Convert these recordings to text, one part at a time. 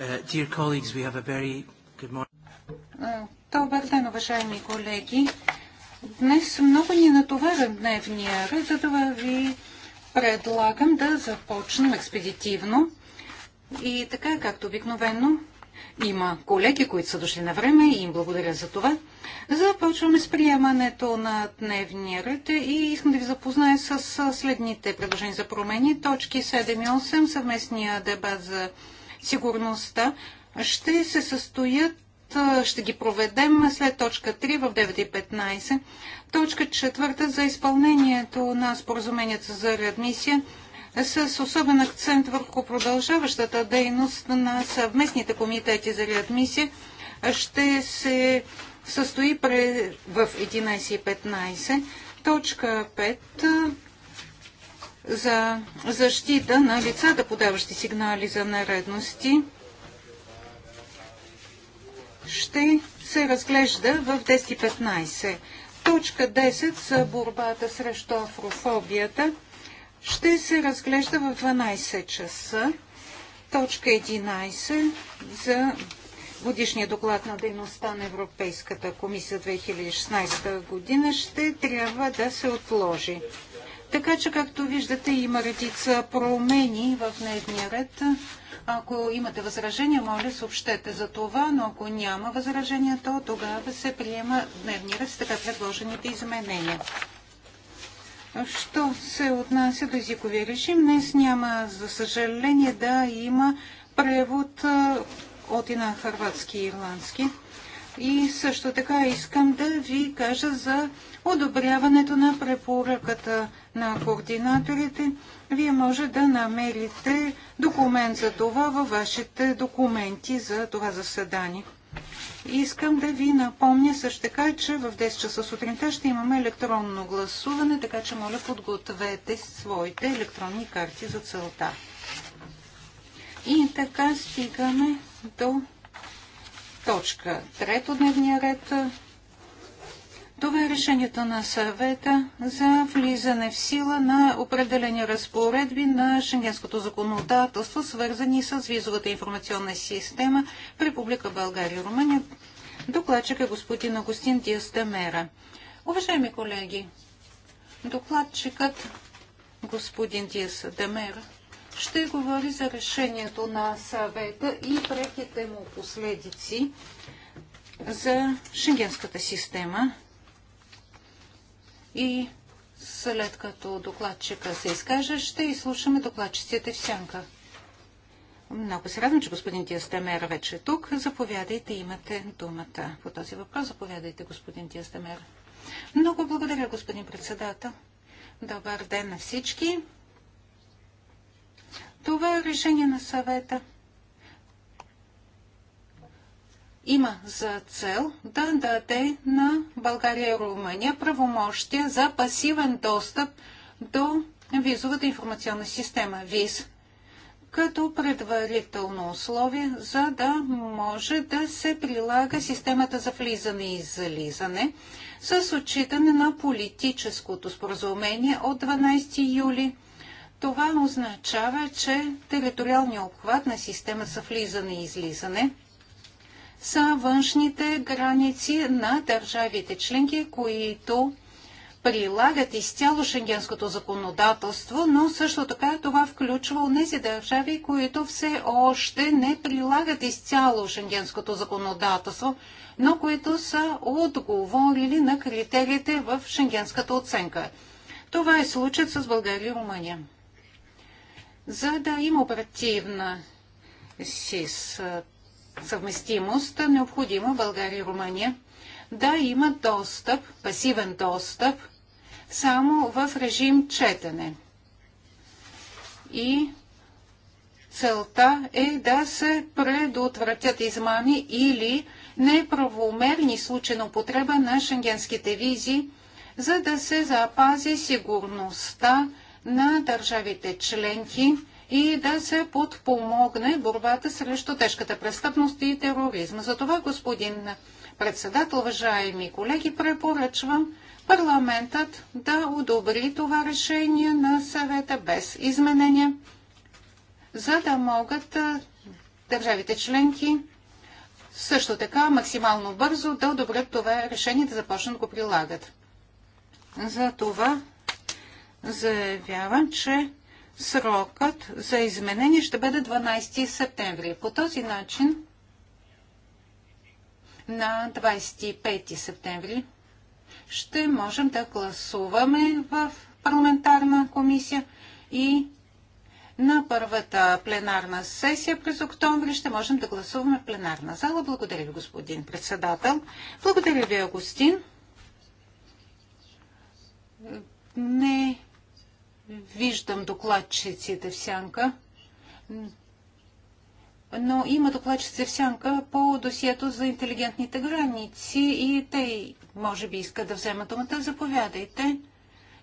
Uh, dear colleagues, we have a very good morning. Добър ден, уважаеми колеги. Днес много ни натоварен дневния ред, за това ви предлагам да започнем експедитивно. И така, както обикновено, има колеги, които са дошли на време и им благодаря за това. Започваме с приемането на дневния ред и искам да ви запозная с следните предложения за промени. Точки 7 и 8, съвместния дебат за сигурността ще се състоят ще ги проведем след точка 3 в 9.15. Точка 4 за изпълнението на споразуменията за реадмисия с особен акцент върху продължаващата дейност на съвместните комитети за реадмисия ще се състои в 11.15. Точка 5 за защита на лицата, подаващи сигнали за нередности, ще се разглежда в 10.15. Точка 10 за борбата срещу афрофобията ще се разглежда в 12 часа. Точка 11 за годишния доклад на дейността на Европейската комисия 2016 година ще трябва да се отложи. Така че, както виждате, има редица промени в дневния ред. Ако имате възражения, моля, съобщете за това, но ако няма възражения, то тогава се приема дневния ред с така предложените изменения. Що се отнася до езиковия режим, днес няма, за съжаление, да има превод от и на хрватски и ирландски. И също така искам да ви кажа за одобряването на препоръката на координаторите. Вие може да намерите документ за това във вашите документи за това заседание. Искам да ви напомня също така, че в 10 часа сутринта ще имаме електронно гласуване, така че моля подгответе своите електронни карти за целта. И така стигаме до точка трето дневния ред. Това е решението на съвета за влизане в сила на определени разпоредби на шенгенското законодателство, свързани с визовата информационна система в Република България и Румъния. Докладчик е господин Агустин Диастамера. Уважаеми колеги, докладчикът господин Диас Демера ще говори за решението на съвета и преките му последици за шенгенската система. И след като докладчика се изкаже, ще изслушаме докладчиците в сянка. Много се радвам, че господин Диастемер вече е тук. Заповядайте, имате думата по този въпрос. Заповядайте, господин Диастемер. Много благодаря, господин председател. Добър ден на всички. Това е решение на съвета. Има за цел да даде на България и Румъния правомощия за пасивен достъп до визовата информационна система ВИЗ като предварително условие, за да може да се прилага системата за влизане и зализане с отчитане на политическото споразумение от 12 юли това означава, че териториалния обхват на системата за влизане и излизане са външните граници на държавите членки, които прилагат изцяло шенгенското законодателство, но също така това включва тези държави, които все още не прилагат изцяло шенгенското законодателство, но които са отговорили на критериите в шенгенската оценка. Това е случат с България и Румъния. За да има оперативна СИС съвместимост, необходимо България и Румъния да имат достъп, пасивен достъп, само в режим четене. И целта е да се предотвратят измами или неправомерни случаи на употреба на шенгенските визи, за да се запази сигурността на държавите членки и да се подпомогне борбата срещу тежката престъпност и тероризма. Затова, господин председател, уважаеми колеги, препоръчвам парламентът да одобри това решение на съвета без изменения, за да могат държавите членки също така максимално бързо да одобрят това решение да започнат да го прилагат. За това заявява, че срокът за изменение ще бъде 12 септември. По този начин на 25 септември ще можем да гласуваме в парламентарна комисия и на първата пленарна сесия през октомври ще можем да гласуваме в пленарна зала. Благодаря ви, господин председател. Благодаря ви, Агустин. Не виждам докладчиците в сянка, но има докладчици в сянка по досието за интелигентните граници и те може би искат да вземат думата. Заповядайте.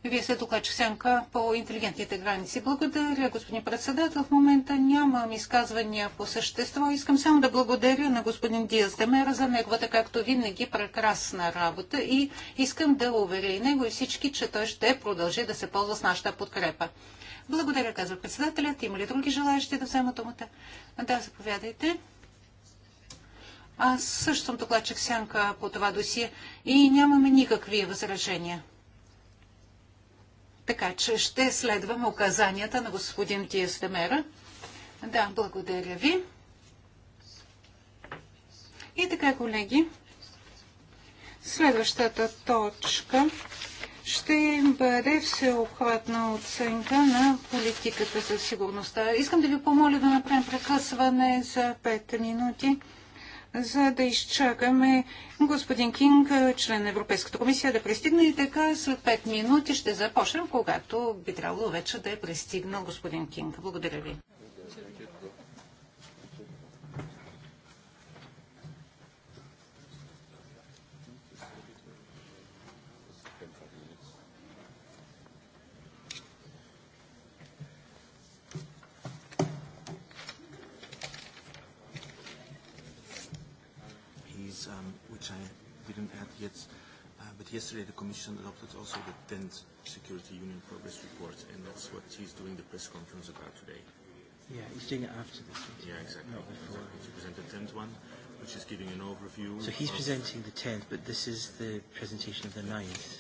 Вие сте че сянка по интелигентните граници. Благодаря, господин председател. В момента нямам изказвания по същество. Искам само да благодаря на господин Диас Демера за неговата, както винаги, прекрасна работа и искам да уверя и него и всички, че той ще продължи да се ползва с нашата подкрепа. Благодаря, казва председателят. Има ли други желаящи да вземат думата? Да, заповядайте. Аз също съм докладчик сянка по това досие и нямаме никакви възражения. Така че ще следвам указанията на господин Тиестемера. Да, благодаря ви. И така, колеги, следващата точка ще бъде всеобхватна оценка на политиката за сигурността. Искам да ви помоля да направим прекъсване за 5 минути за да изчакаме господин Кинг, член на Европейската комисия, да пристигне и така след 5 минути ще започнем, когато би трябвало вече да е пристигнал господин Кинг. Благодаря ви. yet, uh, but yesterday the Commission adopted also the 10th Security Union Progress Report, and that's what he's doing the press conference about today. Yeah, he's doing it after this. Yeah, exactly. Not before. Exactly. To present the 10th one, which is giving an overview. So he's presenting the 10th, but this is the presentation of the 9th.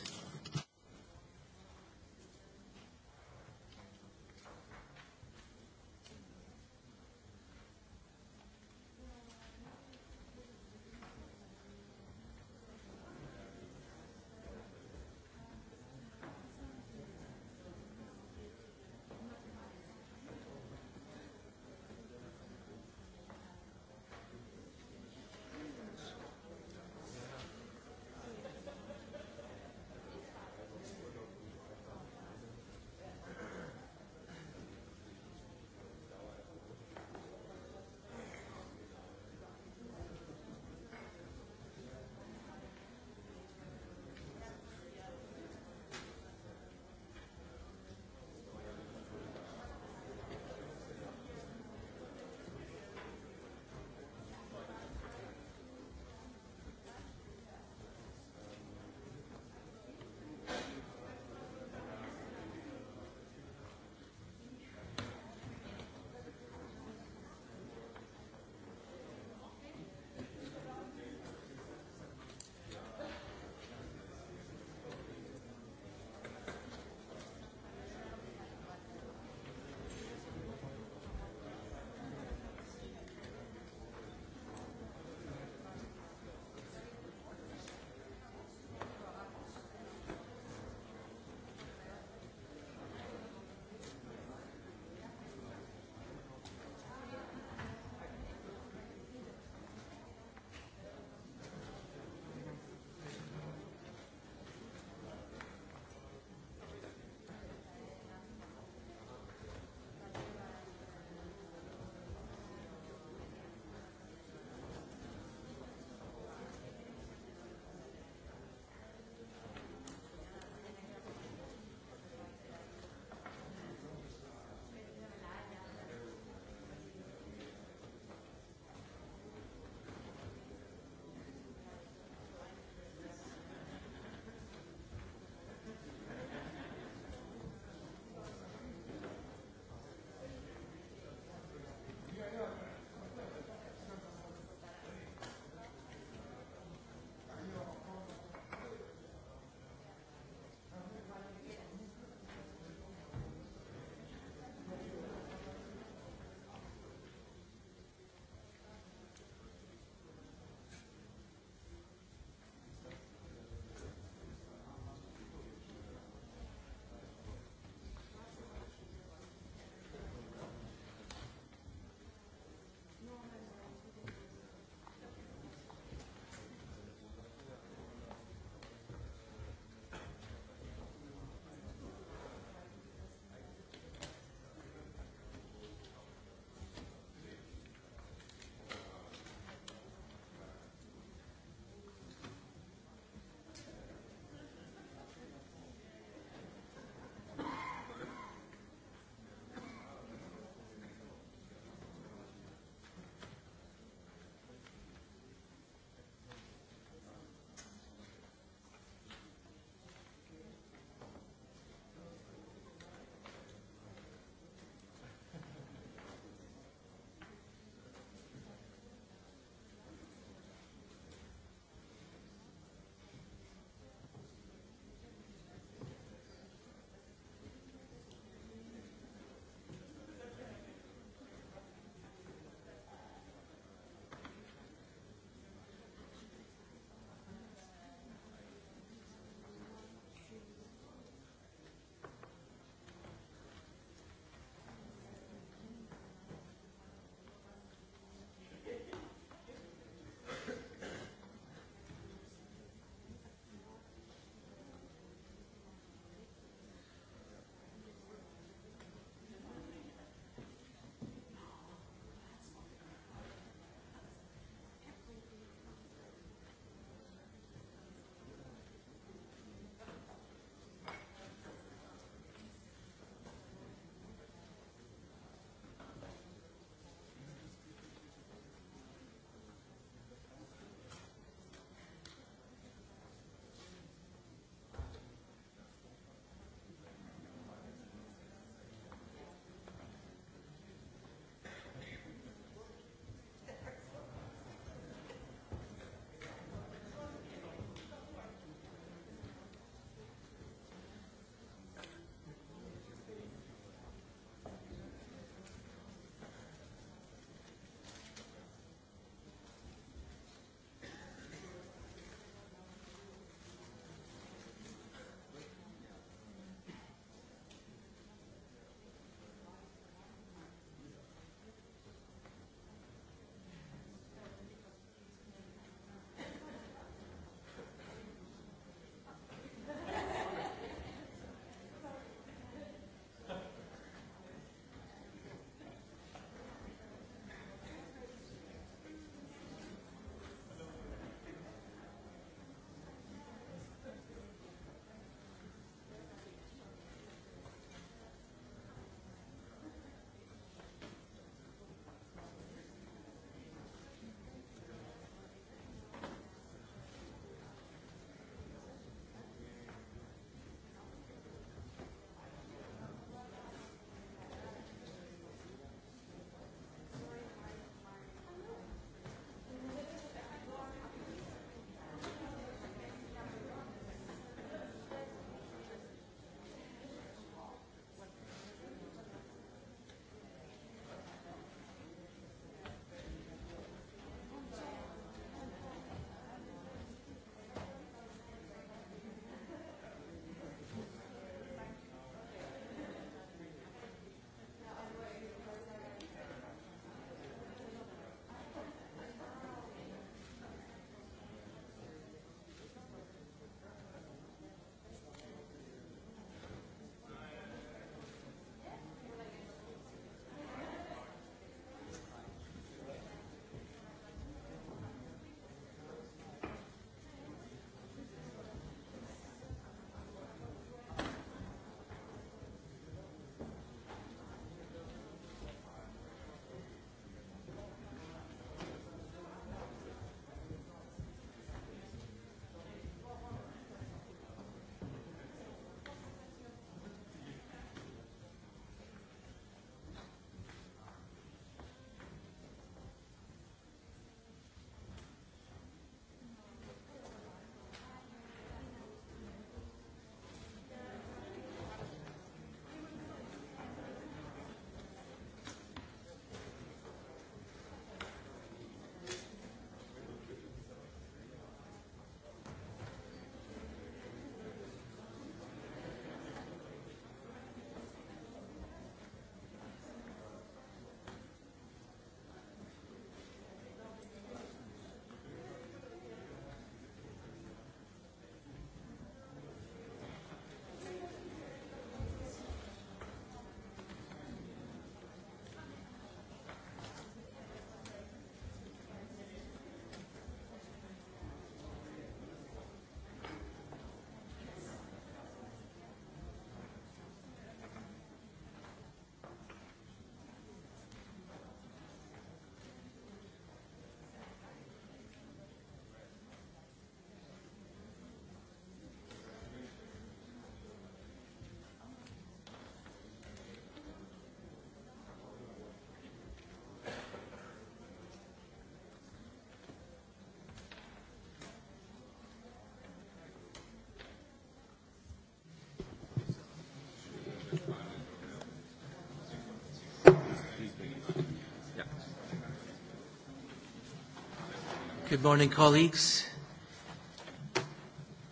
Good morning, colleagues.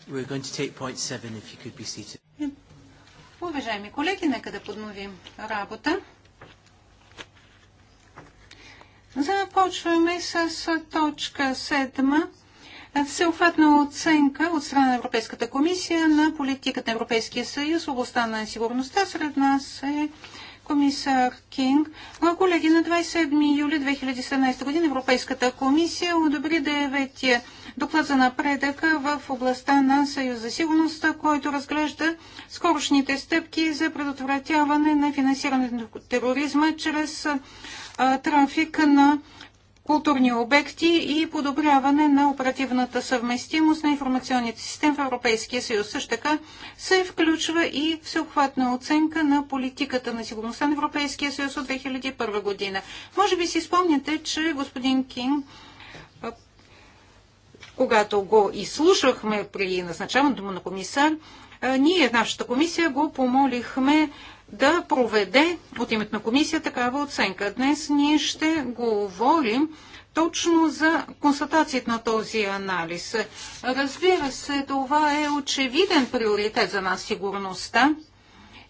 We're going to take point seven, if you could be seated. Уважаеми колеги, нека да подновим работа. Започваме с точка 7. Всеохватна оценка от страна на Европейската комисия на политиката на Европейския съюз в областта на сигурността. Сред нас е комисар Кинг. Колеги, на 27 юли 2017 година Европейската комисия одобри деветия доклад за напредъка в областта на Съюз за сигурност, който разглежда скорошните стъпки за предотвратяване на финансирането на тероризма чрез трафик на културни обекти и подобряване на оперативната съвместимост на информационните системи в Европейския съюз. Също така се включва и всеобхватна оценка на политиката на сигурността на Европейския съюз от 2001 година. Може би си спомняте, че господин Кинг когато го изслушахме при назначаването му на комисар, ние в нашата комисия го помолихме да проведе от името на комисия такава оценка. Днес ние ще говорим точно за констатацията на този анализ. Разбира се, това е очевиден приоритет за нас сигурността.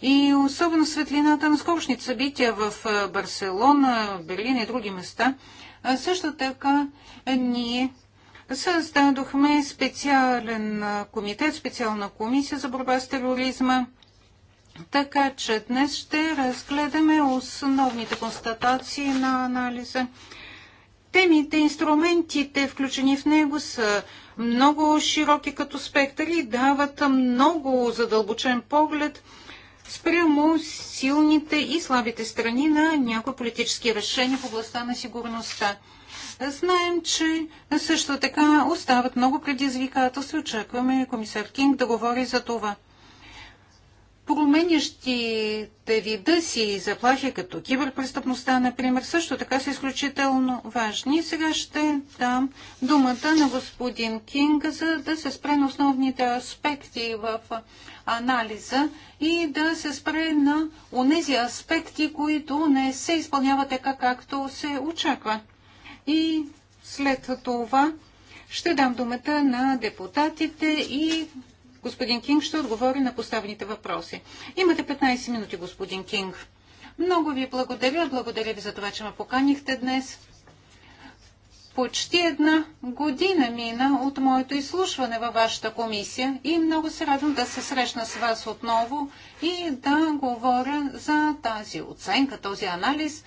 И особено светлината на скорочните събития в Барселона, Берлин и други места, също така ние създадохме специален комитет, специална комисия за борба с тероризма. Така че днес ще разгледаме основните констатации на анализа. Темите, инструментите, включени в него, са много широки като спектър и дават много задълбочен поглед спрямо силните и слабите страни на някои политически решения в областта на сигурността. Знаем, че също така остават много предизвикателства. Очакваме комисар Кинг да говори за това променящите вида си заплахи, като киберпрестъпността, например, също така са изключително важни. Сега ще дам думата на господин Кинг, за да се спре на основните аспекти в анализа и да се спре на онези аспекти, които не се изпълняват така, както се очаква. И след това ще дам думата на депутатите и Господин Кинг ще отговори на поставените въпроси. Имате 15 минути, господин Кинг. Много ви благодаря. Благодаря ви за това, че ме поканихте днес. Почти една година мина от моето изслушване във вашата комисия и много се радвам да се срещна с вас отново и да говоря за тази оценка, този анализ,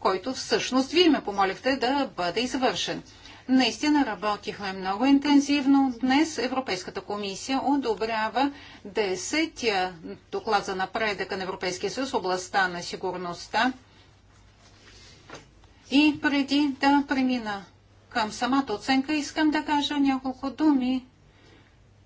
който всъщност вие ме помолихте да бъде извършен. Наистина работихме много интензивно. Днес Европейската комисия одобрява 10-я доклад за напредъка на Европейския съюз в областта на сигурността. И преди да премина към самата оценка, искам да кажа няколко думи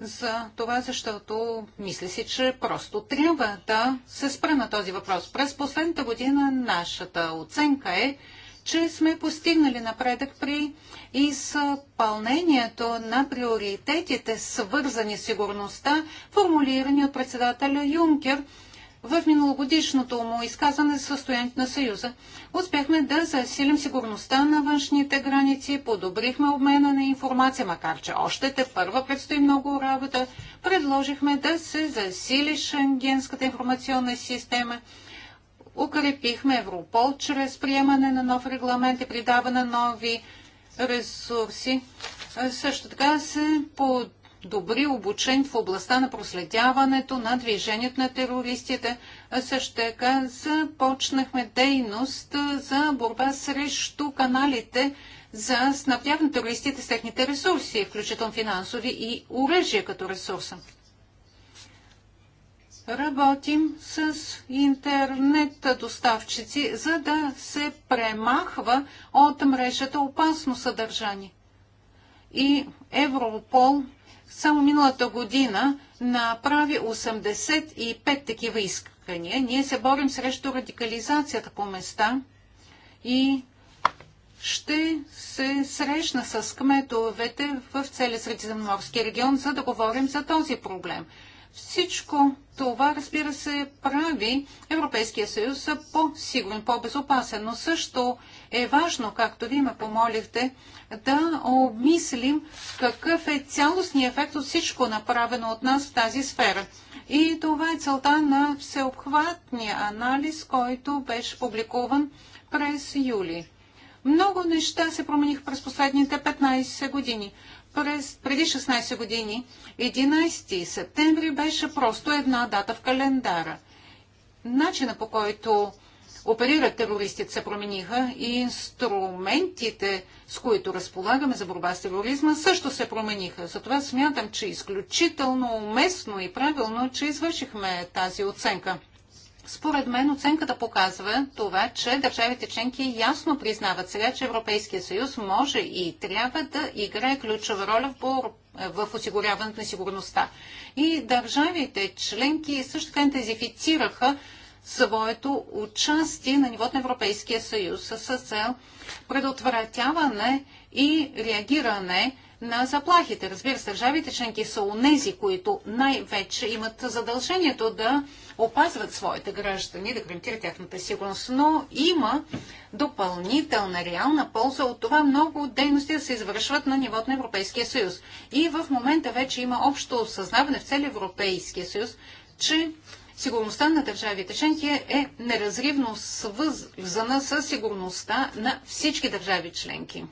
за това, защото мисля си, че просто трябва да се спра на този въпрос. През последната година нашата оценка е, че сме постигнали напредък при изпълнението на приоритетите, свързани с сигурността, формулирани от председателя Юнкер в миналогодишното му изказване за състоянието на Съюза. Успяхме да засилим сигурността на външните граници, подобрихме обмена на информация, макар че още те първа предстои много работа. Предложихме да се засили шенгенската информационна система – Укрепихме Европол чрез приемане на нов регламент и придаване на нови ресурси. Също така се подобри обучение в областта на проследяването на движението на терористите. Също така започнахме дейност за борба срещу каналите за снабдяване на терористите с техните ресурси, включително финансови и оръжие като ресурса. Работим с интернет доставчици, за да се премахва от мрежата опасно съдържание. И Европол само миналата година направи 85 такива искания. Ние се борим срещу радикализацията по места и ще се срещна с кметовете в целия Средиземноморски регион, за да говорим за този проблем. Всичко това, разбира се, прави Европейския съюз по-сигурен, по-безопасен, но също е важно, както ви ме помолихте, да обмислим какъв е цялостният ефект от всичко направено от нас в тази сфера. И това е целта на всеобхватния анализ, който беше публикуван през юли. Много неща се промених през последните 15 години през, преди 16 години 11 септември беше просто една дата в календара. Начина по който оперират терористите се промениха и инструментите, с които разполагаме за борба с тероризма, също се промениха. Затова смятам, че изключително уместно и правилно, че извършихме тази оценка. Според мен оценката показва това, че държавите членки ясно признават сега, че Европейския съюз може и трябва да играе ключова роля в, бор... в осигуряването на сигурността. И държавите членки също така интензифицираха своето участие на нивото на Европейския съюз с цел предотвратяване и реагиране на заплахите. Разбира се, държавите членки са унези, които най-вече имат задължението да опазват своите граждани, да гарантират тяхната сигурност, но има допълнителна реална полза от това много дейности да се извършват на нивото на Европейския съюз. И в момента вече има общо осъзнаване в цели Европейския съюз, че сигурността на държавите членки е неразривно свързана с сигурността на всички държави членки.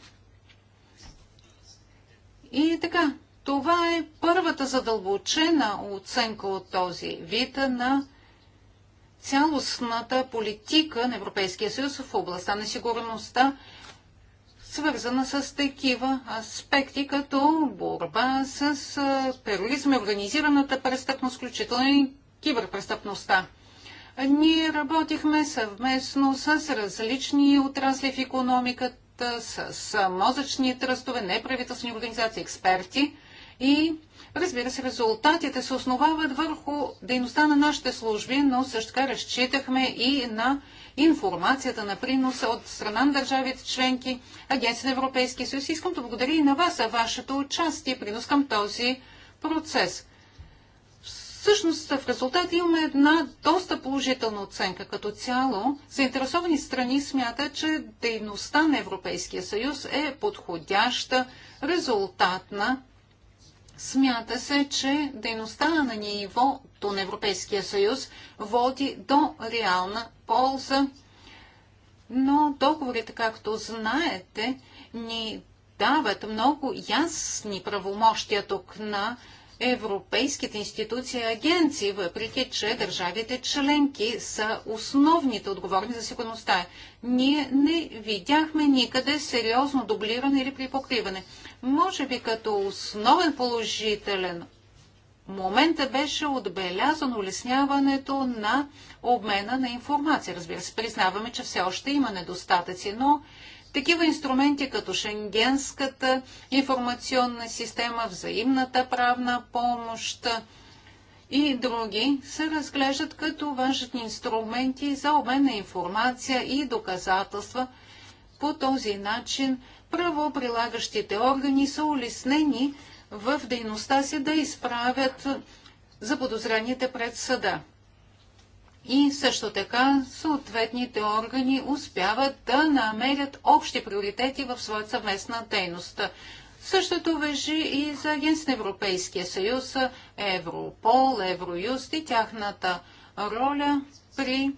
И така, това е първата задълбочена оценка от този вид на цялостната политика на Европейския съюз в областта на сигурността, свързана с такива аспекти, като борба с тероризма и организираната престъпност, включително и киберпрестъпността. Ние работихме съвместно с различни отрасли в економиката, с, с мозъчни тръстове, неправителствени организации, експерти. И разбира се, резултатите се основават върху дейността на нашите служби, но също така разчитахме и на информацията на приноса от страна на държавите членки, Агенция на Европейския съюз. Искам да благодаря и на вас за вашето участие и принос към този процес всъщност в резултат имаме една доста положителна оценка. Като цяло, заинтересовани страни смятат, че дейността на Европейския съюз е подходяща, резултатна. Смята се, че дейността на нивото на Европейския съюз води до реална полза. Но договорите, както знаете, ни дават много ясни правомощия тук на европейските институции и агенции, въпреки че държавите членки са основните отговорни за сигурността. Ние не видяхме никъде сериозно дублиране или припокриване. Може би като основен положителен момента беше отбелязано улесняването на обмена на информация. Разбира се, признаваме, че все още има недостатъци, но такива инструменти като Шенгенската информационна система, взаимната правна помощ и други се разглеждат като важни инструменти за обмен на информация и доказателства. По този начин правоприлагащите органи са улеснени в дейността си да изправят заподозрените пред съда и също така съответните органи успяват да намерят общи приоритети в своята съвместна дейност. Същото вежи и за Агенция на Европейския съюз, Европол, Евроюст и тяхната роля при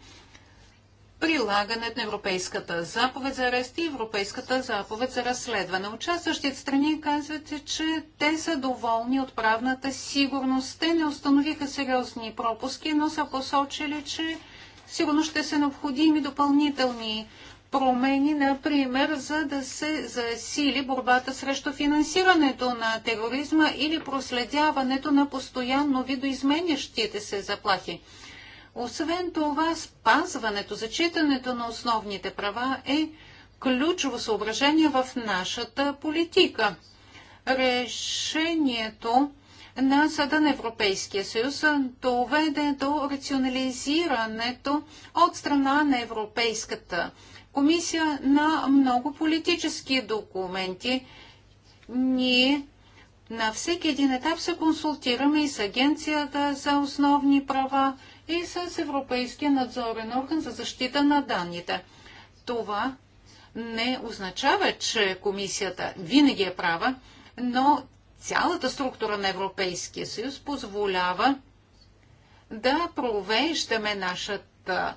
прилагането на Европейската заповед за арест и Европейската заповед за разследване. Участващите страни казват, че те са доволни от правната сигурност. Те не установиха сериозни пропуски, но са посочили, че сигурно ще са необходими допълнителни промени, например, за да се засили борбата срещу финансирането на тероризма или проследяването на постоянно видоизменящите се заплахи. Освен това, спазването, зачитането на основните права е ключово съображение в нашата политика. Решението на Съда на Европейския съюз доведе до рационализирането от страна на Европейската комисия на много политически документи. Ние на всеки един етап се консултираме и с Агенцията за основни права, и с Европейския надзорен орган за защита на данните. Това не означава, че комисията винаги е права, но цялата структура на Европейския съюз позволява да провеждаме нашата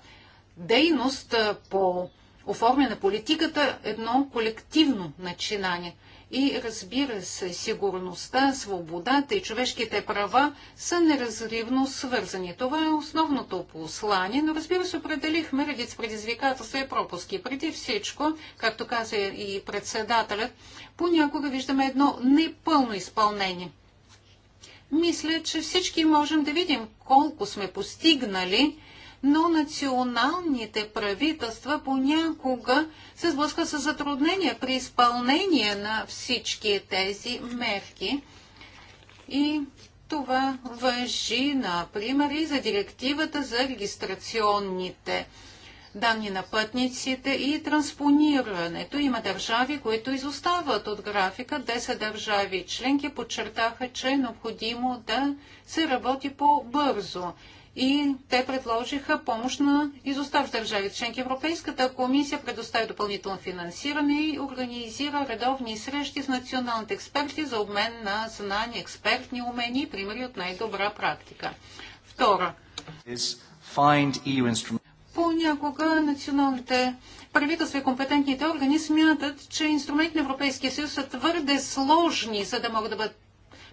дейност по оформяне на политиката едно колективно начинание – и разбира се, сигурността, свободата и човешките права са неразривно свързани. Това е основното послание, но разбира се, определихме редиц предизвикателства и пропуски. Преди всичко, както каза и председателят, понякога виждаме едно непълно изпълнение. Мисля, че всички можем да видим колко сме постигнали но националните правителства понякога се сблъскват с затруднения при изпълнение на всички тези мерки. И това въжи, например, и за директивата за регистрационните данни на пътниците и транспонирането. Има държави, които изостават от графика. Десет държави членки подчертаха, че е необходимо да се работи по-бързо и те предложиха помощ на изостав държави. Членки Европейската комисия предостави допълнително финансиране и организира редовни срещи с националните експерти за обмен на знания, експертни умения и примери от най-добра практика. Втора. E Понякога националните правителства и компетентните органи смятат, че инструменти на Европейския съюз са твърде сложни, за да могат да бъдат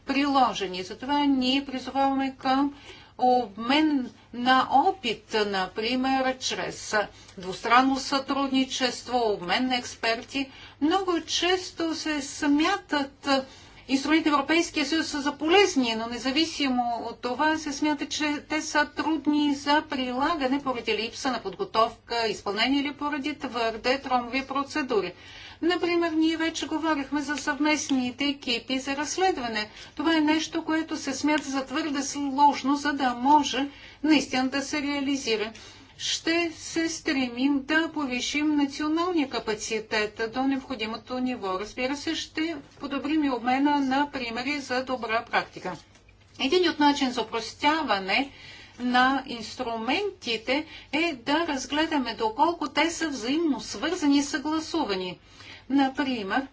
приложени. Затова ние призоваваме към обмен на опит, например, чрез двустранно сътрудничество, обмен на експерти, много често се смятат инструменти Европейския съюз са за полезни, но независимо от това се смята, че те са трудни за прилагане поради липса на подготовка, изпълнение или поради твърде тромови процедури. Например, ние вече говорихме за съвместните екипи за разследване. Това е нещо, което се смята за твърде сложно, за да може наистина да се реализира. Ще се стремим да повишим националния капацитет до необходимото ниво. Разбира се, ще подобрим и обмена на примери за добра практика. Един от начин за упростяване на инструментите е да разгледаме доколко те са взаимно свързани и съгласувани. Например,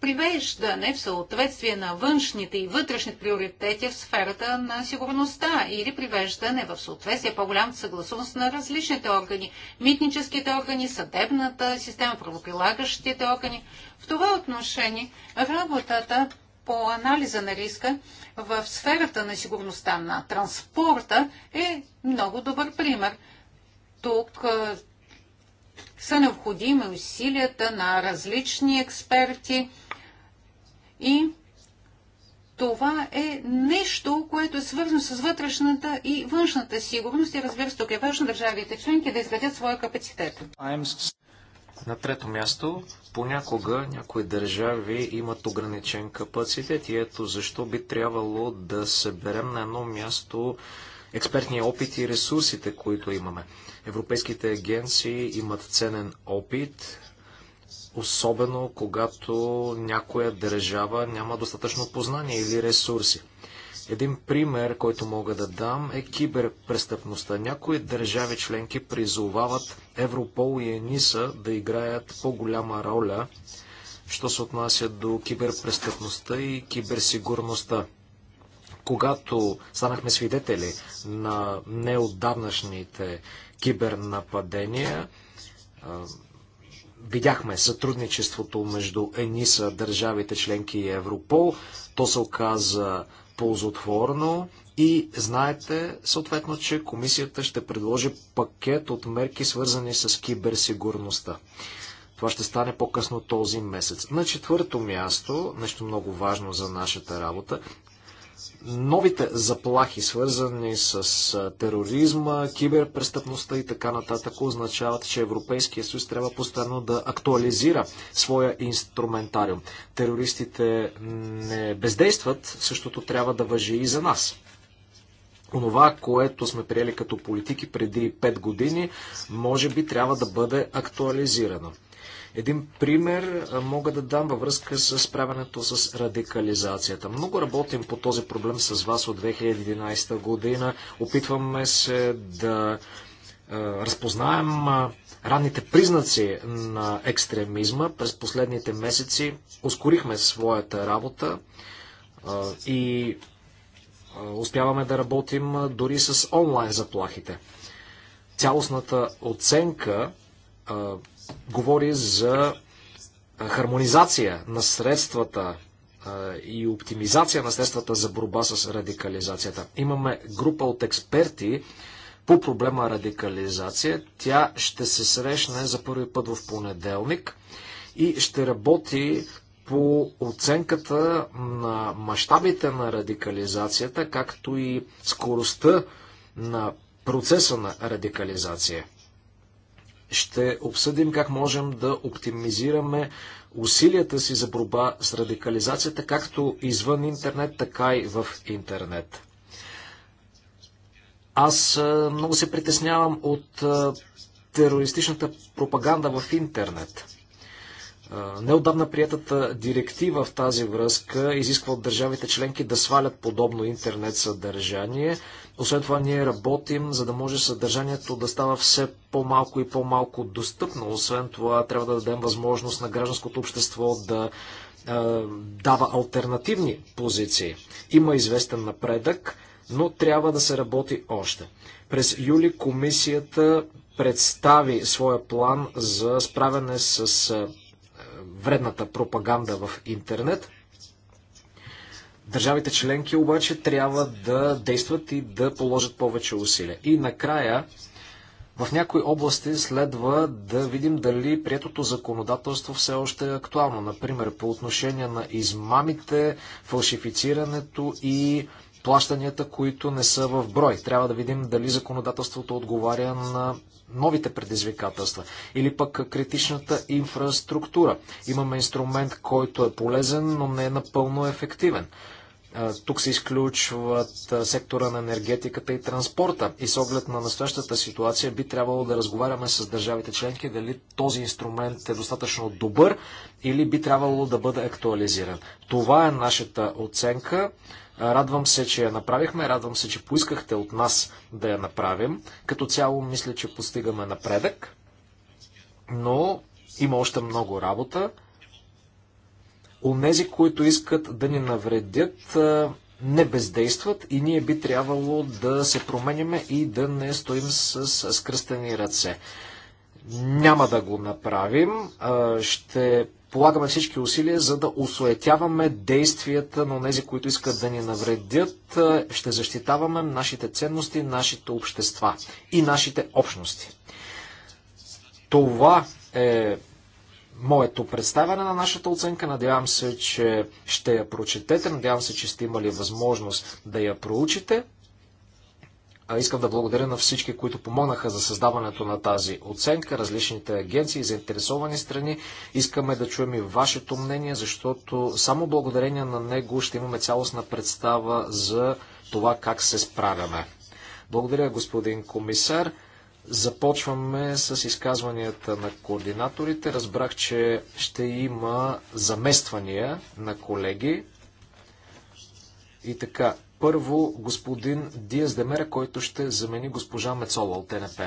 привеждане в съответствие на външните и вътрешни приоритети в сферата на сигурността или привеждане в съответствие по-голямата съгласуваност на различните органи, митническите органи, съдебната система, правоприлагащите органи. В това отношение работата по анализа на риска в сферата на сигурността на транспорта е много добър пример. Тук са необходими усилията на различни експерти и това е нещо, което е свързано с вътрешната и външната сигурност и разбира се, тук е важно държавите членки да изградят своя капацитет. На трето място, понякога някои държави имат ограничен капацитет и ето защо би трябвало да съберем на едно място експертния опит и ресурсите, които имаме. Европейските агенции имат ценен опит, особено когато някоя държава няма достатъчно познание или ресурси. Един пример, който мога да дам е киберпрестъпността. Някои държави членки призовават Европол и ЕНИСА да играят по-голяма роля, що се отнася до киберпрестъпността и киберсигурността когато станахме свидетели на неотдавнашните кибернападения, видяхме сътрудничеството между ЕНИСА, държавите членки и Европол. То се оказа ползотворно и знаете съответно, че комисията ще предложи пакет от мерки свързани с киберсигурността. Това ще стане по-късно този месец. На четвърто място, нещо много важно за нашата работа, новите заплахи, свързани с тероризма, киберпрестъпността и така нататък, означават, че Европейския съюз трябва постоянно да актуализира своя инструментариум. Терористите не бездействат, същото трябва да въжи и за нас. Онова, което сме приели като политики преди 5 години, може би трябва да бъде актуализирано. Един пример мога да дам във връзка с справянето с радикализацията. Много работим по този проблем с вас от 2011 година. Опитваме се да разпознаем ранните признаци на екстремизма през последните месеци. Ускорихме своята работа и успяваме да работим дори с онлайн заплахите. Цялостната оценка говори за хармонизация на средствата и оптимизация на средствата за борба с радикализацията. Имаме група от експерти по проблема радикализация. Тя ще се срещне за първи път в понеделник и ще работи по оценката на мащабите на радикализацията, както и скоростта на процеса на радикализация. Ще обсъдим как можем да оптимизираме усилията си за борба с радикализацията, както извън интернет, така и в интернет. Аз много се притеснявам от терористичната пропаганда в интернет. Неодавна приятата директива в тази връзка изисква от държавите членки да свалят подобно интернет съдържание. Освен това, ние работим, за да може съдържанието да става все по-малко и по-малко достъпно. Освен това, трябва да дадем възможност на гражданското общество да е, дава альтернативни позиции. Има известен напредък, но трябва да се работи още. През юли комисията представи своя план за справяне с вредната пропаганда в интернет. Държавите членки обаче трябва да действат и да положат повече усилия. И накрая, в някои области следва да видим дали приетото законодателство все още е актуално. Например, по отношение на измамите, фалшифицирането и плащанията, които не са в брой. Трябва да видим дали законодателството отговаря на новите предизвикателства или пък критичната инфраструктура. Имаме инструмент, който е полезен, но не е напълно ефективен. Тук се изключват сектора на енергетиката и транспорта. И с оглед на настоящата ситуация би трябвало да разговаряме с държавите членки дали този инструмент е достатъчно добър или би трябвало да бъде актуализиран. Това е нашата оценка. Радвам се, че я направихме, радвам се, че поискахте от нас да я направим. Като цяло мисля, че постигаме напредък, но има още много работа онези, които искат да ни навредят, не бездействат и ние би трябвало да се променяме и да не стоим с, скръстени ръце. Няма да го направим. Ще полагаме всички усилия, за да осуетяваме действията на тези, които искат да ни навредят. Ще защитаваме нашите ценности, нашите общества и нашите общности. Това е моето представяне на нашата оценка. Надявам се, че ще я прочетете. Надявам се, че сте имали възможност да я проучите. Искам да благодаря на всички, които помогнаха за създаването на тази оценка, различните агенции, заинтересовани страни. Искаме да чуем и вашето мнение, защото само благодарение на него ще имаме цялостна представа за това как се справяме. Благодаря, господин комисар. Започваме с изказванията на координаторите. Разбрах, че ще има замествания на колеги. И така, първо господин Диас Демера, който ще замени госпожа Мецола от ТНП.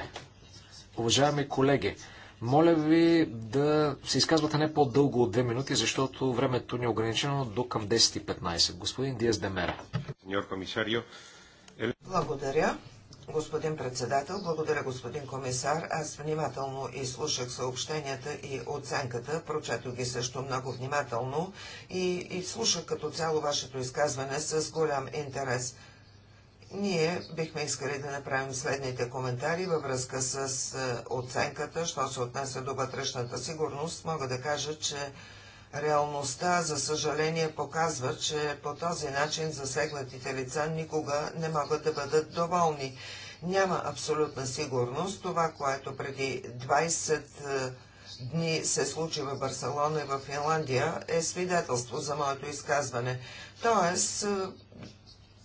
Уважаеми колеги, моля ви да се изказвате не по-дълго от две минути, защото времето ни е ограничено до към 10.15. Господин Диас Демера. Е Благодаря. Господин председател, благодаря господин комисар. Аз внимателно изслушах съобщенията и оценката, прочетох ги също много внимателно и, изслушах слушах като цяло вашето изказване с голям интерес. Ние бихме искали да направим следните коментари във връзка с е, оценката, що се отнася до вътрешната сигурност. Мога да кажа, че Реалността, за съжаление, показва, че по този начин засегнатите лица никога не могат да бъдат доволни. Няма абсолютна сигурност. Това, което преди 20 е, дни се случи в Барселона и в Финландия, е свидетелство за моето изказване. Тоест, е,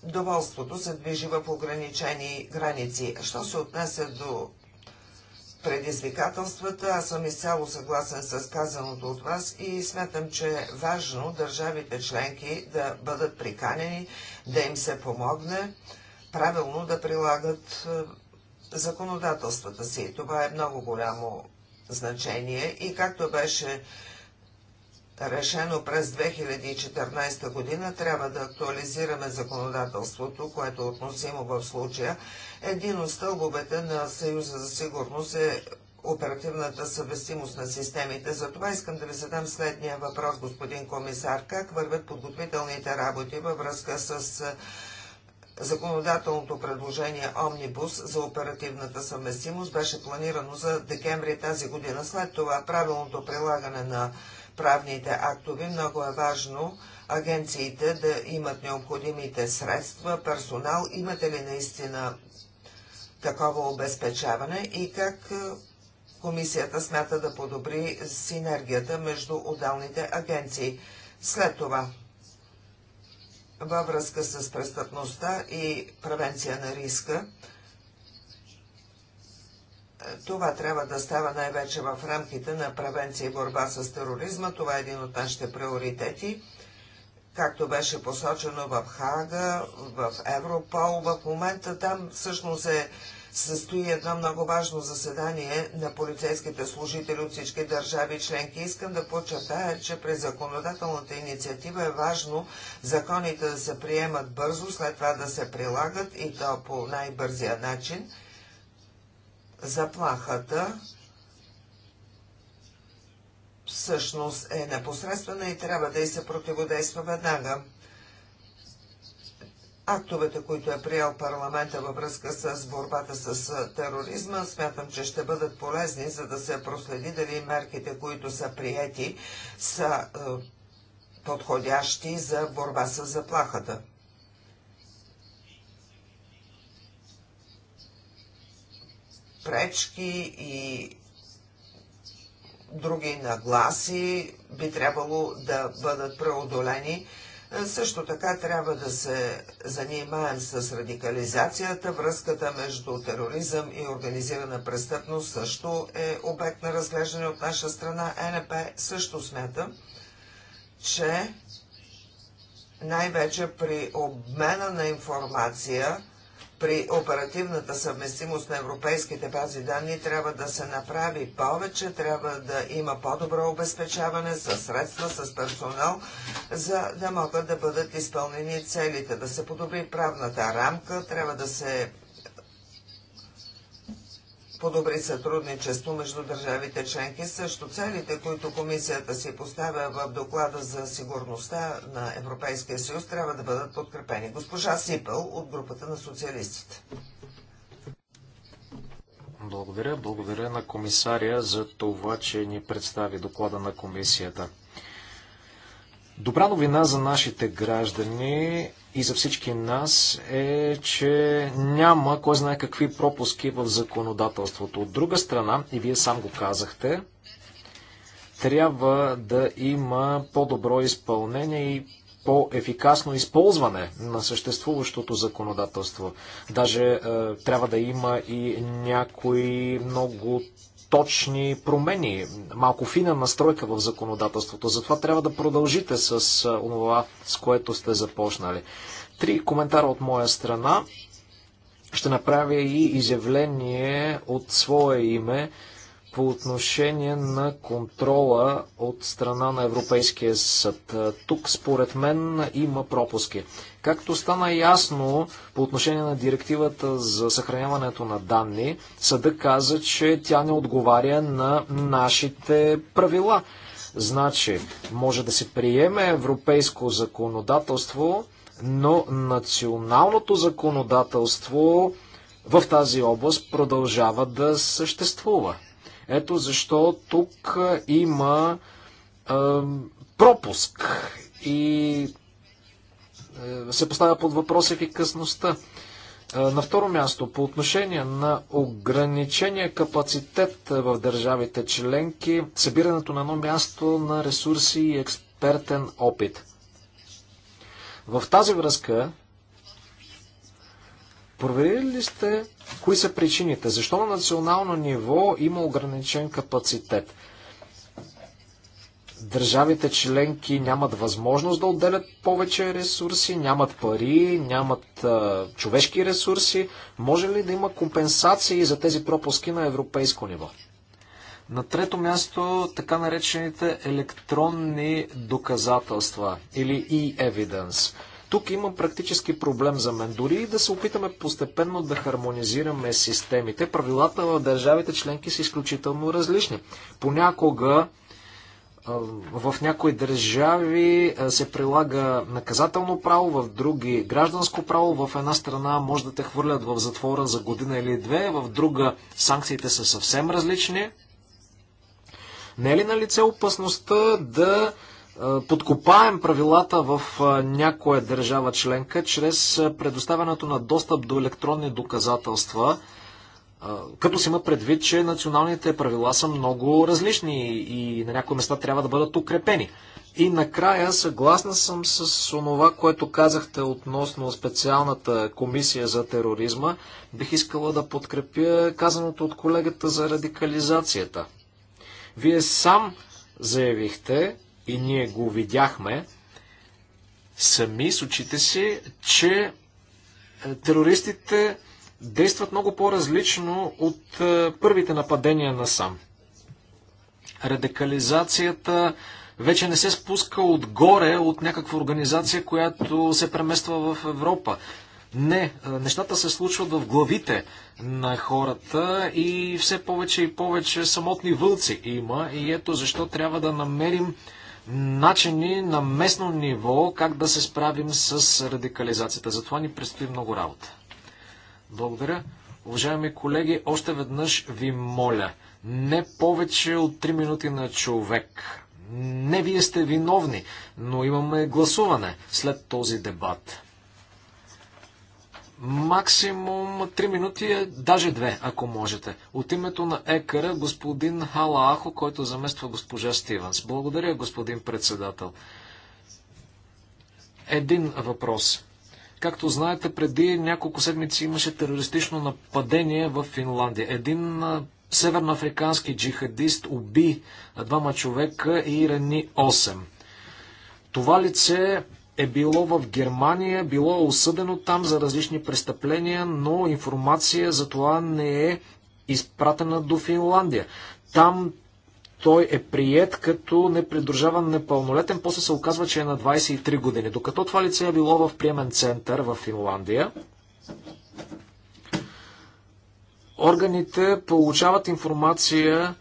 доволството се движи в ограничени граници. Що се отнася до предизвикателствата. Аз съм изцяло съгласен с казаното от вас и смятам, че е важно държавите членки да бъдат приканени, да им се помогне правилно да прилагат е, законодателствата си. Това е много голямо значение и както беше решено през 2014 година, трябва да актуализираме законодателството, което е относимо в случая, един от стълбовете на Съюза за сигурност е оперативната съвестимост на системите. Затова искам да ви задам следния въпрос, господин комисар. Как вървят подготвителните работи във връзка с законодателното предложение Омнибус за оперативната съвместимост беше планирано за декември тази година. След това правилното прилагане на правните актови много е важно агенциите да имат необходимите средства, персонал. Имате ли наистина такова обезпечаване и как е, комисията смята да подобри синергията между отделните агенции. След това, във връзка с престъпността и превенция на риска, е, това трябва да става най-вече в рамките на превенция и борба с тероризма. Това е един от нашите приоритети както беше посочено в Хага, в Европол. В момента там всъщност се състои едно много важно заседание на полицейските служители от всички държави членки. Искам да подчертая, че при законодателната инициатива е важно законите да се приемат бързо, след това да се прилагат и то по най-бързия начин. Заплахата всъщност е непосредствена и трябва да й се противодейства веднага. Актовете, които е приял парламента във връзка с борбата с тероризма, смятам, че ще бъдат полезни, за да се проследи дали мерките, които са приети, са е, подходящи за борба с заплахата. Пречки и други нагласи би трябвало да бъдат преодолени. Е, също така трябва да се занимаем с радикализацията. Връзката между тероризъм и организирана престъпност също е обект на разглеждане от наша страна. Е НП също смята, че най-вече при обмена на информация – при оперативната съвместимост на европейските бази данни трябва да се направи повече, трябва да има по-добро обезпечаване с средства, с персонал, за да могат да бъдат изпълнени целите, да се подобри правната рамка, трябва да се подобри сътрудничество между държавите членки. Също целите, които комисията си поставя в доклада за сигурността на Европейския съюз, трябва да бъдат подкрепени. Госпожа Сипъл от групата на социалистите. Благодаря. Благодаря на комисаря за това, че ни представи доклада на комисията. Добра новина за нашите граждани и за всички нас е, че няма кой знае какви пропуски в законодателството. От друга страна, и вие сам го казахте, трябва да има по-добро изпълнение и по-ефикасно използване на съществуващото законодателство. Даже е, трябва да има и някои много точни промени, малко фина настройка в законодателството. Затова трябва да продължите с онова, с което сте започнали. Три коментара от моя страна. Ще направя и изявление от свое име по отношение на контрола от страна на Европейския съд. Тук, според мен, има пропуски. Както стана ясно по отношение на директивата за съхраняването на данни, съда каза, че тя не отговаря на нашите правила. Значи, може да се приеме европейско законодателство, но националното законодателство в тази област продължава да съществува. Ето защо тук има е, пропуск и е, се поставя под въпрос ефикасността. Е, на второ място, по отношение на ограничения капацитет в държавите членки, събирането на едно място на ресурси и експертен опит. В тази връзка, проверили ли сте кои са причините? Защо на национално ниво има ограничен капацитет? Държавите членки нямат възможност да отделят повече ресурси, нямат пари, нямат а, човешки ресурси. Може ли да има компенсации за тези пропуски на европейско ниво? На трето място така наречените електронни доказателства или e-evidence. Тук има практически проблем за мен. Дори и да се опитаме постепенно да хармонизираме системите, правилата в държавите членки са изключително различни. Понякога в някои държави се прилага наказателно право, в други гражданско право. В една страна може да те хвърлят в затвора за година или две, в друга санкциите са съвсем различни. Не е ли на лице опасността да подкопаем правилата в някоя държава членка чрез предоставянето на достъп до електронни доказателства – като се има предвид, че националните правила са много различни и на някои места трябва да бъдат укрепени. И накрая съгласна съм с онова, което казахте относно специалната комисия за тероризма. Бих искала да подкрепя казаното от колегата за радикализацията. Вие сам заявихте, и ние го видяхме сами с очите си, че е, терористите действат много по-различно от е, първите нападения на сам. Радикализацията вече не се спуска отгоре от някаква организация, която се премества в Европа. Не, е, нещата се случват в главите на хората и все повече и повече самотни вълци има и ето защо трябва да намерим начини на местно ниво как да се справим с радикализацията. Затова ни предстои много работа. Благодаря. Уважаеми колеги, още веднъж ви моля, не повече от 3 минути на човек. Не вие сте виновни, но имаме гласуване след този дебат. Максимум 3 минути, е, даже 2, ако можете. От името на екара господин Хала Ахо, който замества госпожа Стивенс. Благодаря, господин председател. Един въпрос. Както знаете, преди няколко седмици имаше терористично нападение в Финландия. Един северноафрикански джихадист уби двама човека и рани 8. Това лице е било в Германия, било е осъдено там за различни престъпления, но информация за това не е изпратена до Финландия. Там той е прият като непридружаван непълнолетен, после се оказва, че е на 23 години. Докато това лице е било в приемен център в Финландия, органите получават информация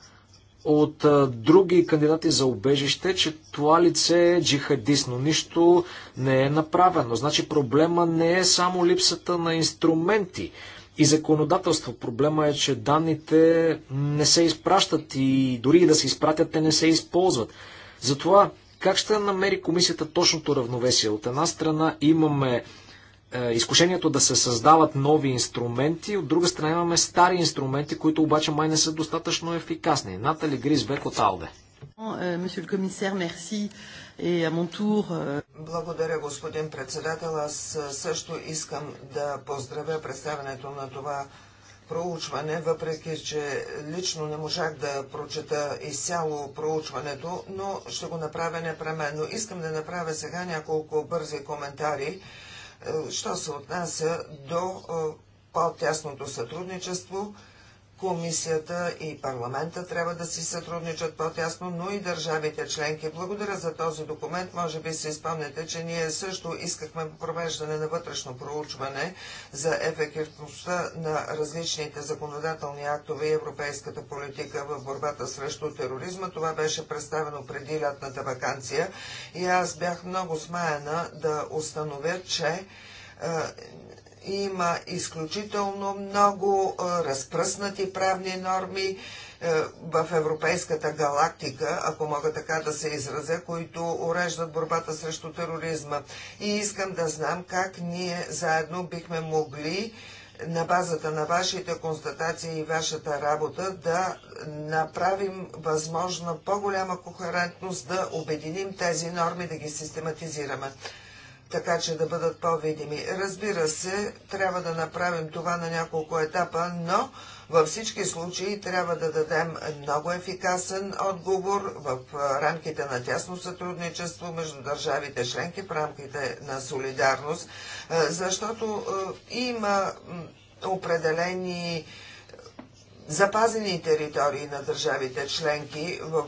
от а, други кандидати за убежище, че това лице е джихадист, но нищо не е направено. Значи проблема не е само липсата на инструменти и законодателство. Проблема е, че данните не се изпращат и дори и да се изпратят, те не се използват. Затова как ще намери комисията точното равновесие? От една страна имаме е, изкушението да се създават нови инструменти, от друга страна имаме стари инструменти, които обаче май не са достатъчно ефикасни. Натали Гриз, от Алде. Monsieur е, le е, мерси. Е е. Благодаря, господин председател. Аз е, също искам да поздравя представянето на това проучване, въпреки че лично не можах да прочета изцяло проучването, но ще го направя непременно. Искам да направя сега няколко бързи коментари, що се отнася до по-тясното сътрудничество Комисията и парламента трябва да си сътрудничат по-тясно, но и държавите членки. Благодаря за този документ. Може би се спомняте, че ние също искахме провеждане на вътрешно проучване за ефективността на различните законодателни актове и европейската политика в борбата срещу тероризма. Това беше представено преди лятната вакансия и аз бях много смаяна да установя, че е, има изключително много разпръснати правни норми в европейската галактика, ако мога така да се изразя, които уреждат борбата срещу тероризма. И искам да знам как ние заедно бихме могли на базата на вашите констатации и вашата работа да направим възможна по-голяма кохерентност, да обединим тези норми, да ги систематизираме така че да бъдат по-видими. Разбира се, трябва да направим това на няколко етапа, но във всички случаи трябва да дадем много ефикасен отговор в рамките на тясно сътрудничество между държавите членки, в рамките на солидарност, защото има определени запазени територии на държавите членки в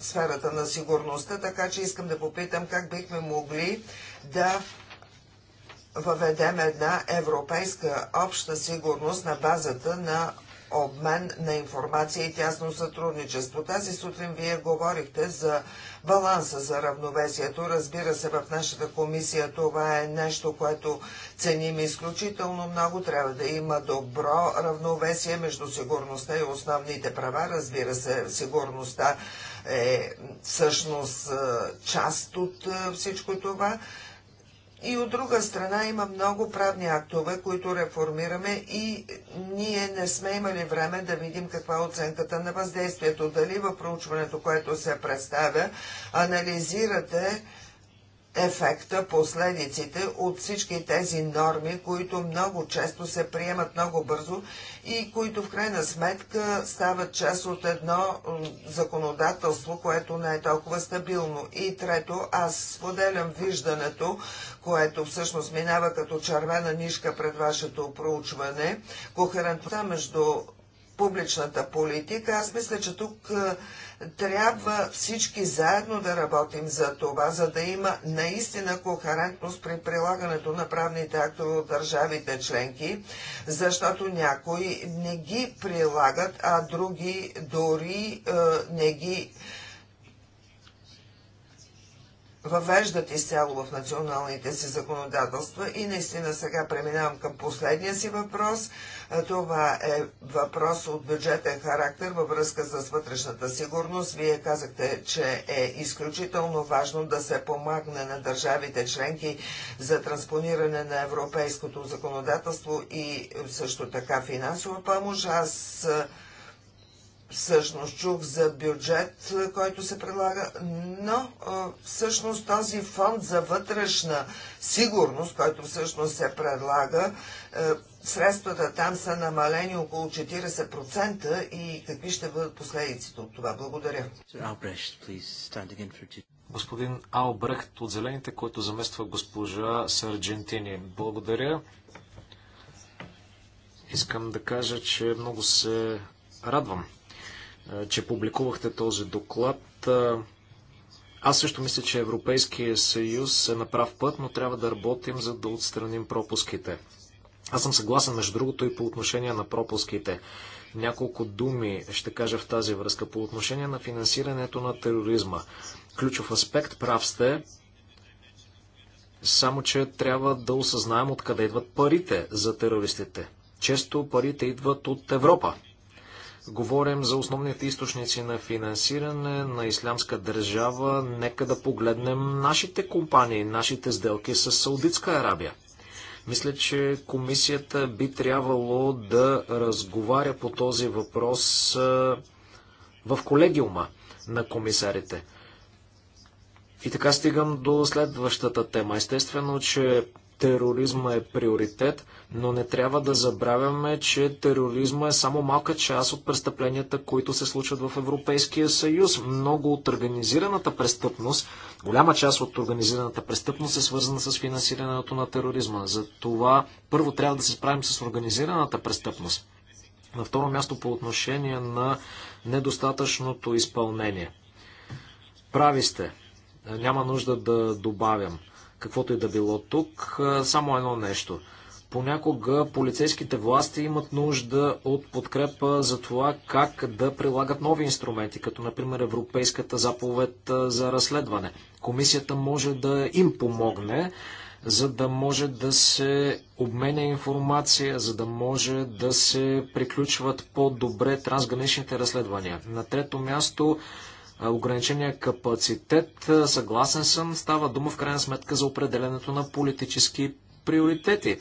сферата на сигурността, така че искам да попитам как бихме могли да въведем една европейска обща сигурност на базата на обмен на информация и тясно сътрудничество. Тази сутрин вие говорихте за баланса, за равновесието. Разбира се, в нашата комисия това е нещо, което ценим изключително много. Трябва да има добро равновесие между сигурността и основните права. Разбира се, сигурността е всъщност част от всичко това. И от друга страна има много правни актове, които реформираме и ние не сме имали време да видим каква е оценката на въздействието. Дали в проучването, което се представя, анализирате ефекта, последиците от всички тези норми, които много често се приемат много бързо и които в крайна сметка стават част от едно законодателство, което не е толкова стабилно. И трето, аз споделям виждането, което всъщност минава като червена нишка пред вашето проучване, кохерентността между публичната политика. Аз мисля, че тук е, трябва всички заедно да работим за това, за да има наистина кохерентност при прилагането на правните актове от държавите членки, защото някои не ги прилагат, а други дори е, не ги прилагат въвеждат изцяло в националните си законодателства. И наистина сега преминавам към последния си въпрос. Това е въпрос от бюджетен характер във връзка с вътрешната сигурност. Вие казахте, че е изключително важно да се помагне на държавите членки за транспониране на европейското законодателство и също така финансова помощ. Аз всъщност чух за бюджет, е, който се предлага, но е, всъщност този фонд за вътрешна сигурност, който всъщност се предлага, е, средствата там са намалени около 40% и какви ще бъдат последиците от това? Благодаря. Господин Албрехт от Зелените, който замества госпожа Сарджентини. Благодаря. Искам да кажа, че много се радвам че публикувахте този доклад. Аз също мисля, че Европейския съюз е на прав път, но трябва да работим, за да отстраним пропуските. Аз съм съгласен, между другото, и по отношение на пропуските. Няколко думи ще кажа в тази връзка. По отношение на финансирането на тероризма. Ключов аспект, прав сте, само че трябва да осъзнаем откъде идват парите за терористите. Често парите идват от Европа, Говорим за основните източници на финансиране на ислямска държава. Нека да погледнем нашите компании, нашите сделки с Саудитска Арабия. Мисля, че комисията би трябвало да разговаря по този въпрос в колегиума на комисарите. И така стигам до следващата тема. Естествено, че тероризма е приоритет, но не трябва да забравяме, че тероризма е само малка част от престъпленията, които се случват в Европейския съюз. Много от организираната престъпност, голяма част от организираната престъпност е свързана с финансирането на тероризма. За това първо трябва да се справим с организираната престъпност. На второ място по отношение на недостатъчното изпълнение. Прави сте. Няма нужда да добавям каквото и да било тук. Само едно нещо. Понякога полицейските власти имат нужда от подкрепа за това как да прилагат нови инструменти, като например Европейската заповед за разследване. Комисията може да им помогне, за да може да се обменя информация, за да може да се приключват по-добре трансграничните разследвания. На трето място ограничения капацитет. Съгласен съм, става дума в крайна сметка за определенето на политически приоритети.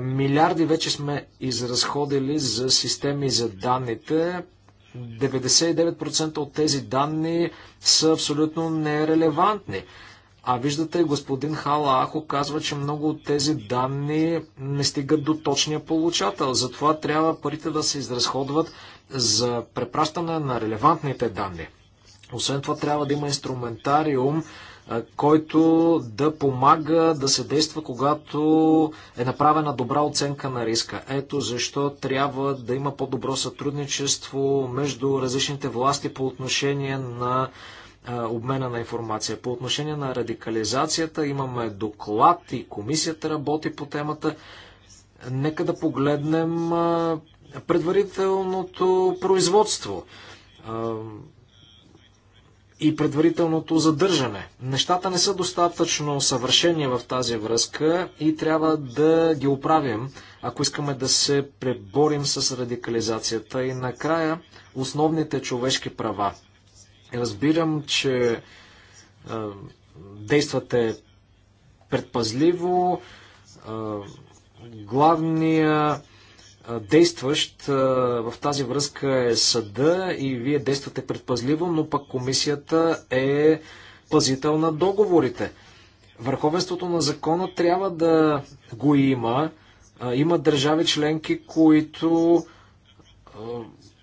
Милиарди вече сме изразходили за системи за данните. 99% от тези данни са абсолютно нерелевантни. А виждате, господин Хала Ахо казва, че много от тези данни не стигат до точния получател. Затова трябва парите да се изразходват за препращане на релевантните данни. Освен това трябва да има инструментариум, който да помага да се действа, когато е направена добра оценка на риска. Ето защо трябва да има по-добро сътрудничество между различните власти по отношение на обмена на информация. По отношение на радикализацията имаме доклад и комисията работи по темата. Нека да погледнем предварителното производство и предварителното задържане. Нещата не са достатъчно съвършени в тази връзка и трябва да ги оправим, ако искаме да се преборим с радикализацията. И накрая, основните човешки права. Разбирам, че е, действате предпазливо. Е, главния действащ в тази връзка е съда и вие действате предпазливо, но пък комисията е пазител на договорите. Върховенството на закона трябва да го има. Има държави членки, които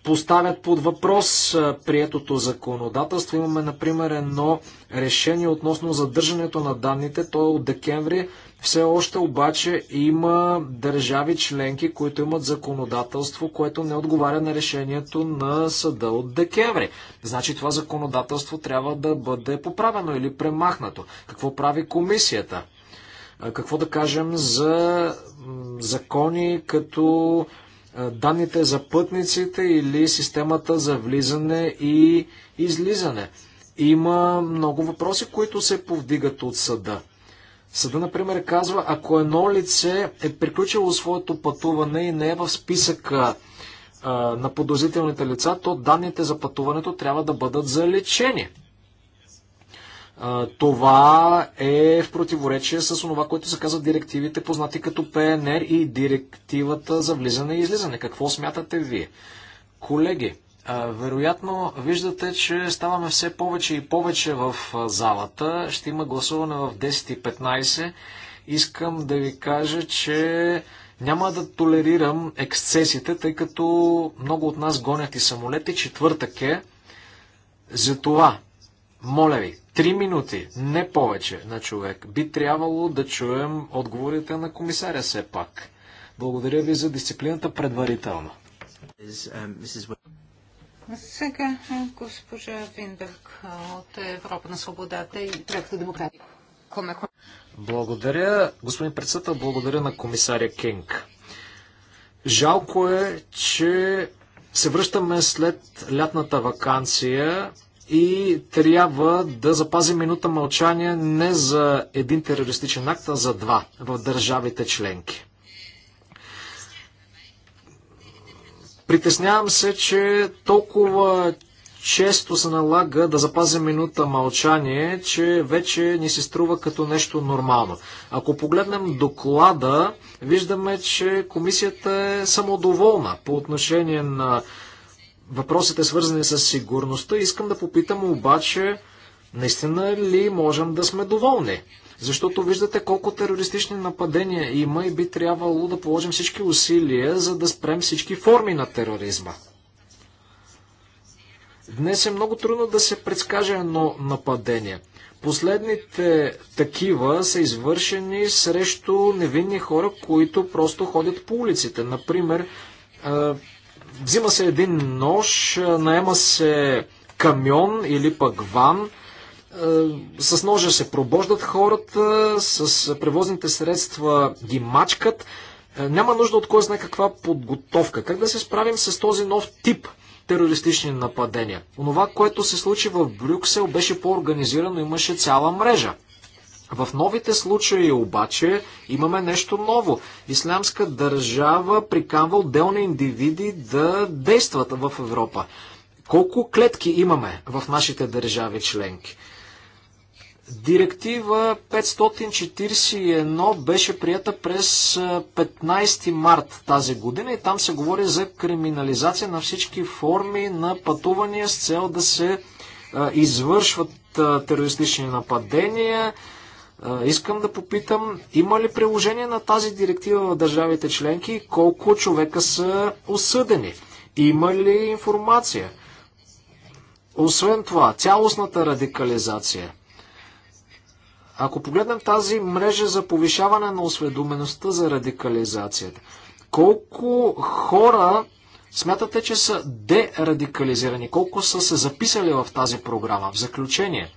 поставят под въпрос приетото законодателство. Имаме, например, едно решение относно задържането на данните. То е от декември все още обаче има държави членки, които имат законодателство, което не отговаря на решението на съда от декември. Значи това законодателство трябва да бъде поправено или премахнато. Какво прави комисията? Какво да кажем за закони като данните за пътниците или системата за влизане и излизане? Има много въпроси, които се повдигат от съда. Съда, например, казва, ако едно лице е приключило своето пътуване и не е в списъка а, на подозрителните лица, то данните за пътуването трябва да бъдат залечени. А, това е в противоречие с това, което се казва директивите, познати като ПНР и директивата за влизане и излизане. Какво смятате вие? Колеги, вероятно виждате, че ставаме все повече и повече в залата. Ще има гласуване в 10.15. Искам да ви кажа, че няма да толерирам ексцесите, тъй като много от нас гонят и самолети. Четвъртък е. Затова, моля ви, три минути, не повече на човек. Би трябвало да чуем отговорите на комисаря все пак. Благодаря ви за дисциплината предварително. Uh, сега госпожа Винберг от Европа на свободата и проекта демократия. Благодаря, господин председател, благодаря на комисаря Кинг. Жалко е, че се връщаме след лятната вакансия и трябва да запазим минута мълчание не за един терористичен акт, а за два в държавите членки. Притеснявам се, че толкова често се налага да запазя минута мълчание, че вече ни се струва като нещо нормално. Ако погледнем доклада, виждаме, че комисията е самодоволна по отношение на въпросите свързани с сигурността. Искам да попитам обаче, наистина ли можем да сме доволни? Защото виждате колко терористични нападения има и би трябвало да положим всички усилия, за да спрем всички форми на тероризма. Днес е много трудно да се предскаже едно нападение. Последните такива са извършени срещу невинни хора, които просто ходят по улиците. Например, взима се един нож, наема се камион или пък ван, е, с ножа се пробождат хората, с превозните средства ги мачкат. Е, няма нужда от кой знае каква подготовка. Как да се справим с този нов тип терористични нападения? Онова, което се случи в Брюксел, беше по-организирано, имаше цяла мрежа. В новите случаи обаче имаме нещо ново. Ислямска държава приканва отделни индивиди да действат в Европа. Колко клетки имаме в нашите държави членки? Директива 541 беше прията през 15 март тази година и там се говори за криминализация на всички форми на пътувания с цел да се извършват терористични нападения. Искам да попитам, има ли приложение на тази директива в държавите членки и колко човека са осъдени? Има ли информация? Освен това, цялостната радикализация – ако погледнем тази мрежа за повишаване на осведомеността за радикализацията, колко хора смятате, че са дерадикализирани? Колко са се записали в тази програма? В заключение,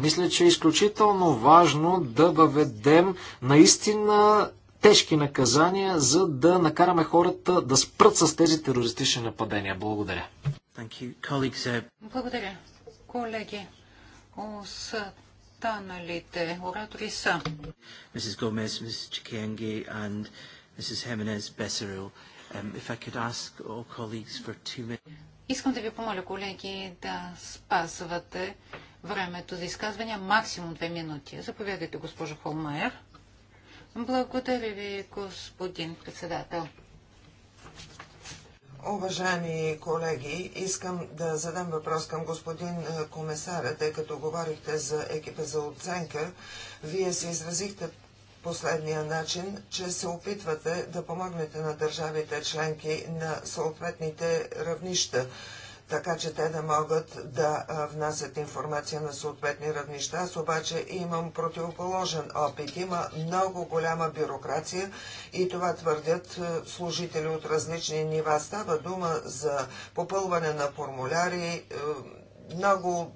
мисля, че е изключително важно да въведем наистина тежки наказания, за да накараме хората да спрат с тези терористични нападения. Благодаря. Благодаря. Колеги, останалите оратори са Mrs. Gomez, Mrs. Chikienge and Mrs. Jimenez Becerril. Um, if I could ask all colleagues for two minutes. Искам да ви помоля, колеги, да спазвате времето за изказвания максимум две минути. Заповядайте, госпожа Холмайер. Благодаря ви, господин председател. Уважаеми колеги, искам да задам въпрос към господин е, комисаря, тъй като говорихте за екипа за оценка. Вие се изразихте последния начин, че се опитвате да помогнете на държавите членки на съответните равнища така че те да могат да внасят информация на съответни равнища. Аз обаче имам противоположен опит. Има много голяма бюрокрация и това твърдят служители от различни нива. Става дума за попълване на формуляри, много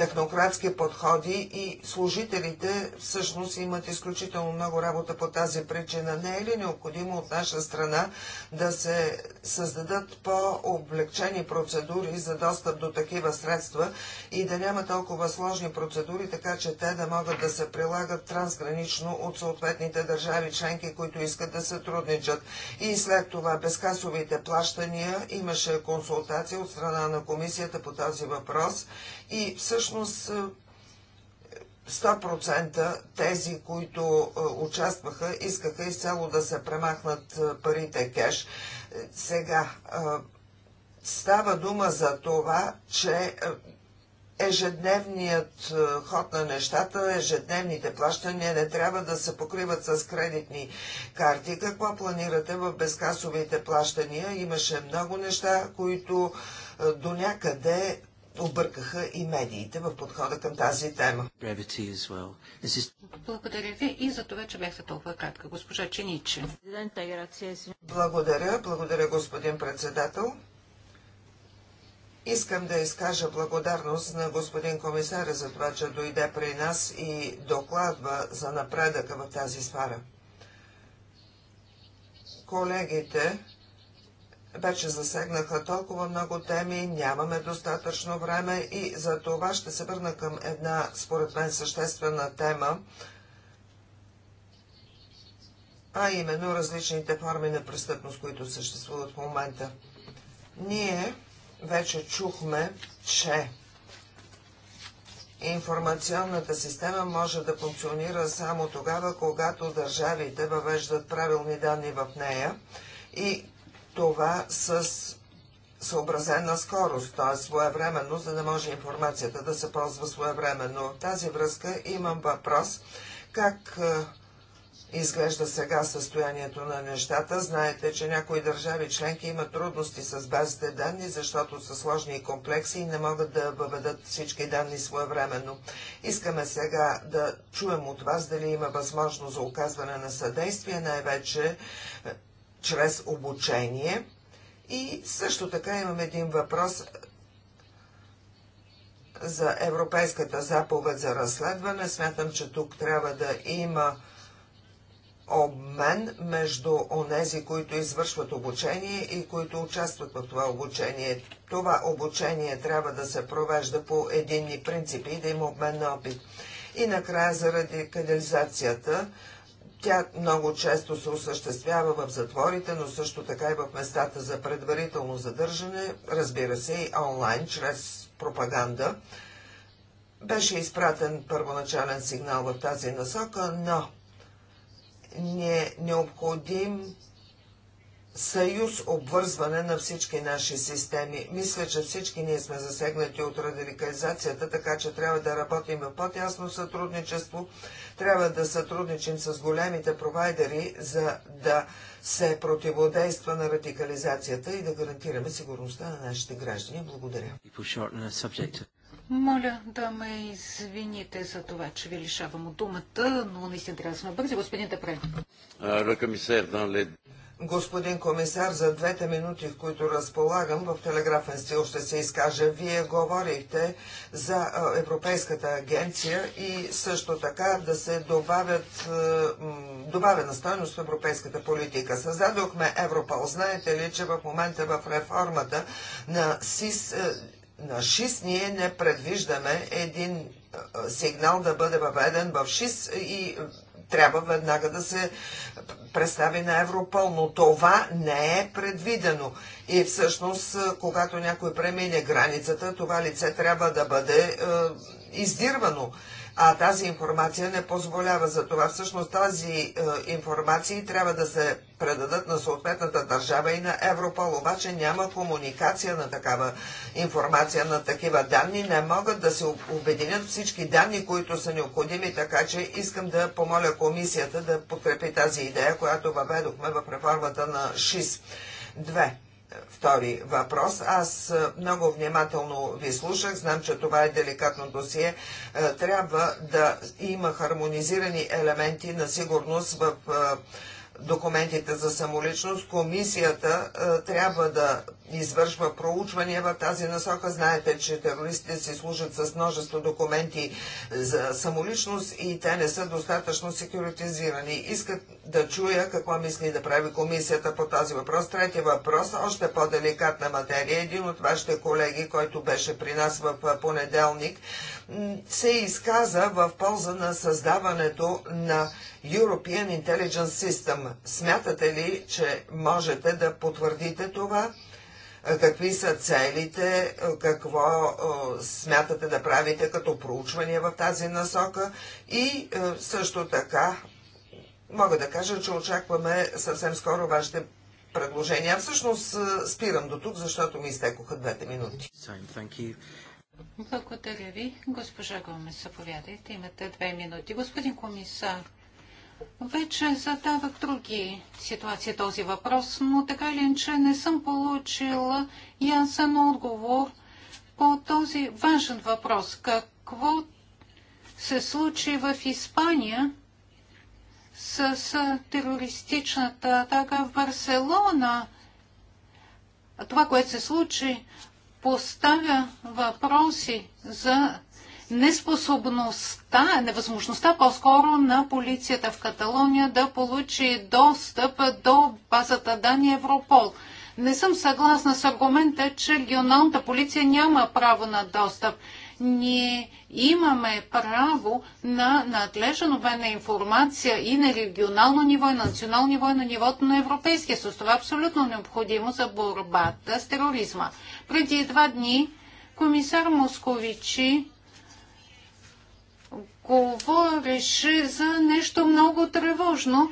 технократски подходи и служителите всъщност имат изключително много работа по тази причина. Не е ли необходимо от наша страна да се създадат по-облегчени процедури за достъп до такива средства и да няма толкова сложни процедури, така че те да могат да се прилагат трансгранично от съответните държави членки, които искат да сътрудничат. И след това безкасовите плащания имаше консултация от страна на комисията по този въпрос и всъщност 100% е, тези, които е, участваха, искаха изцяло да се премахнат е, парите кеш. Сега става дума за това, че ежедневният ход на нещата, ежедневните плащания не трябва да се покриват с кредитни карти. Какво планирате в безкасовите плащания? Имаше много неща, които до някъде объркаха и медиите в подхода към тази тема. Благодаря ви и за това, че бяхте толкова кратка. Госпожа Ченичи. Благодаря, благодаря господин председател. Искам да изкажа благодарност на господин комисаря за това, че дойде при нас и докладва за напредъка в тази сфера. Колегите вече засегнаха толкова много теми, нямаме достатъчно време и за това ще се върна към една, според мен, съществена тема, а именно различните форми на престъпност, които съществуват в момента. Ние вече чухме, че Информационната система може да функционира само тогава, когато държавите въвеждат правилни данни в нея и това с съобразена скорост, т.е. своевременно, за да може информацията да се ползва своевременно. В тази връзка имам въпрос как е, изглежда сега състоянието на нещата. Знаете, че някои държави членки имат трудности с базите данни, защото са сложни и комплекси и не могат да въведат всички данни своевременно. Искаме сега да чуем от вас дали има възможност за оказване на съдействие, най-вече е, чрез обучение. И също така имам един въпрос за Европейската заповед за разследване. Смятам, че тук трябва да има обмен между онези, които извършват обучение и които участват в това обучение. Това обучение трябва да се провежда по единни принципи и да има обмен на опит. И накрая заради канализацията тя много често се осъществява в затворите, но също така и в местата за предварително задържане, разбира се и онлайн, чрез пропаганда. Беше изпратен първоначален сигнал в тази насока, но ни е необходим съюз обвързване на всички наши системи. Мисля, че всички ние сме засегнати от радикализацията, така че трябва да работим в по-тясно сътрудничество трябва да сътрудничим с големите провайдери, за да се противодейства на радикализацията и да гарантираме сигурността на нашите граждани. Благодаря. Моля да ме извините за това, че ви лишавам от думата, но наистина трябва да сме бързи. Господин Депре. Е господин комисар, за двете минути, в които разполагам, в телеграфен стил ще се изкажа. Вие говорихте за Европейската агенция и също така да се добавят, добавена стойност в европейската политика. Създадохме Европол. Знаете ли, че в момента в реформата на СИС на ШИС ние не предвиждаме един сигнал да бъде въведен в ШИС и трябва веднага да се представи на Европол, но това не е предвидено. И всъщност, е, когато някой премине границата, това лице трябва да бъде е, издирвано а тази информация не позволява. За това всъщност тази е, трябва да се предадат на съответната държава и на Европол, обаче няма комуникация на такава информация, на такива данни. Не могат да се обединят всички данни, които са необходими, така че искам да помоля комисията да подкрепи тази идея, която въведохме в реформата на ШИС. Две втори въпрос. Аз е, много внимателно ви слушах, знам, че това е деликатно досие. Е, трябва да има хармонизирани елементи на сигурност в е, документите за самоличност, комисията е, трябва да извършва проучвания в тази насока. Знаете, че терористите си служат с множество документи за самоличност и те не са достатъчно секюритизирани. Искат да чуя какво мисли да прави комисията по този въпрос. Трети въпрос, още по-деликатна материя. Един от вашите колеги, който беше при нас в е, понеделник, се изказа в полза на създаването на European Intelligence System. Смятате ли, че можете да потвърдите това? Какви са целите? Какво е, смятате да правите като проучвания в тази насока? И е, също така, мога да кажа, че очакваме съвсем скоро вашите предложения. Всъщност е, спирам до тук, защото ми изтекоха двете минути. Благодаря ви. Госпожа Гомес, заповядайте. Имате две минути. Господин комисар, вече задавах други ситуации този въпрос, но така или иначе не съм получила ясен отговор по този важен въпрос. Какво се случи в Испания с, с терористичната атака в Барселона? Това, което се случи поставя въпроси за неспособността, невъзможността по-скоро на полицията в Каталония да получи достъп до базата данни Европол. Не съм съгласна с аргумента, че регионалната полиция няма право на достъп ние имаме право на надлежен обмен на информация и на регионално ниво, и на национално ниво, и на нивото на Европейския съюз. Това е абсолютно необходимо за борбата с тероризма. Преди два дни комисар Московичи говореше за нещо много тревожно,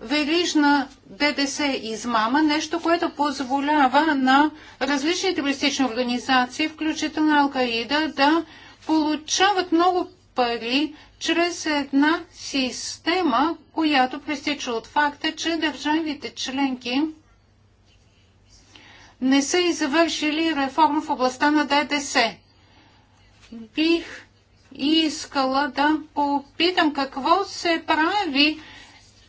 верижна ДДС измама, нещо, което позволява на различни терористични организации, включително Алкаида, да получават много пари чрез една система, която пристича от факта, че държавите членки не са извършили реформа в областта на ДДС. Бих искала да попитам какво се прави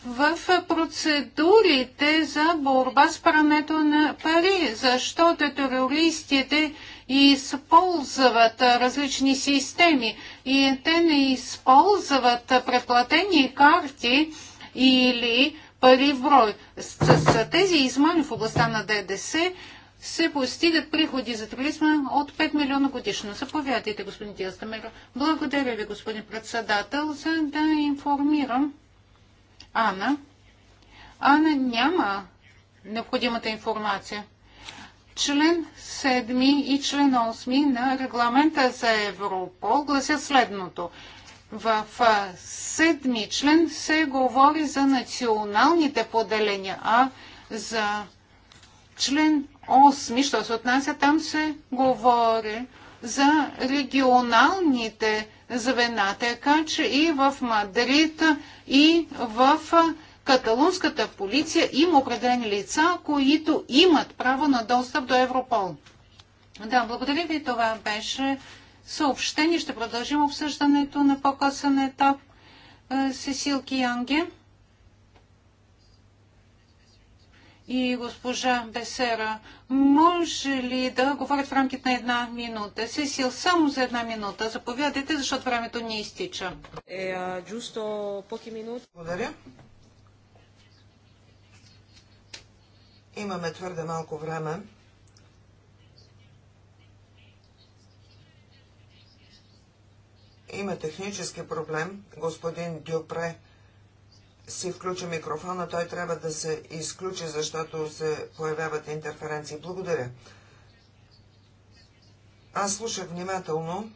в процедурите за борба с прането на пари, защото терористите използват различни системи и те не използват преплатени карти или пари в брой. С, с тези измами в областта на ДДС се постигат приходи за туризма от 5 милиона годишно. Заповядайте, господин Диастамеро. Благодаря ви, господин председател, за да информирам Ана. Ана няма необходимата информация. Член 7 и член 8 на регламента за Европол гласят следното. В седми член се говори за националните поделения, а за член 8, що се отнася, там се говори за регионалните звена. Така че и в Мадрид, и в каталунската полиция има определени лица, които имат право на достъп до Европол. Да, благодаря ви. Това беше съобщение. Ще продължим обсъждането на по-късен етап. Е, Сесил Киянге. и госпожа Бесера, може ли да говорят в рамките на една минута? Сесил, е само за една минута. Заповядайте, защото времето ни изтича. Е, джусто поки минут. Благодаря. Имаме твърде малко време. Има технически проблем. Господин Дюпре си включа микрофона, той трябва да се изключи, защото се появяват интерференции. Благодаря. Аз слушах внимателно.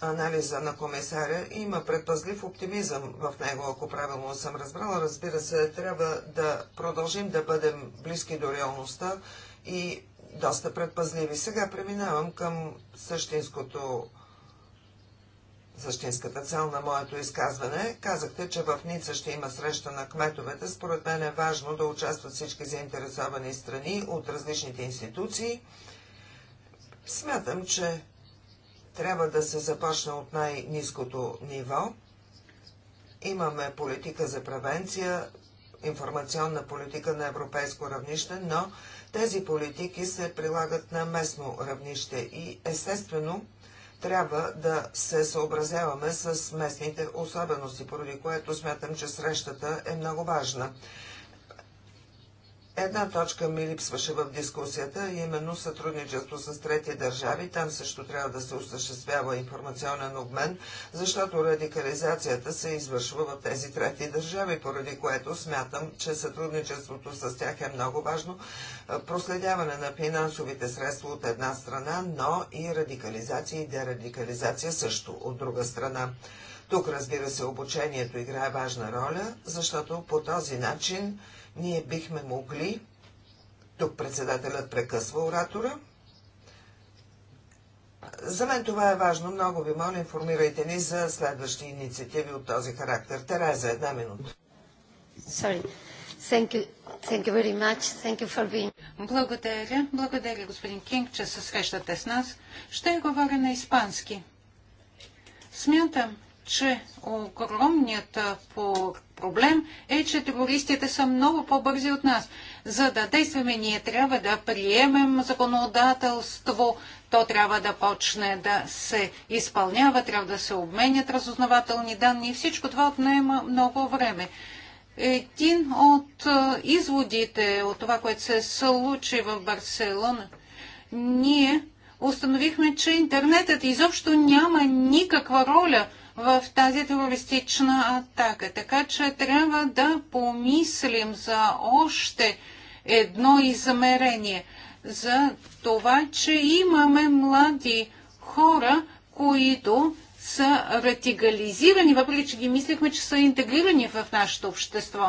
анализа на комисаря и има предпазлив оптимизъм в него, ако правилно съм разбрала. Разбира се, трябва да продължим да бъдем близки до реалността и доста предпазливи. Сега преминавам към същинското същинската цел на моето изказване. Казахте, че в Ница ще има среща на кметовете. Според мен е важно да участват всички заинтересовани страни от различните институции. Смятам, че трябва да се започне от най-низкото ниво. Имаме политика за превенция, информационна политика на европейско равнище, но тези политики се прилагат на местно равнище и естествено трябва да се съобразяваме с местните особености, поради което смятам, че срещата е много важна. Една точка ми липсваше в дискусията, именно сътрудничество с трети държави. Там също трябва да се осъществява информационен обмен, защото радикализацията се извършва в тези трети държави, поради което смятам, че сътрудничеството с тях е много важно. Е, проследяване на финансовите средства от една страна, но и радикализация и дерадикализация също от друга страна. Тук, разбира се, обучението играе важна роля, защото по този начин ние бихме могли, тук председателят прекъсва оратора, за мен това е важно. Много ви моля, информирайте ни за следващи инициативи от този характер. Тереза, една минута. Sorry. Thank you. Thank you very much. Thank you for being... Благодаря. Благодаря, господин Кинг, че се срещате с нас. Ще говоря на испански. Смятам, че огромният проблем е, че терористите са много по-бързи от нас. За да действаме, ние трябва да приемем законодателство, то трябва да почне да се изпълнява, трябва да се обменят разузнавателни данни и всичко това отнема много време. Един от изводите от това, което се случи в Барселона, ние установихме, че интернетът изобщо няма никаква роля – в тази терористична атака. Така че трябва да помислим за още едно измерение, за това, че имаме млади хора, които са радикализирани, въпреки че ги мислихме, че са интегрирани в нашето общество.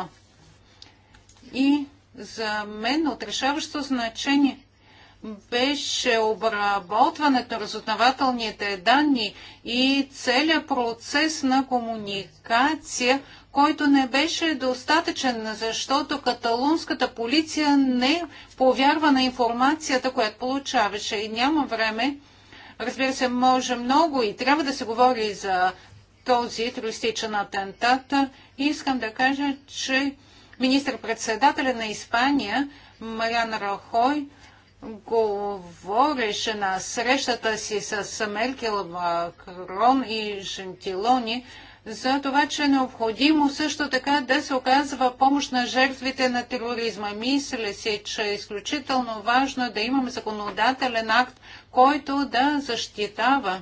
И за мен от решаващо значение беше обработването на разузнавателните данни и целият процес на комуникация, който не беше достатъчен, защото каталунската полиция не повярва на информацията, която получаваше. И няма време. Разбира се, може много и трябва да се говори за този терористичен атентат. И искам да кажа, че министър-председателя на Испания Мариан Рахой говореше на срещата си с Меркел, Макрон и Жентилони за това, че е необходимо също така да се оказва помощ на жертвите на тероризма. Мисля си, че е изключително важно да имаме законодателен акт, който да защитава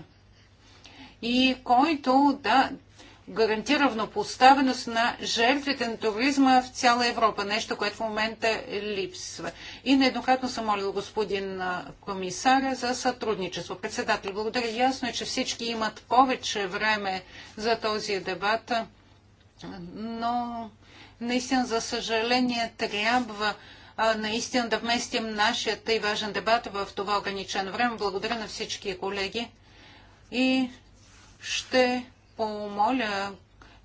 и който да гарантира равнопоставеност на жертвите на туризма в цяла Европа. Нещо, което в момента липсва. И нееднократно съм молил господин комисаря за сътрудничество. Председател, благодаря. Ясно е, че всички имат повече време за този дебат, но наистина, за съжаление, трябва наистина да вместим нашия тъй важен дебат в това ограничено време. Благодаря на всички колеги и ще помоля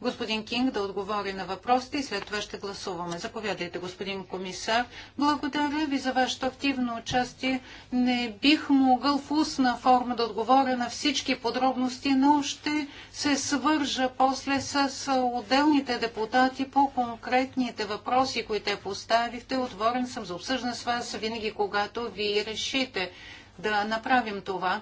господин Кинг да отговори на въпросите и след това ще гласуваме. Заповядайте, господин комисар. Благодаря ви за вашето активно участие. Не бих могъл в устна форма да отговоря на всички подробности, но ще се свържа после с отделните депутати по конкретните въпроси, които те поставихте. Отворен съм за обсъждане с вас винаги, когато ви решите да направим това.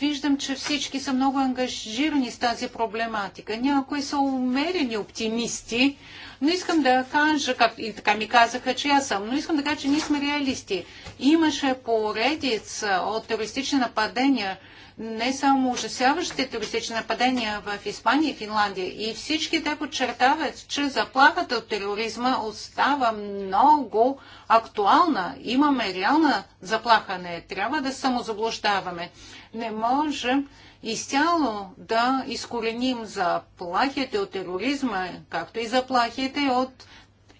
Виждам, че всички са много ангажирани с тази проблематика. Някои са умерени оптимисти, но искам да кажа, как, и така ми казаха, че аз съм, но искам да кажа, че ние сме реалисти. Имаше поредица от терористични нападения, не само ужасяващите терористични нападения в Испания и Финландия. И всички те подчертават, че заплахата от тероризма остава много актуална. Имаме реална заплаха, не трябва да самозаблуждаваме не можем изцяло да изкореним заплахите от тероризма, както и заплахите от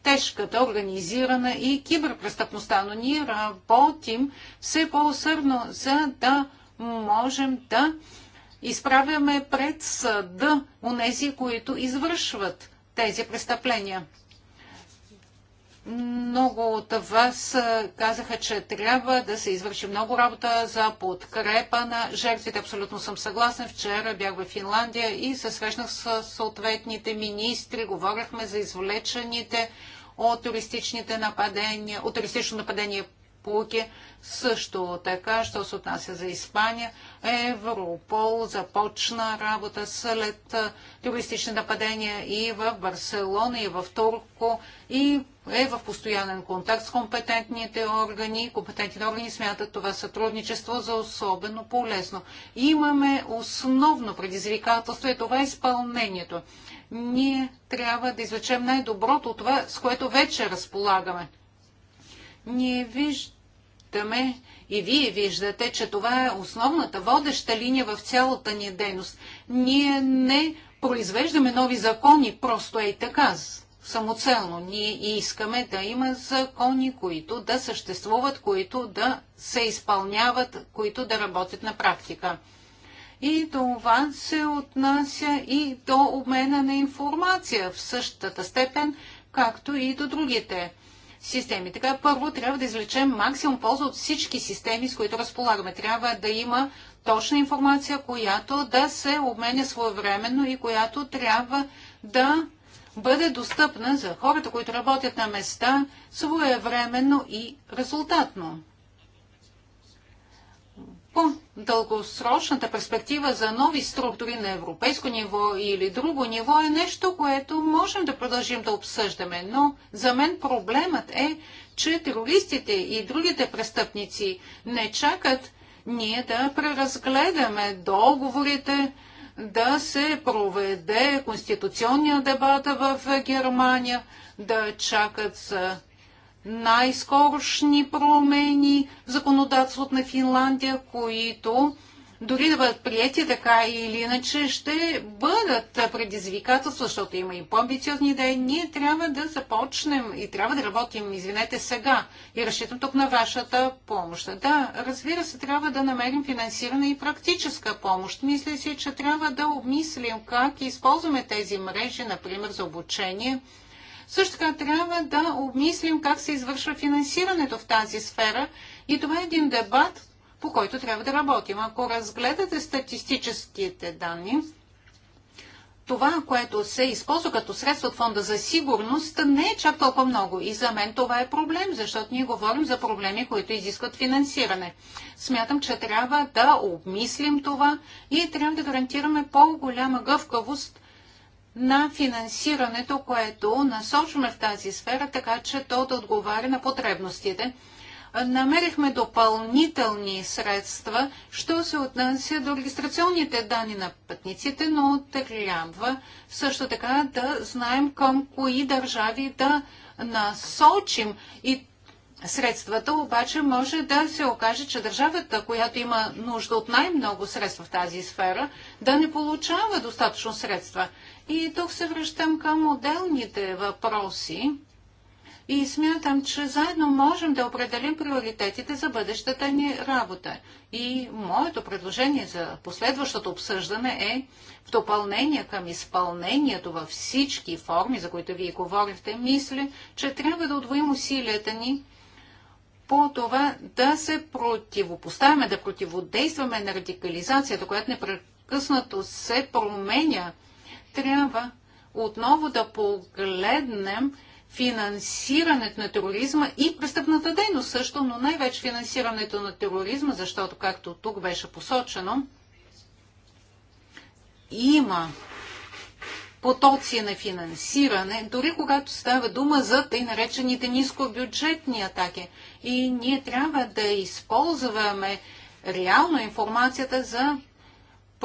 тежката, организирана и киберпрестъпността, но ние работим все по-усърдно, за да можем да изправяме пред съда у нези, които извършват тези престъпления. Много от вас казаха, че трябва да се извърши много работа за подкрепа на жертвите. Абсолютно съм съгласен. Вчера бях в Финландия и се срещнах с съответните министри. Говорихме за извлечените от туристичните нападения, от туристично нападение полуки. Също така, що се отнася за Испания, е Европол започна работа след туристични нападения и в Барселона, и в Турко, и е в постоянен контакт с компетентните органи. Компетентните органи смятат това сътрудничество за особено полезно. Имаме основно предизвикателство и това е изпълнението. Ние трябва да извлечем най-доброто от това, с което вече разполагаме. Ние виждаме и вие виждате, че това е основната водеща линия в цялата ни дейност. Ние не произвеждаме нови закони, просто е и така, самоцелно. Ние искаме да има закони, които да съществуват, които да се изпълняват, които да работят на практика. И това се отнася и до обмена на информация в същата степен, както и до другите системи. Така първо трябва да извлечем максимум полза от всички системи, с които разполагаме. Трябва да има точна информация, която да се обменя своевременно и която трябва да бъде достъпна за хората, които работят на места своевременно и резултатно по-дългосрочната перспектива за нови структури на европейско ниво или друго ниво е нещо, което можем да продължим да обсъждаме. Но за мен проблемът е, че терористите и другите престъпници не чакат ние да преразгледаме договорите, да се проведе конституционния дебат в Германия, да чакат за най-скорошни промени в законодателството на Финландия, които дори да бъдат прияти така или иначе, ще бъдат предизвикателства, защото има и по-амбициозни идеи. Ние трябва да започнем и трябва да работим, извинете, сега. И разчитам тук на вашата помощ. Да, разбира се, трябва да намерим финансиране и практическа помощ. Мисля си, че трябва да обмислим как използваме тези мрежи, например, за обучение също така трябва да обмислим как се извършва финансирането в тази сфера и това е един дебат, по който трябва да работим. Ако разгледате статистическите данни, това, което се използва като средство от фонда за сигурност, не е чак толкова много. И за мен това е проблем, защото ние говорим за проблеми, които изискват финансиране. Смятам, че трябва да обмислим това и трябва да гарантираме по-голяма гъвкавост на финансирането, което насочваме в тази сфера, така че то да отговаря на потребностите. Намерихме допълнителни средства, що се отнася до регистрационните данни на пътниците, но трябва също така да знаем към кои държави да насочим и средствата, обаче може да се окаже, че държавата, която има нужда от най-много средства в тази сфера, да не получава достатъчно средства. И тук се връщам към отделните въпроси и смятам, че заедно можем да определим приоритетите за бъдещата ни работа. И моето предложение за последващото обсъждане е в допълнение към изпълнението във всички форми, за които вие говорихте, мисля, че трябва да отвоим усилията ни по това да се противопоставяме, да противодействаме на радикализацията, която непрекъснато се променя трябва отново да погледнем финансирането на тероризма и престъпната дейност също, но най-вече финансирането на тероризма, защото, както тук беше посочено, има потоци на финансиране, дори когато става дума за тъй наречените нискобюджетни атаки. И ние трябва да използваме реално информацията за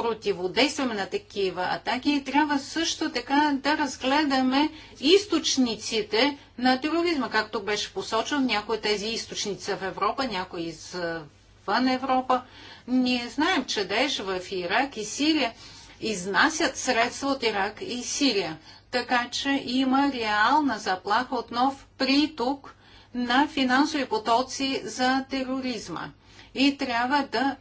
противодействаме на такива атаки и трябва също така да разгледаме източниците на тероризма, както беше посочено. Някои от тези източници в Европа, някои извън Европа. Ние знаем, че Деш в Ирак и Сирия изнасят средства от Ирак и Сирия. Така че има реална заплаха от нов приток на финансови потоци за тероризма. И трябва да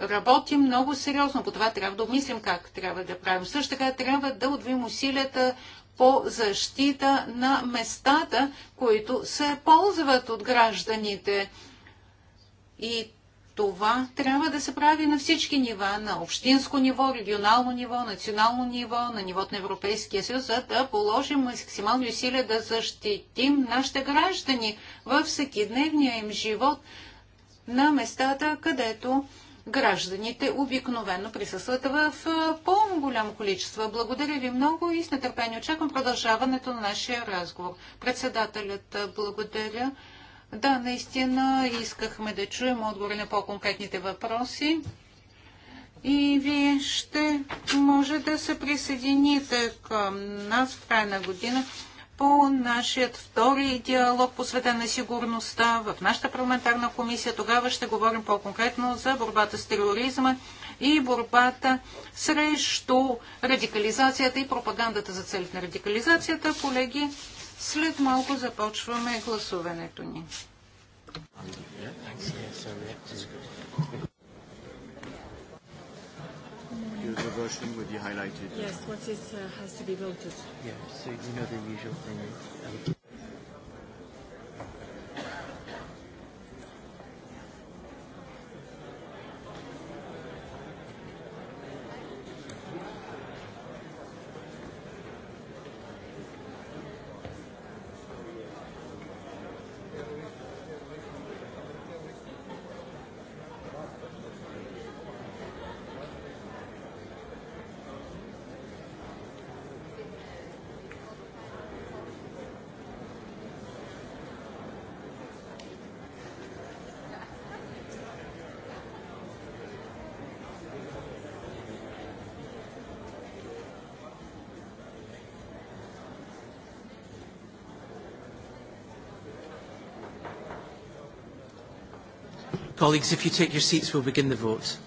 работим много сериозно. По това трябва да обмислим как трябва да правим. Също така трябва да отвим усилията по защита на местата, които се ползват от гражданите. И това трябва да се прави на всички нива, на общинско ниво, регионално ниво, национално ниво, на нивото на Европейския съюз, за да положим максимални усилия да защитим нашите граждани във всекидневния им живот на местата, където гражданите обикновено присъстват в пълно голямо количество. Благодаря ви много и с нетърпение очаквам продължаването на нашия разговор. Председателят благодаря. Да, наистина искахме да чуем отговори на по-конкретните въпроси. И вие ще може да се присъедините към нас в края на година по нашият втори диалог, посветен на сигурността в нашата парламентарна комисия. Тогава ще говорим по-конкретно за борбата с тероризма и борбата срещу радикализацията и пропагандата за целите на радикализацията. Колеги, след малко започваме гласуването ни you the version with the highlighted? Yes, what is, uh, has to be voted. Yeah, so you know the usual thing. Um, Colleagues, if you take your seats, we'll begin the vote.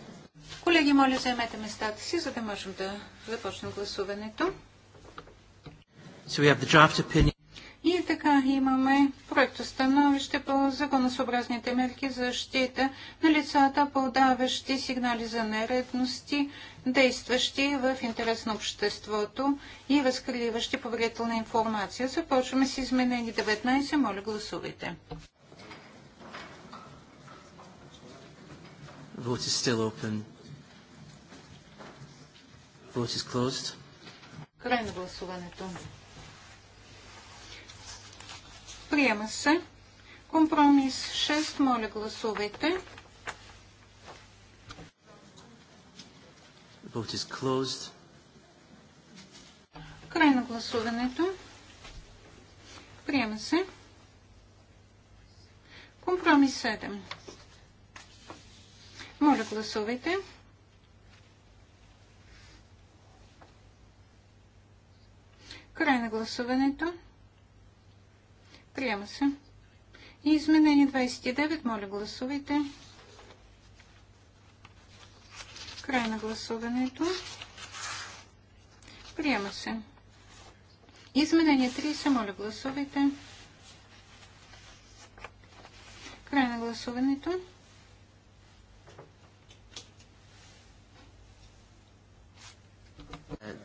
Колеги, моля, заемете местата си, за да можем да започнем гласуването. So we have the draft opinion. И така имаме проекта становище по законосъобразните мерки за защита на лицата, подаващи сигнали за нередности, действащи в интерес на обществото и разкриващи повредителна информация. Започваме с изменени 19. Моля, гласувайте. Vote is still open. Vote is closed. Край на гласуването. Приема се. Компромис 6. Моля гласувайте. Vote is closed. Край на гласуването. Приема се. Компромис 7. Моля, гласувайте. Край на гласуването. Приема се. И изменение 29. Моля, гласувайте. Край на гласуването. Приема се. Изменение 30. Моля, гласувайте. Край на гласуването.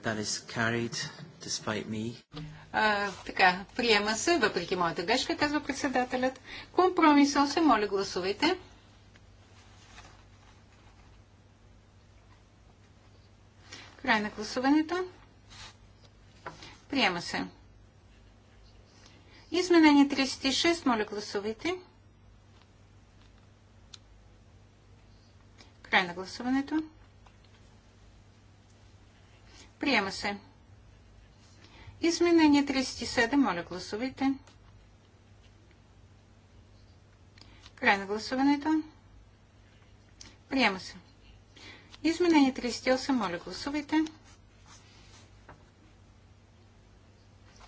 That is carried, despite me. А, така, приема се, въпреки моята грешка, казва председателят. Компромисъл се. моля гласувайте. Край на гласуването. Приема се. Изменение 36, моля гласувайте. Край на гласуването. Приема се. Изменение 37. Моля, гласувайте. Край на гласуването. Приема се. Изменение 38. Моля, гласувайте.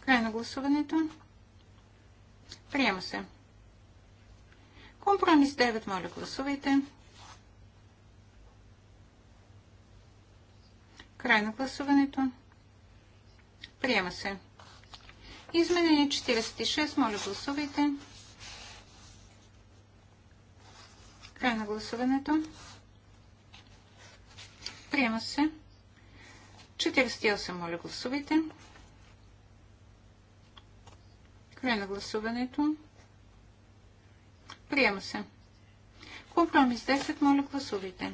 Край на гласуването. Приема се. Компромис 9. Моля, гласувайте. Край на гласуването. Приема се. Изменение 46. Моля гласувайте. Край на гласуването. Приема се. 48. Моля гласувайте. Край на гласуването. Приема се. Компромис 10. Моля гласувайте.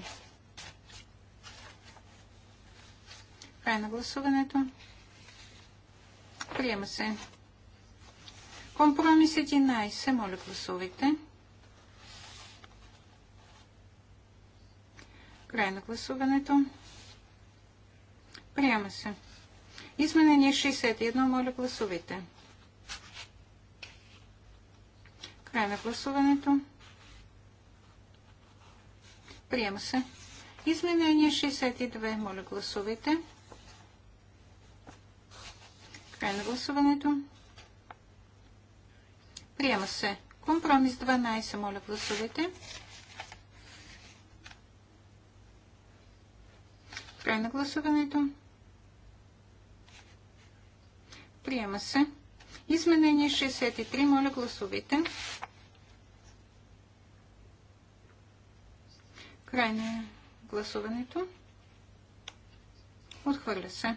Край на гласуването. Приема се. Компромис 11. Моля, гласувайте. Край на гласуването. Приема се. Изменение 61. Моля, гласувайте. Край на гласуването. Приема се. Изменение 62. Моля, гласувайте. Край на гласуването. Приема се. Компромис 12. Моля, гласувайте. Край на гласуването. Приема се. Изменение 63. Моля, гласувайте. Край на гласуването. Отхвърля се.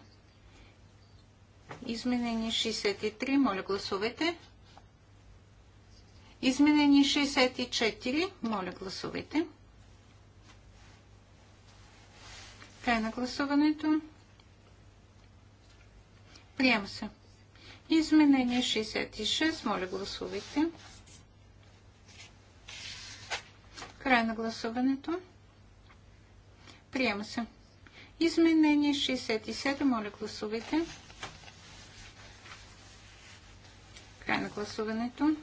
Изменение 63. Моля, гласувайте. Изменение 64. Моля, гласувайте. Край на гласуването. Приема се. Изменение 66. Моля, гласувайте. Край на гласуването. Приема се. Изменение 67. Моля, гласувайте. Край на гласуването.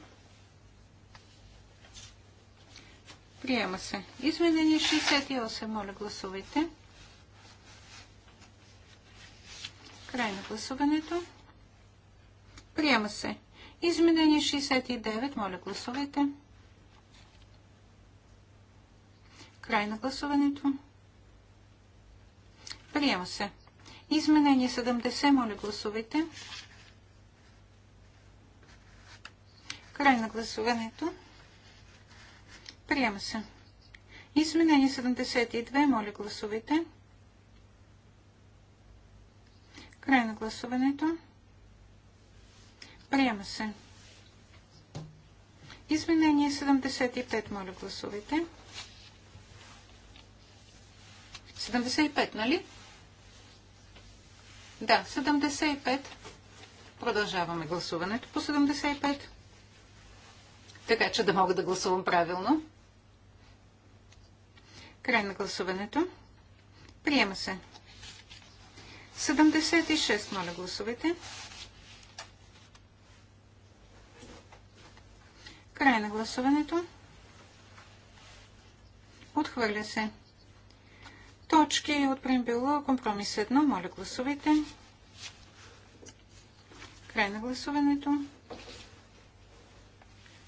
Приема се. Изменение 68. Моля, гласувайте. Край на гласуването. Приема се. Изменение 69. Моля, гласувайте. Край на гласуването. Приема се. Изменение 70. Моля, гласувайте. Гласувайте. Край на гласуването. Приема се. Изменение 72. Моля гласувайте. Край на гласуването. Приема се. Изменение 75. Моля гласувайте. 75, нали? Да, 75. Продължаваме гласуването по 75 така че да мога да гласувам правилно. Край на гласуването. Приема се. 76, моля гласувайте. Край на гласуването. Отхвърля се. Точки от примбило компромис 1, моля гласувайте. Край на гласуването.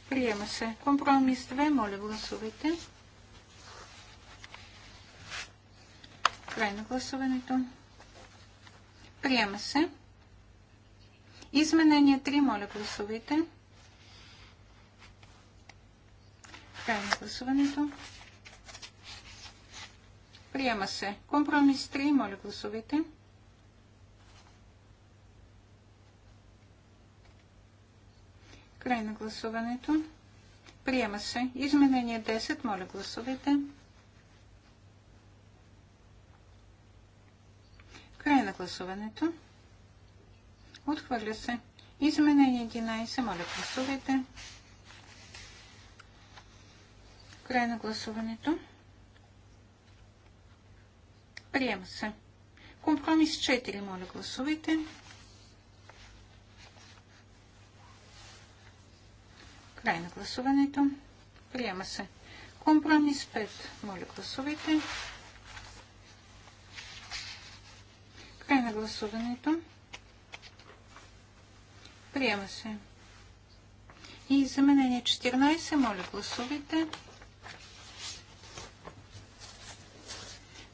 Приема се. Компромис 2. Моля, гласувайте. Край на гласуването. Приема се. Изменение 3. Моля, гласувайте. Край на гласуването. Приема се. Компромис 3. Моля, гласувайте. Край на гласуването. Приема се. Изменение 10. Моля, гласувайте. Край на гласуването. Отхвърля се. Изменение 11. Моля, гласувайте. Край на гласуването. Приема се. Компромис 4. Моля, гласувайте. Гласувайте. Край на гласуването. Приема се. Компромис 5. Моля, гласувайте. Край на гласуването. Приема се. И заменение 14. Моля, гласувайте.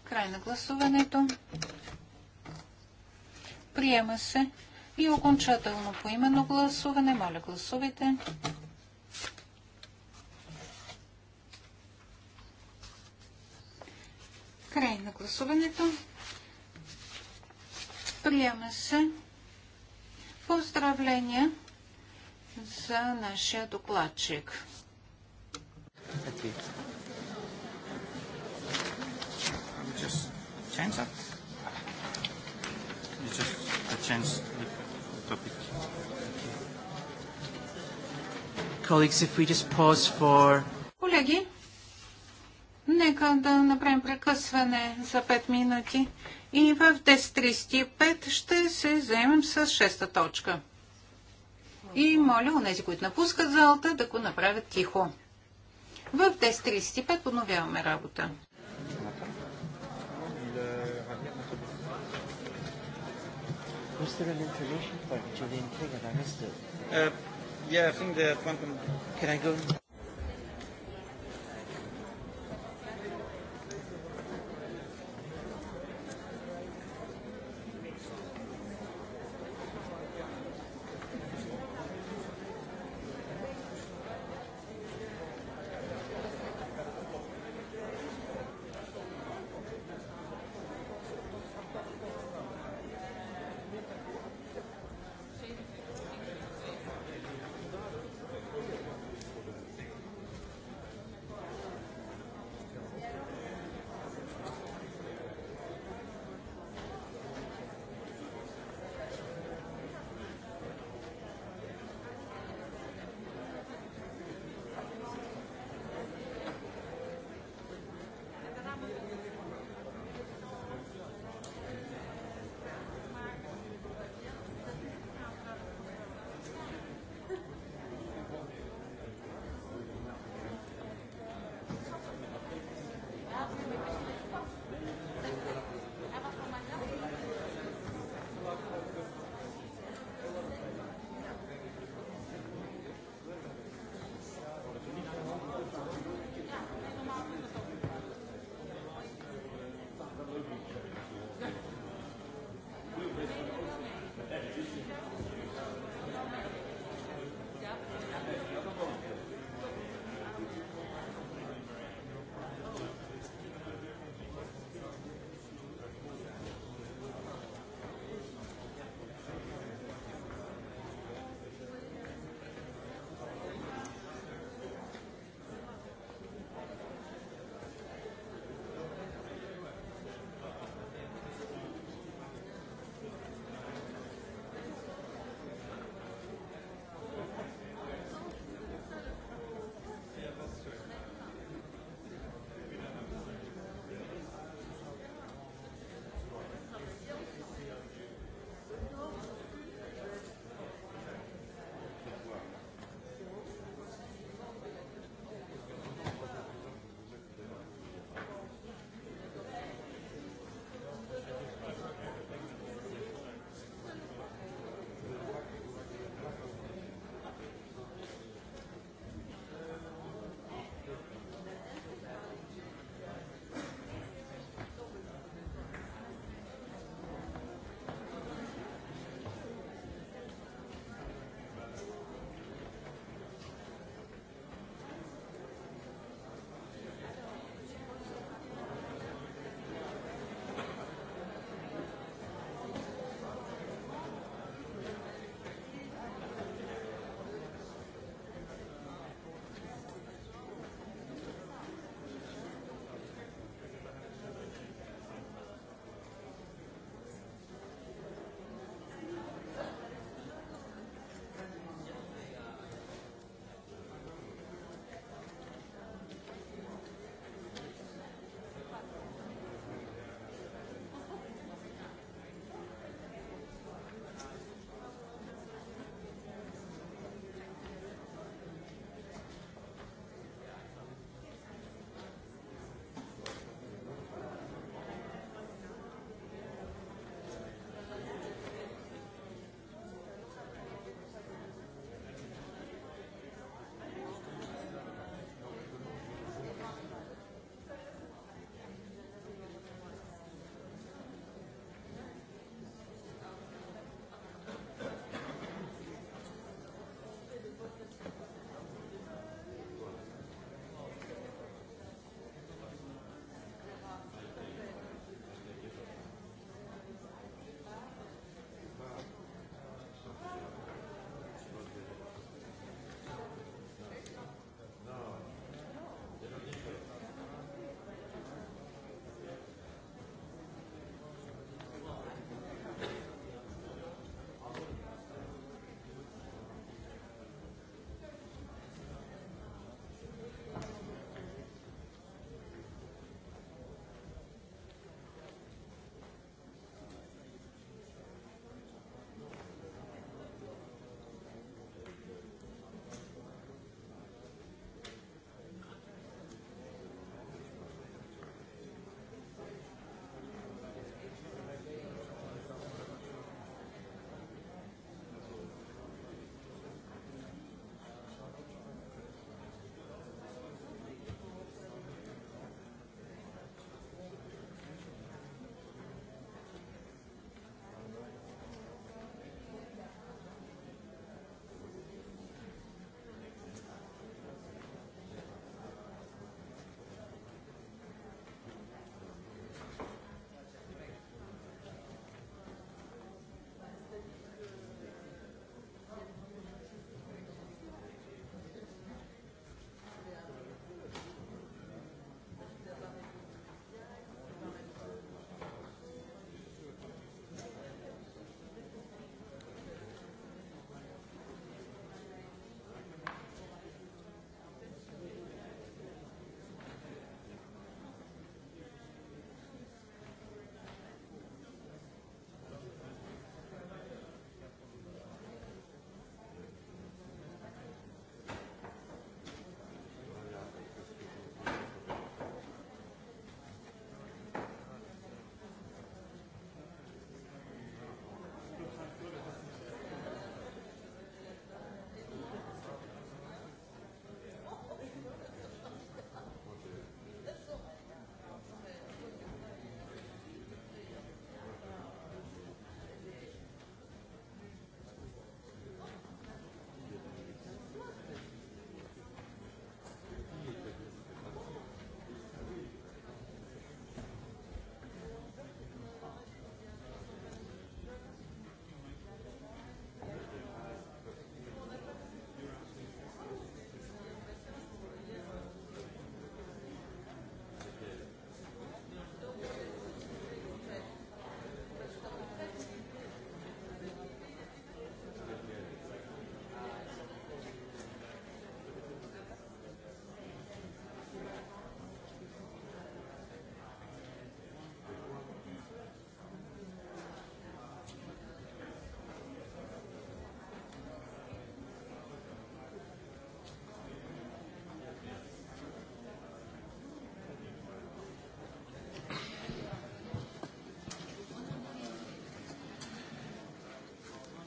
Край на гласуването. Приема се. И окончателно поименно гласуване. Моля, гласувайте. Гласувайте. Край на гласуването. Приема се поздравления за нашия докладчик. Колеги, Нека да направим прекъсване за 5 минути и в 10.35 ще се заемем с шеста точка. И моля нези, които напускат залата, да го направят тихо. В 10.35 подновяваме работа. Was there point the Uh, yeah, I think the one Can I go?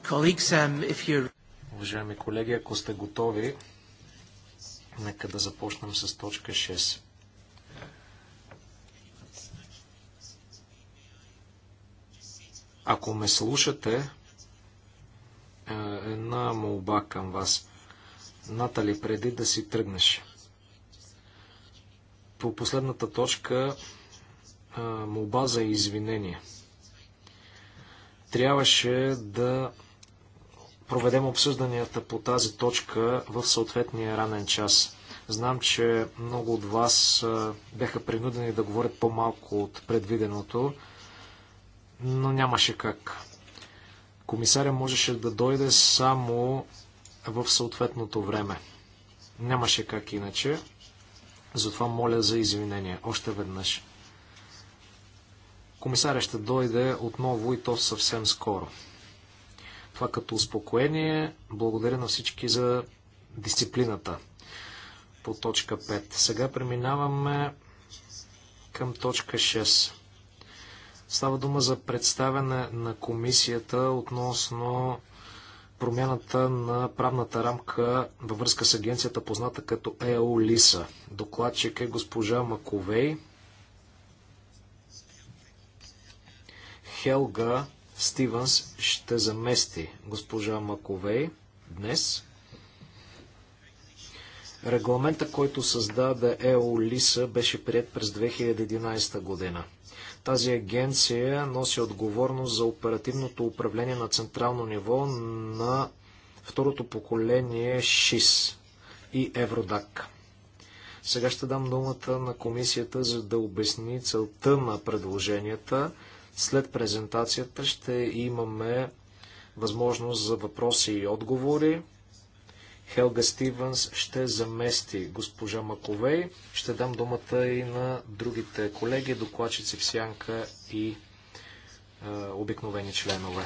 Um, Уважаеми колеги, ако сте готови, нека да започнем с точка 6. Ако ме слушате, е, една молба към вас. Натали, преди да си тръгнеш. По последната точка е, молба за извинение. Трябваше да проведем обсъжданията по тази точка в съответния ранен час. Знам, че много от вас бяха принудени да говорят по-малко от предвиденото, но нямаше как. Комисаря можеше да дойде само в съответното време. Нямаше как иначе. Затова моля за извинение. Още веднъж. Комисаря ще дойде отново и то съвсем скоро това като успокоение. Благодаря на всички за дисциплината по точка 5. Сега преминаваме към точка 6. Става дума за представяне на комисията относно промяната на правната рамка във връзка с агенцията, позната като ЕО Лиса. Докладчик е госпожа Маковей. Хелга Стивенс ще замести госпожа Маковей днес. Регламента, който създаде ЕОЛИСА, беше прият през 2011 година. Тази агенция носи отговорност за оперативното управление на централно ниво на второто поколение ШИС и Евродак. Сега ще дам думата на комисията, за да обясни целта на предложенията след презентацията ще имаме възможност за въпроси и отговори. Хелга Стивенс ще замести госпожа Маковей. Ще дам думата и на другите колеги, докладчици в сянка и е, обикновени членове.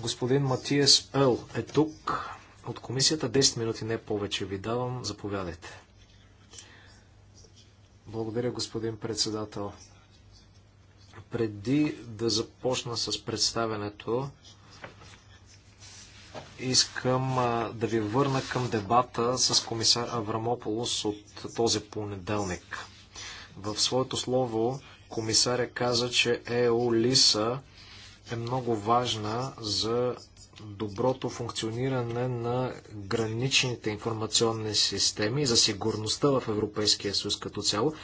Господин Матиас Ел е тук. От комисията 10 минути не повече ви давам. Заповядайте. Благодаря, господин председател. Преди да започна с представенето, искам да ви върна към дебата с комисар Аврамополос от този понеделник. В своето слово комисаря каза, че ЕО Лиса е много важна за доброто функциониране на граничните информационни системи за сигурността в Европейския съюз като цяло.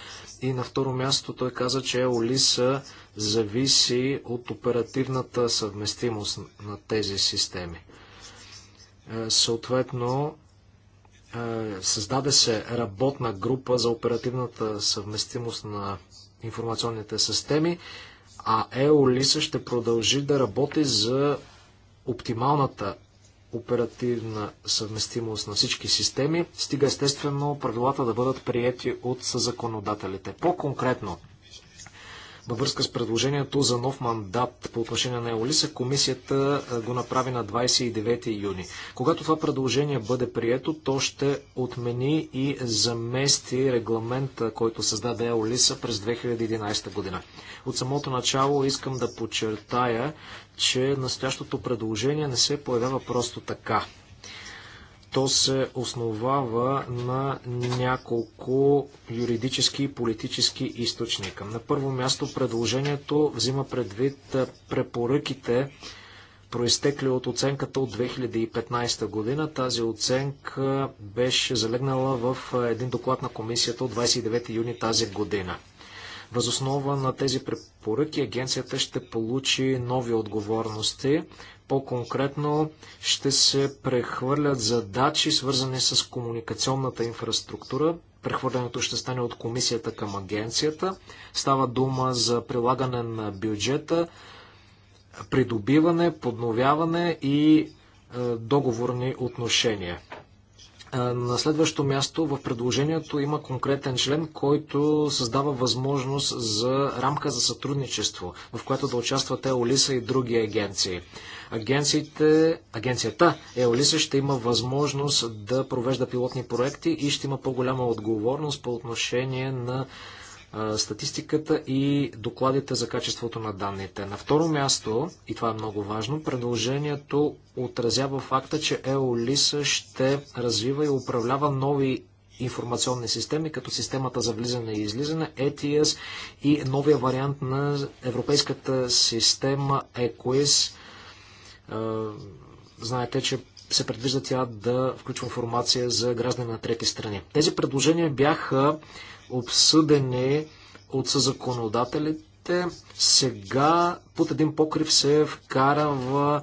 И на второ място той каза, че ЕОЛИСа зависи от оперативната съвместимост на тези системи. Е, съответно, е, създаде се работна група за оперативната съвместимост на информационните системи, а EOLISA ще продължи да работи за оптималната оперативна съвместимост на всички системи, стига естествено правилата да бъдат приети от законодателите. По-конкретно, във връзка с предложението за нов мандат по отношение на Еолиса, комисията го направи на 29 юни. Когато това предложение бъде прието, то ще отмени и замести регламента, който създаде Еолиса през 2011 година. От самото начало искам да подчертая, че настоящото предложение не се появява просто така то се основава на няколко юридически и политически източника. На първо място предложението взима предвид препоръките, проистекли от оценката от 2015 година. Тази оценка беше залегнала в един доклад на комисията от 29 юни тази година. Възоснова на тези препоръки агенцията ще получи нови отговорности. По-конкретно ще се прехвърлят задачи, свързани с комуникационната инфраструктура. Прехвърлянето ще стане от комисията към агенцията. Става дума за прилагане на бюджета, придобиване, подновяване и е, договорни отношения. Е, на следващо място в предложението има конкретен член, който създава възможност за рамка за сътрудничество, в която да участват ЕОЛИСА и други агенции. Агенциите, агенцията Еолиса ще има възможност да провежда пилотни проекти и ще има по-голяма отговорност по отношение на статистиката и докладите за качеството на данните. На второ място, и това е много важно, предложението отразява факта, че ЕОЛИСА ще развива и управлява нови информационни системи, като системата за влизане и излизане, ETS е и новия вариант на европейската система EQUIS е е, знаете, че се предвижда тя да включва информация за граждани на трети страни. Тези предложения бяха обсъдени от съзаконодателите. Сега под един покрив се вкара в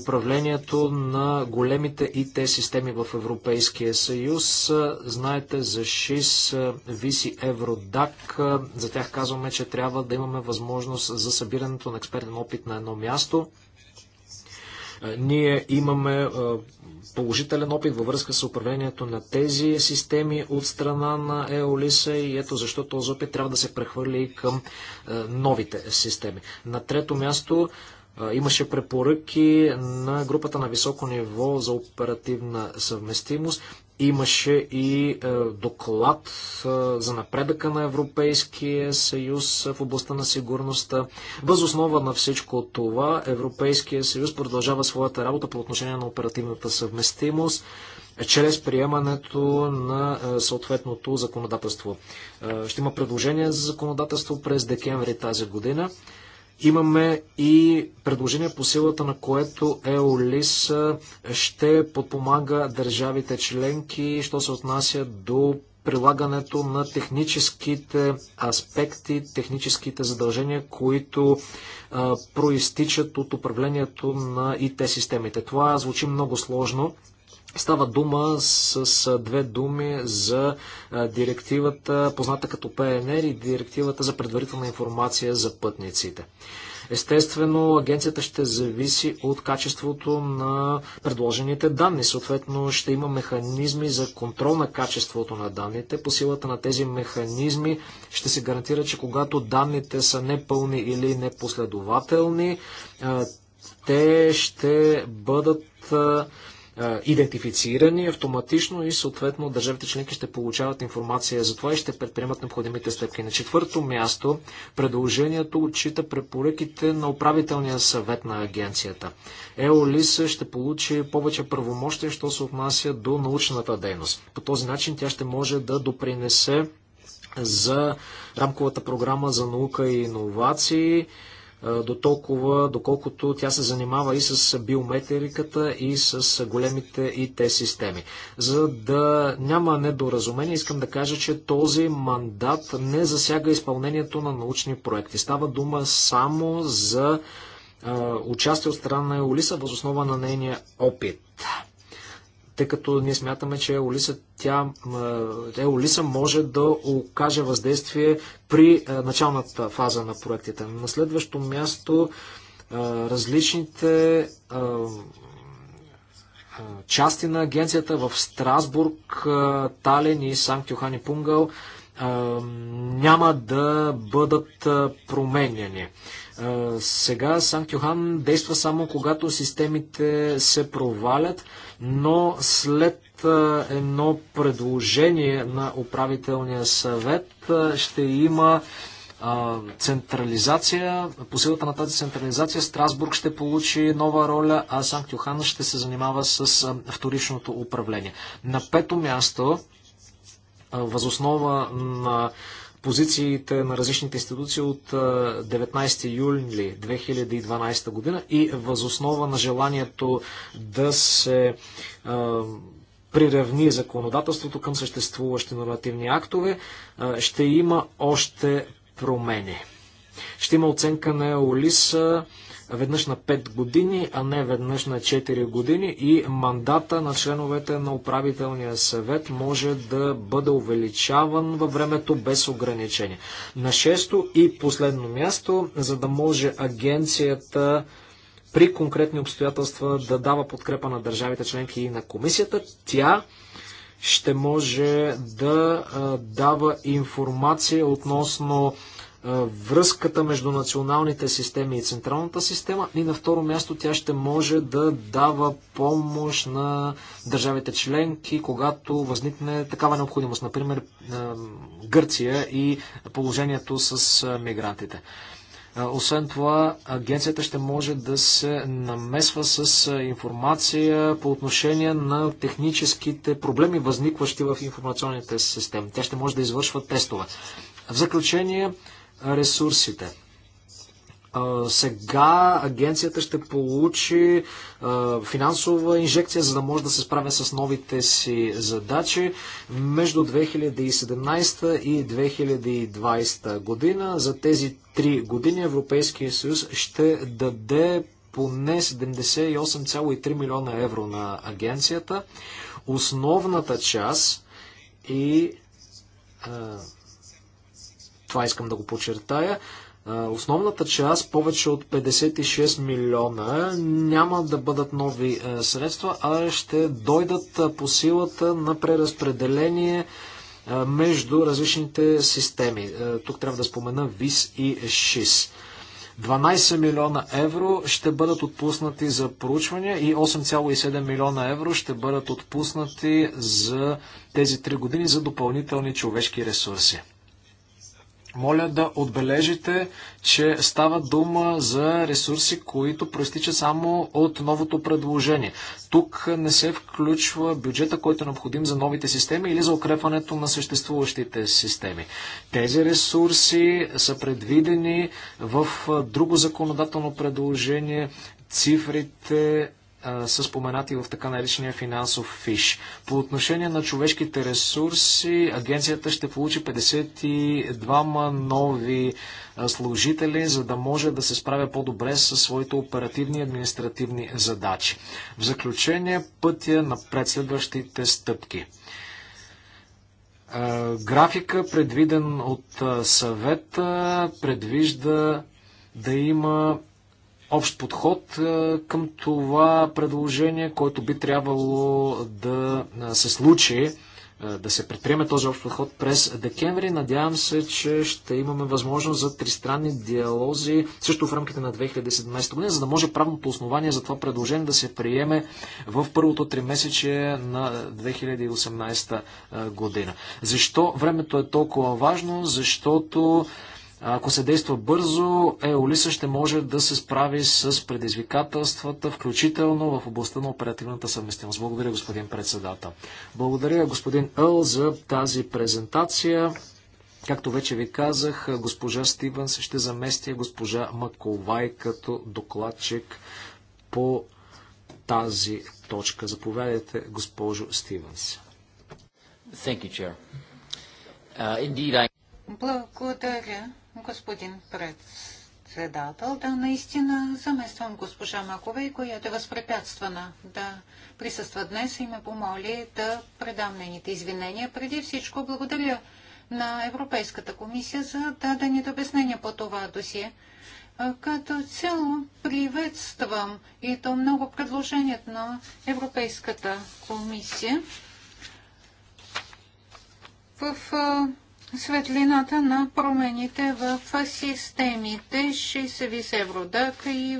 управлението на големите ИТ системи в Европейския съюз. Знаете за 6 виси Евродак. За тях казваме, че трябва да имаме възможност за събирането на експертен опит на едно място. Ние имаме положителен опит във връзка с управлението на тези системи от страна на Еолиса и ето защо този опит трябва да се прехвърли и към новите системи. На трето място Имаше препоръки на групата на високо ниво за оперативна съвместимост. Имаше и е, доклад е, за напредъка на Европейския съюз в областта на сигурността. Въз основа на всичко това Европейския съюз продължава своята работа по отношение на оперативната съвместимост е, чрез приемането на съответното законодателство. Ще има предложение за законодателство през декември тази година. Имаме и предложение по силата на което ЕОЛИС ще подпомага държавите членки, що се отнася до прилагането на техническите аспекти, техническите задължения, които а, проистичат от управлението на ИТ системите. Това звучи много сложно. Става дума с, с две думи за директивата, позната като ПНР и директивата за предварителна информация за пътниците. Естествено, агенцията ще зависи от качеството на предложените данни. Съответно, ще има механизми за контрол на качеството на данните. По силата на тези механизми ще се гарантира, че когато данните са непълни или непоследователни, те ще бъдат идентифицирани автоматично и съответно държавите членки ще получават информация за това и ще предприемат необходимите стъпки. На четвърто място предложението отчита препоръките на управителния съвет на агенцията. ЕОЛИС ще получи повече правомощия, що се отнася до научната дейност. По този начин тя ще може да допринесе за рамковата програма за наука и иновации, до толкова, доколкото тя се занимава и с биометриката, и с големите ИТ системи. За да няма недоразумение, искам да кажа, че този мандат не засяга изпълнението на научни проекти. Става дума само за участие от страна на Еолиса, възоснова на нейния опит тъй като ние смятаме, че Еолиса, тя, е, Олиса може да окаже въздействие при е, началната фаза на проектите. На следващо място е, различните части на агенцията в Страсбург, Тален и Санкт Йохани Пунгал няма да бъдат променяни. Сега Санкт Йохан действа само когато системите се провалят но след едно предложение на управителния съвет ще има централизация. По силата на тази централизация Страсбург ще получи нова роля, а Санкт Йохан ще се занимава с вторичното управление. На пето място, възоснова на позициите на различните институции от 19 юли 2012 година и възоснова на желанието да се приравни законодателството към съществуващи нормативни актове, ще има още промени. Ще има оценка на Олиса веднъж на 5 години, а не веднъж на 4 години и мандата на членовете на управителния съвет може да бъде увеличаван във времето без ограничение. На шесто и последно място, за да може агенцията при конкретни обстоятелства да дава подкрепа на държавите членки и на комисията, тя ще може да дава информация относно връзката между националните системи и централната система и на второ място тя ще може да дава помощ на държавите членки, когато възникне такава необходимост, например Гърция и положението с мигрантите. Освен това, агенцията ще може да се намесва с информация по отношение на техническите проблеми, възникващи в информационните системи. Тя ще може да извършва тестове. В заключение, ресурсите. Сега агенцията ще получи финансова инжекция, за да може да се справя с новите си задачи между 2017 и 2020 година. За тези три години Европейския съюз ще даде поне 78,3 милиона евро на агенцията. Основната част и това искам да го подчертая. Основната част, повече от 56 милиона, няма да бъдат нови средства, а ще дойдат по силата на преразпределение между различните системи. Тук трябва да спомена ВИС и ШИС. 12 милиона евро ще бъдат отпуснати за проучвания и 8,7 милиона евро ще бъдат отпуснати за тези 3 години за допълнителни човешки ресурси. Моля да отбележите, че става дума за ресурси, които проистичат само от новото предложение. Тук не се включва бюджета, който е необходим за новите системи или за укрепването на съществуващите системи. Тези ресурси са предвидени в друго законодателно предложение. Цифрите са споменати в така наречения финансов фиш. По отношение на човешките ресурси, агенцията ще получи 52 нови служители, за да може да се справя по-добре с своите оперативни и административни задачи. В заключение, пътя на следващите стъпки. Графика, предвиден от съвета, предвижда да има общ подход е, към това предложение, което би трябвало да е, се случи, е, да се предприеме този общ подход през декември. Надявам се, че ще имаме възможност за тристранни диалози, също в рамките на 2017 година, за да може правното основание за това предложение да се приеме в първото три месече на 2018 година. Защо времето е толкова важно? Защото ако се действа бързо, Еолиса ще може да се справи с предизвикателствата, включително в областта на оперативната съвместимост. Благодаря, господин председател. Благодаря, господин Ел, за тази презентация. Както вече ви казах, госпожа Стивенс ще замести госпожа Маковай като докладчик по тази точка. Заповядайте, госпожо Стивенс. Uh, Благодаря господин председател. Да, наистина замествам госпожа Макове, която е възпрепятствана да присъства днес и ме помоли да предам нейните извинения. Преди всичко благодаря на Европейската комисия за дадените обяснения по това досие. Като цяло приветствам и то много предложението на Европейската комисия в светлината на промените в системите 60 евродак и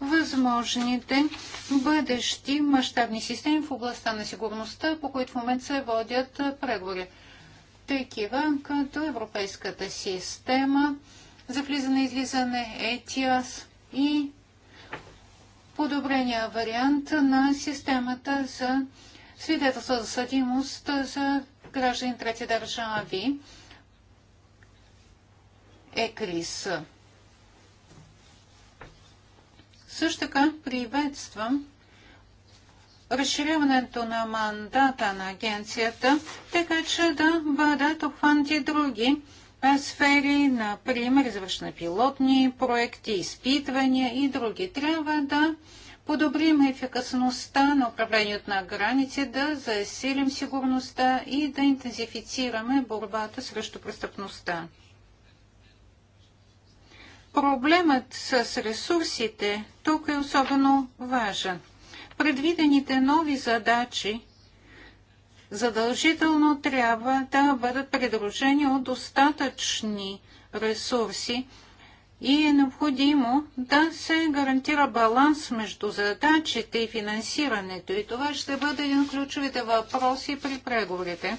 възможните бъдещи мащабни системи в областта на сигурността, по които в момент се водят преговори. Такива като Европейската система за влизане и излизане ETIAS и подобрения вариант на системата за свидетелство за съдимост за граждани трети държави. Е криса. Също така приветствам разширяването на мандата на агенцията, така че да бъдат обхванати други сфери, например, извършна пилотни проекти, изпитвания и други. Трябва да подобрим ефикасността на управлението на граници, да засилим сигурността и да интензифицираме борбата срещу престъпността. Проблемът с ресурсите тук е особено важен. Предвидените нови задачи задължително трябва да бъдат придружени от достатъчни ресурси, и е необходимо да се гарантира баланс между задачите и финансирането. И това ще бъде един от ключовите въпроси при преговорите.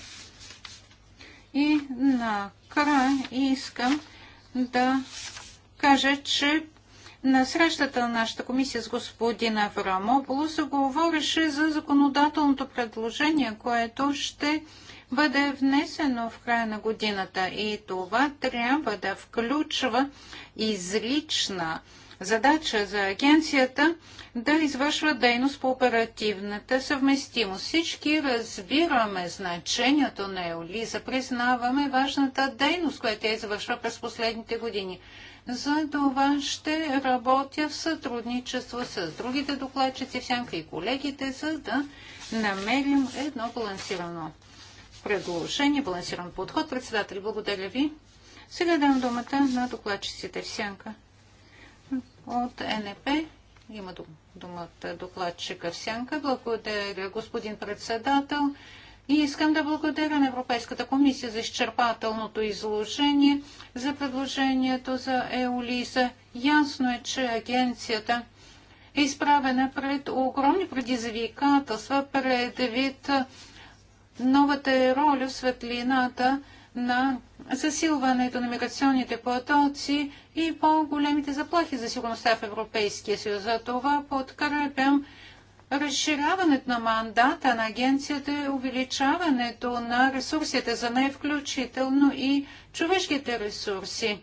И накрая искам да кажа, че на срещата на нашата комисия с господин Аврамополос се говореше за законодателното предложение, което ще бъде внесено в края на годината и това трябва да включва излична задача за агенцията да извършва дейност по оперативната съвместимост. Всички разбираме значението на Еолиза, признаваме важната дейност, която тя извършва през последните години. За това ще работя в сътрудничество с другите докладчици, всякакви колегите, за да намерим едно балансирано предложение, балансиран подход. Председател, благодаря ви. Сега дам думата на докладчиците в сянка. От НЕП има думата докладчика в сянка. Благодаря, господин председател. И искам да благодаря на Европейската комисия за изчерпателното изложение за предложението за ЕОЛИСА. Ясно е, че агенцията е изправена пред огромни предизвикателства предвид новата е роля в светлината на засилването на миграционните потоци и по-големите заплахи за сигурността в Европейския съюз. За това подкрепям разширяването на мандата на агенцията и увеличаването на ресурсите за нея, включително и човешките ресурси.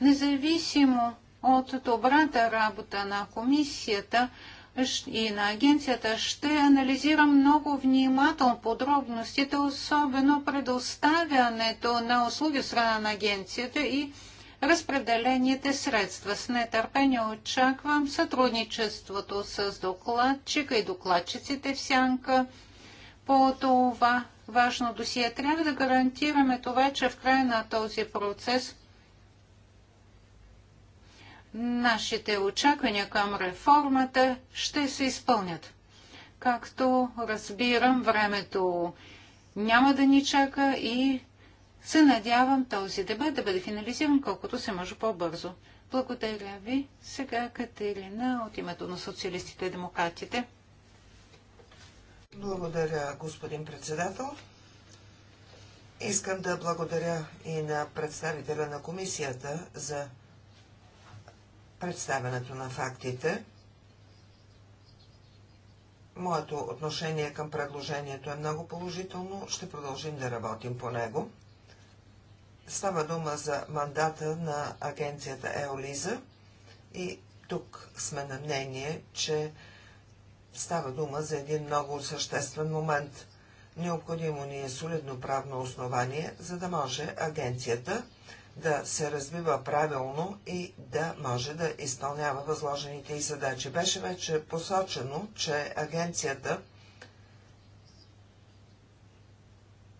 Независимо от добрата работа на комисията, и на агенцията ще анализирам много внимателно подробностите, особено предоставянето на услуги от страна на агенцията и разпределените средства. С нетърпение очаквам сътрудничеството с докладчика и докладчиците в сянка по това важно досие. Трябва да гарантираме това, че в края на този процес нашите очаквания към реформата ще се изпълнят. Както разбирам, времето няма да ни чака и се надявам този дебат да бъде финализиран колкото се може по-бързо. Благодаря ви. Сега Катерина от името на социалистите и демократите. Благодаря, господин председател. Искам да благодаря и на представителя на комисията за представянето на фактите. Моето отношение към предложението е много положително, ще продължим да работим по него. Става дума за мандата на агенцията Еолиза и тук сме на мнение, че става дума за един много съществен момент. Необходимо ни е солидно правно основание, за да може агенцията да се развива правилно и да може да изпълнява възложените и задачи. Беше вече посочено, че агенцията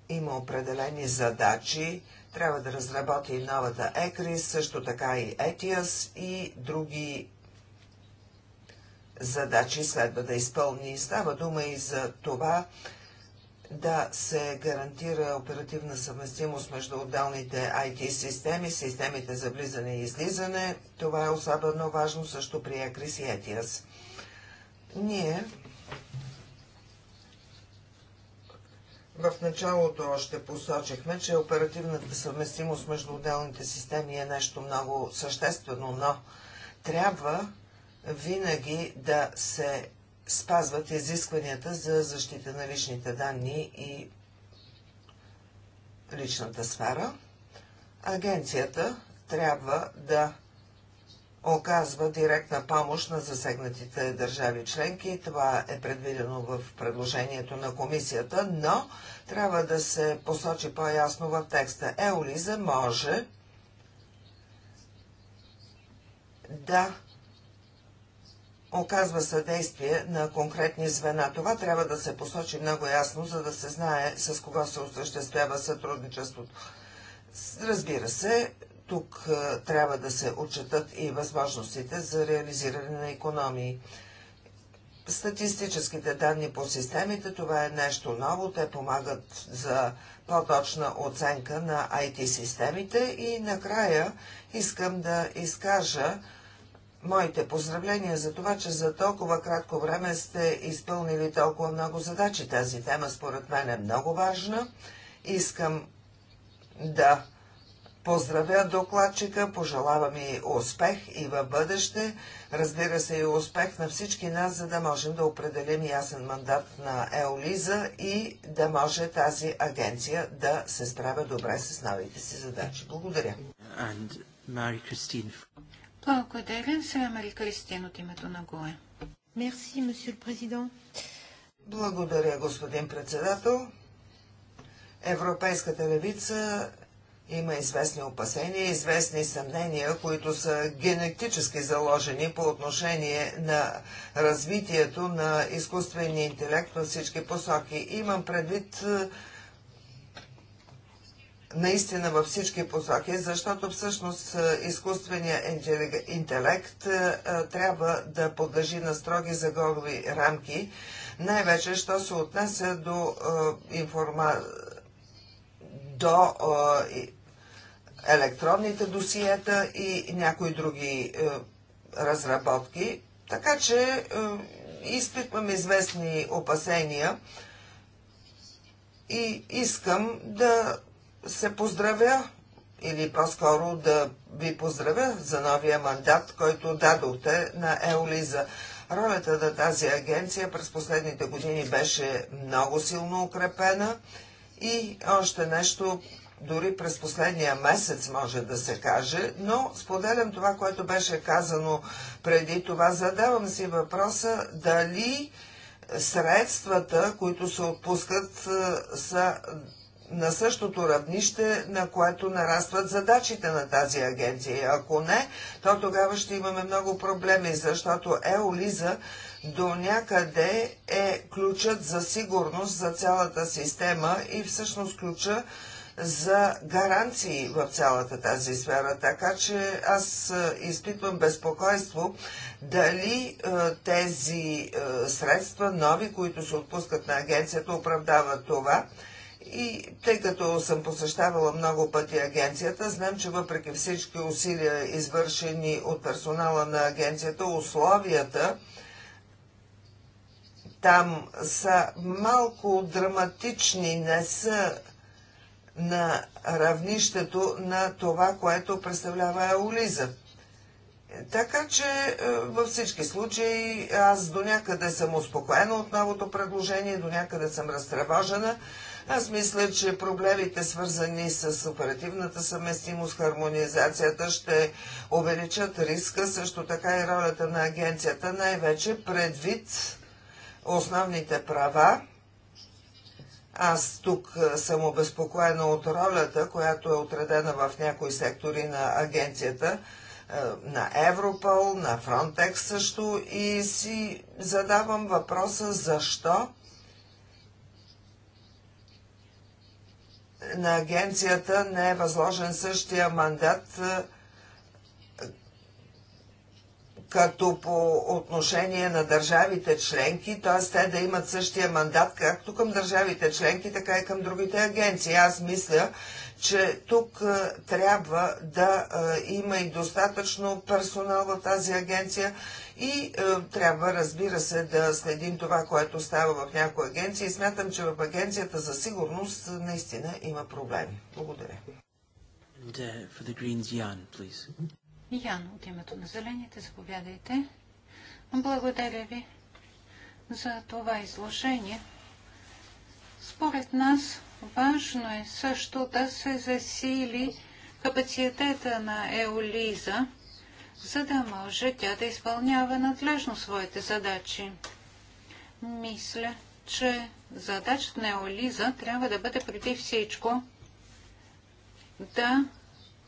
има определени задачи, трябва да разработи и новата ЕКРИС, също така и ЕТИАС и други задачи следва да изпълни. Става дума и за това да се гарантира оперативна съвместимост между отделните IT системи, системите за влизане и излизане. Това е особено важно също при ЕКрис и ETIAS. Ние в началото още посочихме, че оперативната съвместимост между отделните системи е нещо много съществено, но трябва винаги да се спазват изискванията за защита на личните данни и личната сфера. Агенцията трябва да оказва директна помощ на засегнатите държави членки. Това е предвидено в предложението на комисията, но трябва да се посочи по-ясно в текста. Еолиза може да оказва съдействие на конкретни звена. Това трябва да се посочи много ясно, за да се знае с кого се осъществява сътрудничеството. Разбира се, тук е, трябва да се отчетат и възможностите за реализиране на економии. Статистическите данни по системите, това е нещо ново. Те помагат за по-точна оценка на IT-системите. И накрая искам да изкажа моите поздравления за това, че за толкова кратко време сте изпълнили толкова много задачи. Тази тема според мен е много важна. Искам да поздравя докладчика, пожелавам и успех и във бъдеще. Разбира се и успех на всички нас, за да можем да определим ясен мандат на Еолиза и да може тази агенция да се справя добре с новите си задачи. Благодаря. Благодаря. Е Сега Мари Кристин от името на ГОЕ. Мерси, месье президент. Благодаря, господин председател. Европейската левица има известни опасения, известни съмнения, които са генетически заложени по отношение на развитието на изкуствения интелект във всички посоки. Имам предвид наистина във всички посоки, защото всъщност е, изкуственият интелект е, е, трябва да подлежи на строги загорови рамки, най-вече, що се отнася до, информа... до електронните досиета и някои други разработки. Така че изпитвам известни опасения и искам да се поздравя или по-скоро да ви поздравя за новия мандат, който дадохте на Еолиза. Ролята на тази агенция през последните години беше много силно укрепена и още нещо дори през последния месец може да се каже, но споделям това, което беше казано преди това. Задавам си въпроса дали средствата, които се отпускат, е, са на същото равнище, на което нарастват задачите на тази агенция. Ако не, то тогава ще имаме много проблеми, защото Еолиза до някъде е ключът за сигурност за цялата система и всъщност ключа за гаранции в цялата тази сфера. Така че аз е, изпитвам безпокойство дали е, тези е, средства, нови, които се отпускат на агенцията, оправдават това. И тъй като съм посещавала много пъти агенцията, знам, че въпреки всички усилия, извършени от персонала на агенцията, условията там са малко драматични, не са на равнището на това, което представлява Еолиза. Така че е, във всички случаи аз до някъде съм успокоена от новото предложение, до някъде съм разтревожена, аз мисля, че проблемите свързани с оперативната съвместимост, хармонизацията ще увеличат риска, също така и ролята на агенцията, най-вече предвид основните права. Аз тук съм обезпокоена от ролята, която е отредена в някои сектори на агенцията, на Европол, на Фронтекс също и си задавам въпроса защо на агенцията не е възложен същия мандат е, като по отношение на държавите членки, т.е. те да имат същия мандат както към държавите членки, така и към другите агенции. Аз мисля, че тук е, трябва да е, има и достатъчно персонал в тази агенция и е, трябва, разбира се, да следим това, което става в някои агенции. И смятам, че в агенцията за сигурност наистина има проблеми. Благодаря. And, Ян, от името на зелените, заповядайте. Благодаря ви за това изложение. Според нас важно е също да се засили капацитета на Еолиза – за да може тя да изпълнява надлежно своите задачи. Мисля, че задачата на Еолиза трябва да бъде преди всичко да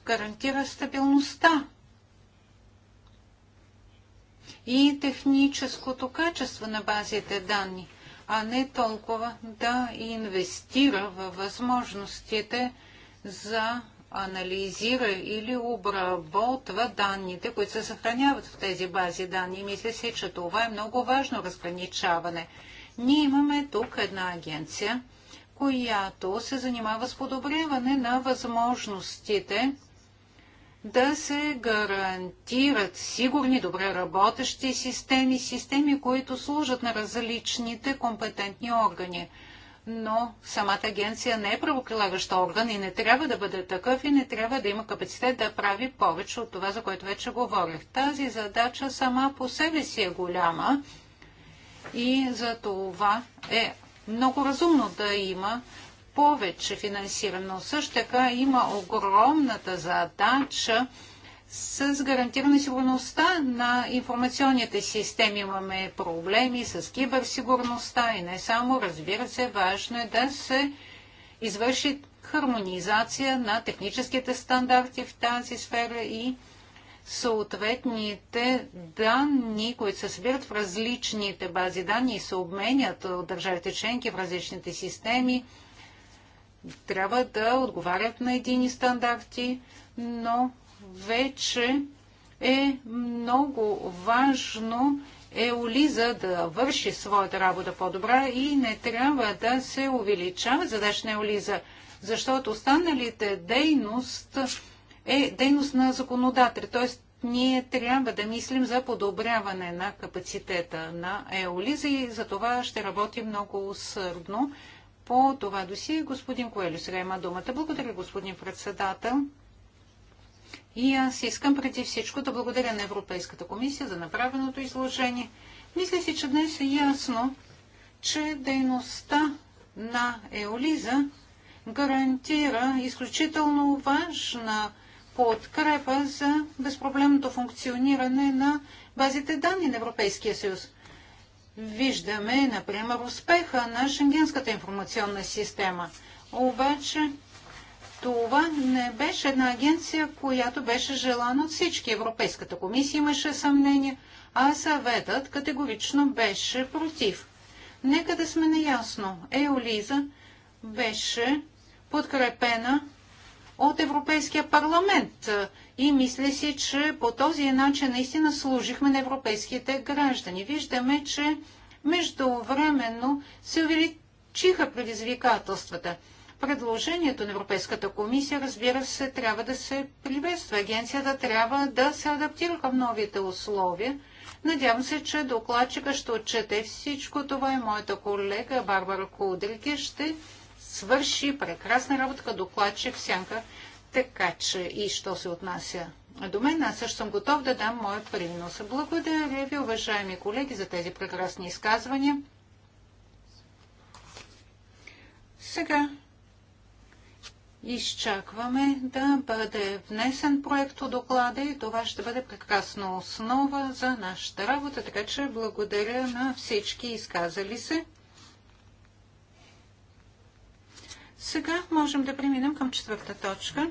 гарантира стабилността и техническото качество на базите данни, а не толкова да инвестира във възможностите за анализира или обработва данните, които се съхраняват в тези бази данни. Мисля си, че това е много важно разграничаване. Ние имаме тук една агенция, която се занимава с подобряване на възможностите да се гарантират сигурни, добре работещи системи, системи, които служат на различните компетентни органи но самата агенция не е правоприлагащ орган и не трябва да бъде такъв и не трябва да има капацитет да прави повече от това, за което вече говорих. Тази задача сама по себе си е голяма и за това е много разумно да има повече финансиране. Но също така има огромната задача с гарантиране сигурността на информационните системи. Имаме проблеми с киберсигурността и не само. Разбира се, важно е да се извърши хармонизация на техническите стандарти в тази сфера и съответните данни, които се събират в различните бази данни и се обменят от държавите членки в различните системи, трябва да отговарят на едини стандарти, но вече е много важно Еолиза да върши своята работа по-добра и не трябва да се увеличава задача на Еолиза, защото останалите дейност е дейност на законодатели. Т.е. ние трябва да мислим за подобряване на капацитета на Еолиза и за това ще работи много усърдно по това доси. Господин Коелю сега има думата. Благодаря, господин председател. И аз искам преди всичко да благодаря на Европейската комисия за направеното изложение. Мисля си, че днес е ясно, че дейността на Еолиза гарантира изключително важна подкрепа за безпроблемното функциониране на базите данни на Европейския съюз. Виждаме, например, успеха на Шенгенската информационна система. Обаче това не беше една агенция, която беше желана от всички. Европейската комисия имаше съмнение, а съветът категорично беше против. Нека да сме наясно. Еолиза беше подкрепена от Европейския парламент и мисля си, че по този начин наистина служихме на европейските граждани. Виждаме, че междувременно се увеличиха предизвикателствата. Предложението на Европейската комисия, разбира се, трябва да се приветства. Агенцията трябва да се адаптира към новите условия. Надявам се, че докладчика ще отчете всичко това и моята колега Барбара Кудрики ще свърши прекрасна работа като докладчик сянка. Така че и що се отнася до мен, аз също съм готов да дам моя принос. Благодаря ви, уважаеми колеги, за тези прекрасни изказвания. Сега изчакваме да бъде внесен проект от доклада и това ще бъде прекрасна основа за нашата работа, така че благодаря на всички изказали се. Сега можем да преминем към четвърта точка.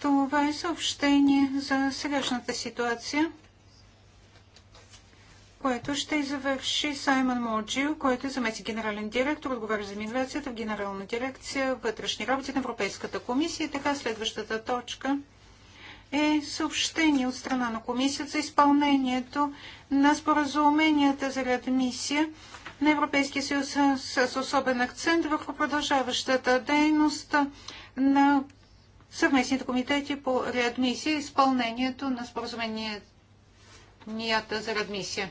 Това е съобщение за сегашната ситуация – което ще завърши Саймон Моджил, който е заместник генерален директор, отговаря за миграцията в Генерална дирекция вътрешни работи на Европейската комисия. Така следващата точка е съобщение от страна на комисията за изпълнението на споразуменията за реадмисия на Европейския съюз с особен акцент върху продължаващата дейност на съвместните комитети по реадмисия и изпълнението на споразуменията за редмисия.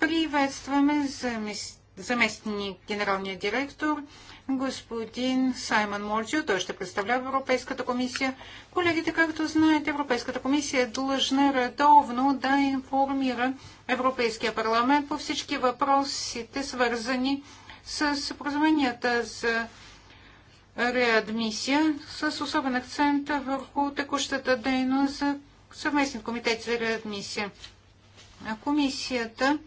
Приветстваме заместник генералния директор господин Саймон Морджио. Той ще представлява Европейската комисия. Колегите, както знаете, Европейската комисия е длъжна редовно да информира Европейския парламент по всички въпросите, свързани с споразуменията за реадмисия, с особен акцент върху текущата дейност за съвместен комитет за реадмисия. Комисията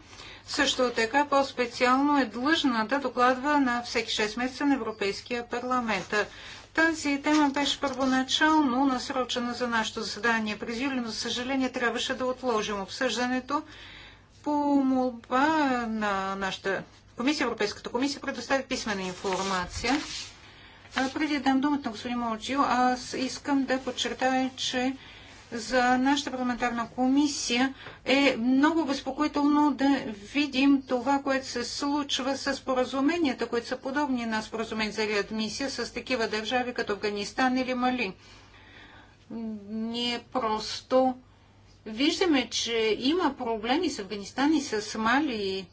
също така по-специално е длъжна да докладва на всеки 6 месеца на Европейския парламент. Тази тема беше първоначално насрочена за нашето заседание през юли, но за съжаление трябваше да отложим обсъждането по молба на нашата комисия, Европейската комисия предостави писмена информация. преди да дам думата на господин Молчил, аз искам да подчертая, че за нашата парламентарна комисия е много безпокоително да видим това, което се случва с поразуменията, които са подобни на споразумение за реадмисия с такива държави като Афганистан или Мали. Ние просто виждаме, че има проблеми с Афганистан и с Мали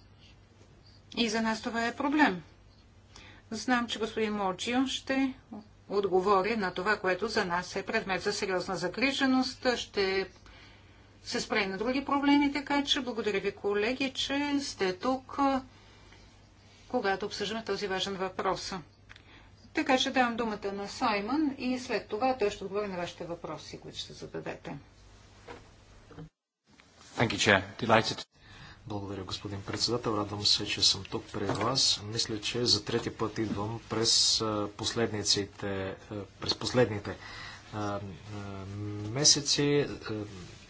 и за нас това е проблем. Знам, че господин Моджио ще Отговори на това, което за нас е предмет за сериозна загриженост. Ще се спре на други проблеми, така че благодаря ви, колеги, че сте тук, когато обсъждаме този важен въпрос. Така че давам думата на Саймън и след това той ще отговори на вашите въпроси, които ще зададете. Thank you, Chair. Delighted. Благодаря, господин председател. Радвам се, че съм тук при вас. Мисля, че за трети път идвам през последниците, през последните месеци.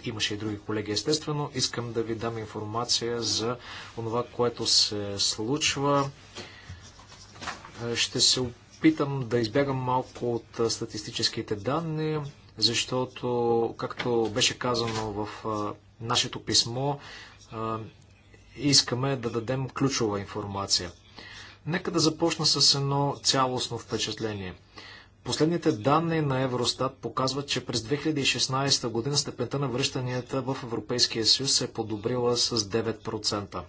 Имаше и други колеги, естествено. Искам да ви дам информация за това, което се случва. Ще се опитам да избягам малко от статистическите данни, защото, както беше казано в нашето писмо, искаме да дадем ключова информация. Нека да започна с едно цялостно впечатление. Последните данни на Евростат показват, че през 2016 година степента на връщанията в Европейския съюз се е подобрила с 9%.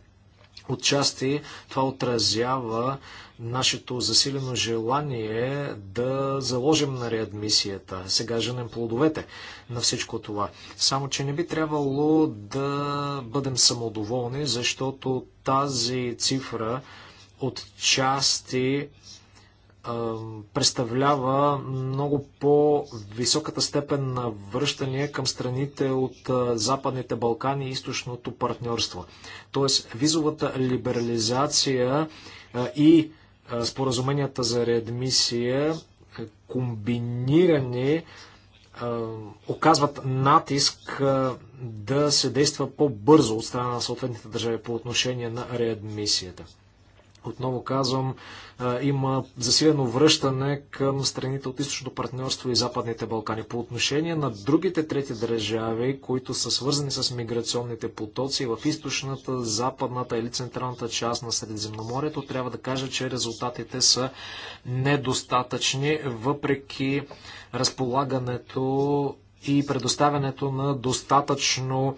Отчасти това отразява нашето засилено желание да заложим на реадмисията. Сега женем плодовете на всичко това. Само, че не би трябвало да бъдем самодоволни, защото тази цифра отчасти части представлява много по-високата степен на връщане към страните от Западните Балкани и източното партньорство. Тоест визовата либерализация и споразуменията за реадмисия комбинирани оказват натиск да се действа по-бързо от страна на съответните държави по отношение на реадмисията. Отново казвам, има засилено връщане към страните от източното партньорство и Западните Балкани. По отношение на другите трети държави, които са свързани с миграционните потоци в източната, западната или централната част на Средиземноморието, трябва да кажа, че резултатите са недостатъчни, въпреки разполагането и предоставянето на достатъчно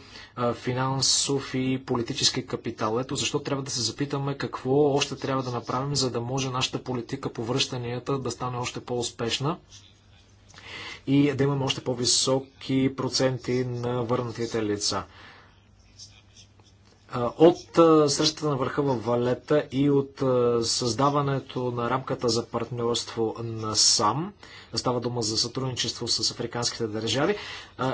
финансов и политически капитал. Ето защо трябва да се запитаме какво още трябва да направим, за да може нашата политика по връщанията да стане още по-успешна и да имаме още по-високи проценти на върнатите лица от срещата на върха в Валета и от създаването на рамката за партньорство на САМ, става дума за сътрудничество с африканските държави,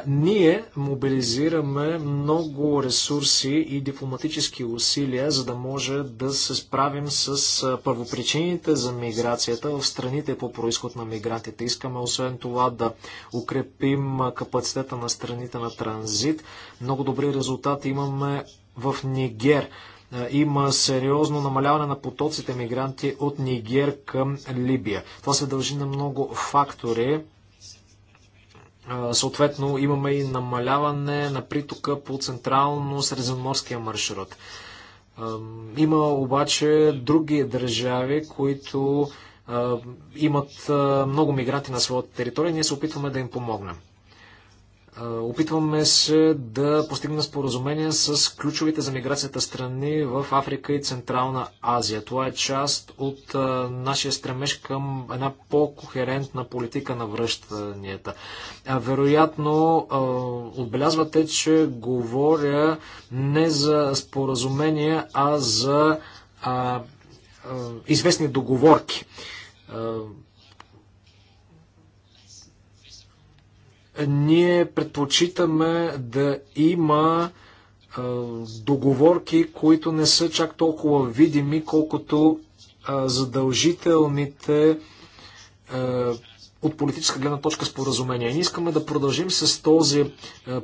ние мобилизираме много ресурси и дипломатически усилия, за да може да се справим с първопричините за миграцията в страните по происход на мигрантите. Искаме освен това да укрепим капацитета на страните на транзит. Много добри резултати имаме в Нигер. Има сериозно намаляване на потоците мигранти от Нигер към Либия. Това се дължи на много фактори. Съответно, имаме и намаляване на притока по централно-средиземноморския маршрут. Има обаче други държави, които имат много мигранти на своята територия и ние се опитваме да им помогнем. Опитваме се да постигнем споразумения с ключовите за миграцията страни в Африка и Централна Азия. Това е част от нашия стремеж към една по-кохерентна политика на връщанията. Вероятно, отбелязвате, че говоря не за споразумения, а за известни договорки ние предпочитаме да има договорки, които не са чак толкова видими, колкото задължителните от политическа гледна точка споразумения. Ние искаме да продължим с този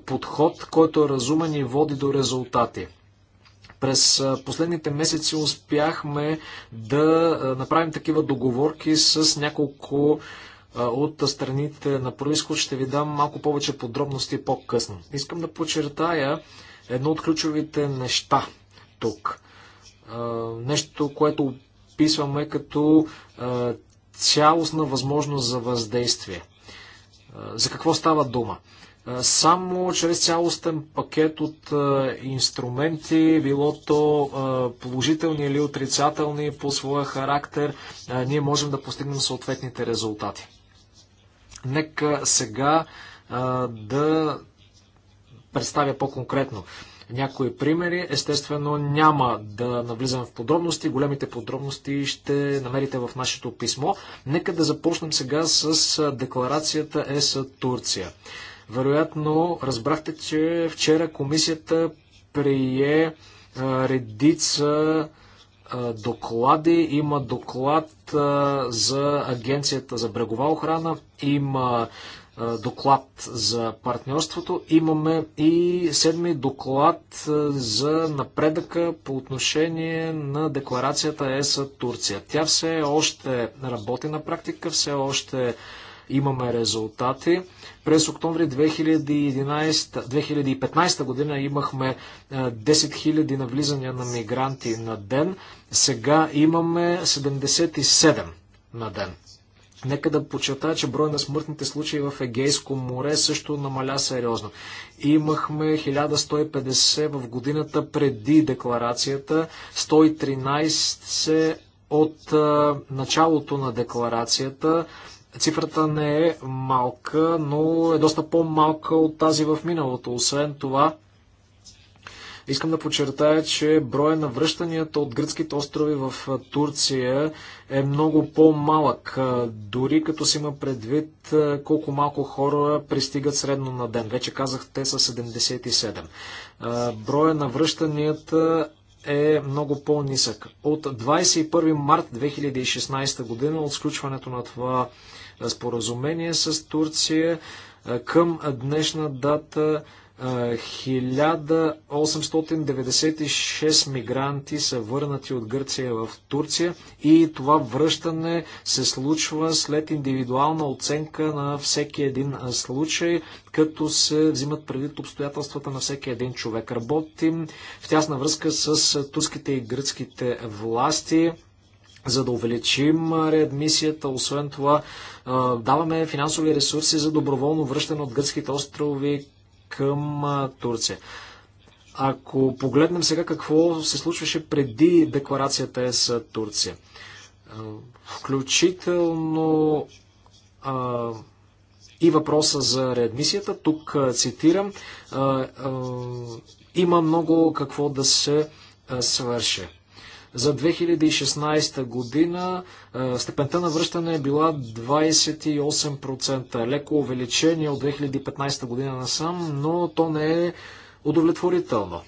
подход, който е разумен и води до резултати. През последните месеци успяхме да направим такива договорки с няколко от страните на происход. Ще ви дам малко повече подробности по-късно. Искам да подчертая едно от ключовите неща тук. Нещо, което описваме като цялостна възможност за въздействие. За какво става дума? Само чрез цялостен пакет от инструменти, било то положителни или отрицателни по своя характер, ние можем да постигнем съответните резултати. Нека сега а, да представя по-конкретно някои примери. Естествено, няма да навлизам в подробности. Големите подробности ще намерите в нашето писмо. Нека да започнем сега с декларацията ЕС Турция. Вероятно, разбрахте, че вчера комисията прие редица доклади. Има доклад за Агенцията за брегова охрана, има доклад за партньорството. Имаме и седми доклад за напредъка по отношение на декларацията ЕСА Турция. Тя все още работи на практика, все още имаме резултати. През октомври 2011, 2015 година имахме 10 е, 000 навлизания на мигранти на ден. Сега имаме 77 на ден. Нека да почета, че брой на смъртните случаи в Егейско море също намаля сериозно. Имахме 1150 в годината преди декларацията, 113 от а, е, началото на декларацията, Цифрата не е малка, но е доста по-малка от тази в миналото. Освен това, Искам да подчертая, че броя на връщанията от гръцките острови в Турция е много по-малък, дори като си има предвид колко малко хора пристигат средно на ден. Вече казах, те са 77. Броя на връщанията е много по-нисък. От 21 март 2016 година, от сключването на това споразумение с Турция. Към днешна дата 1896 мигранти са върнати от Гърция в Турция и това връщане се случва след индивидуална оценка на всеки един случай, като се взимат предвид обстоятелствата на всеки един човек. Работим в тясна връзка с турските и гръцките власти за да увеличим реадмисията. Освен това, даваме финансови ресурси за доброволно връщане от гръцките острови към Турция. Ако погледнем сега какво се случваше преди декларацията е с Турция, включително а, и въпроса за реадмисията, тук цитирам, а, а, има много какво да се свърши. За 2016 година е, степента на връщане е била 28%. Леко увеличение от 2015 година насам, но то не е удовлетворително.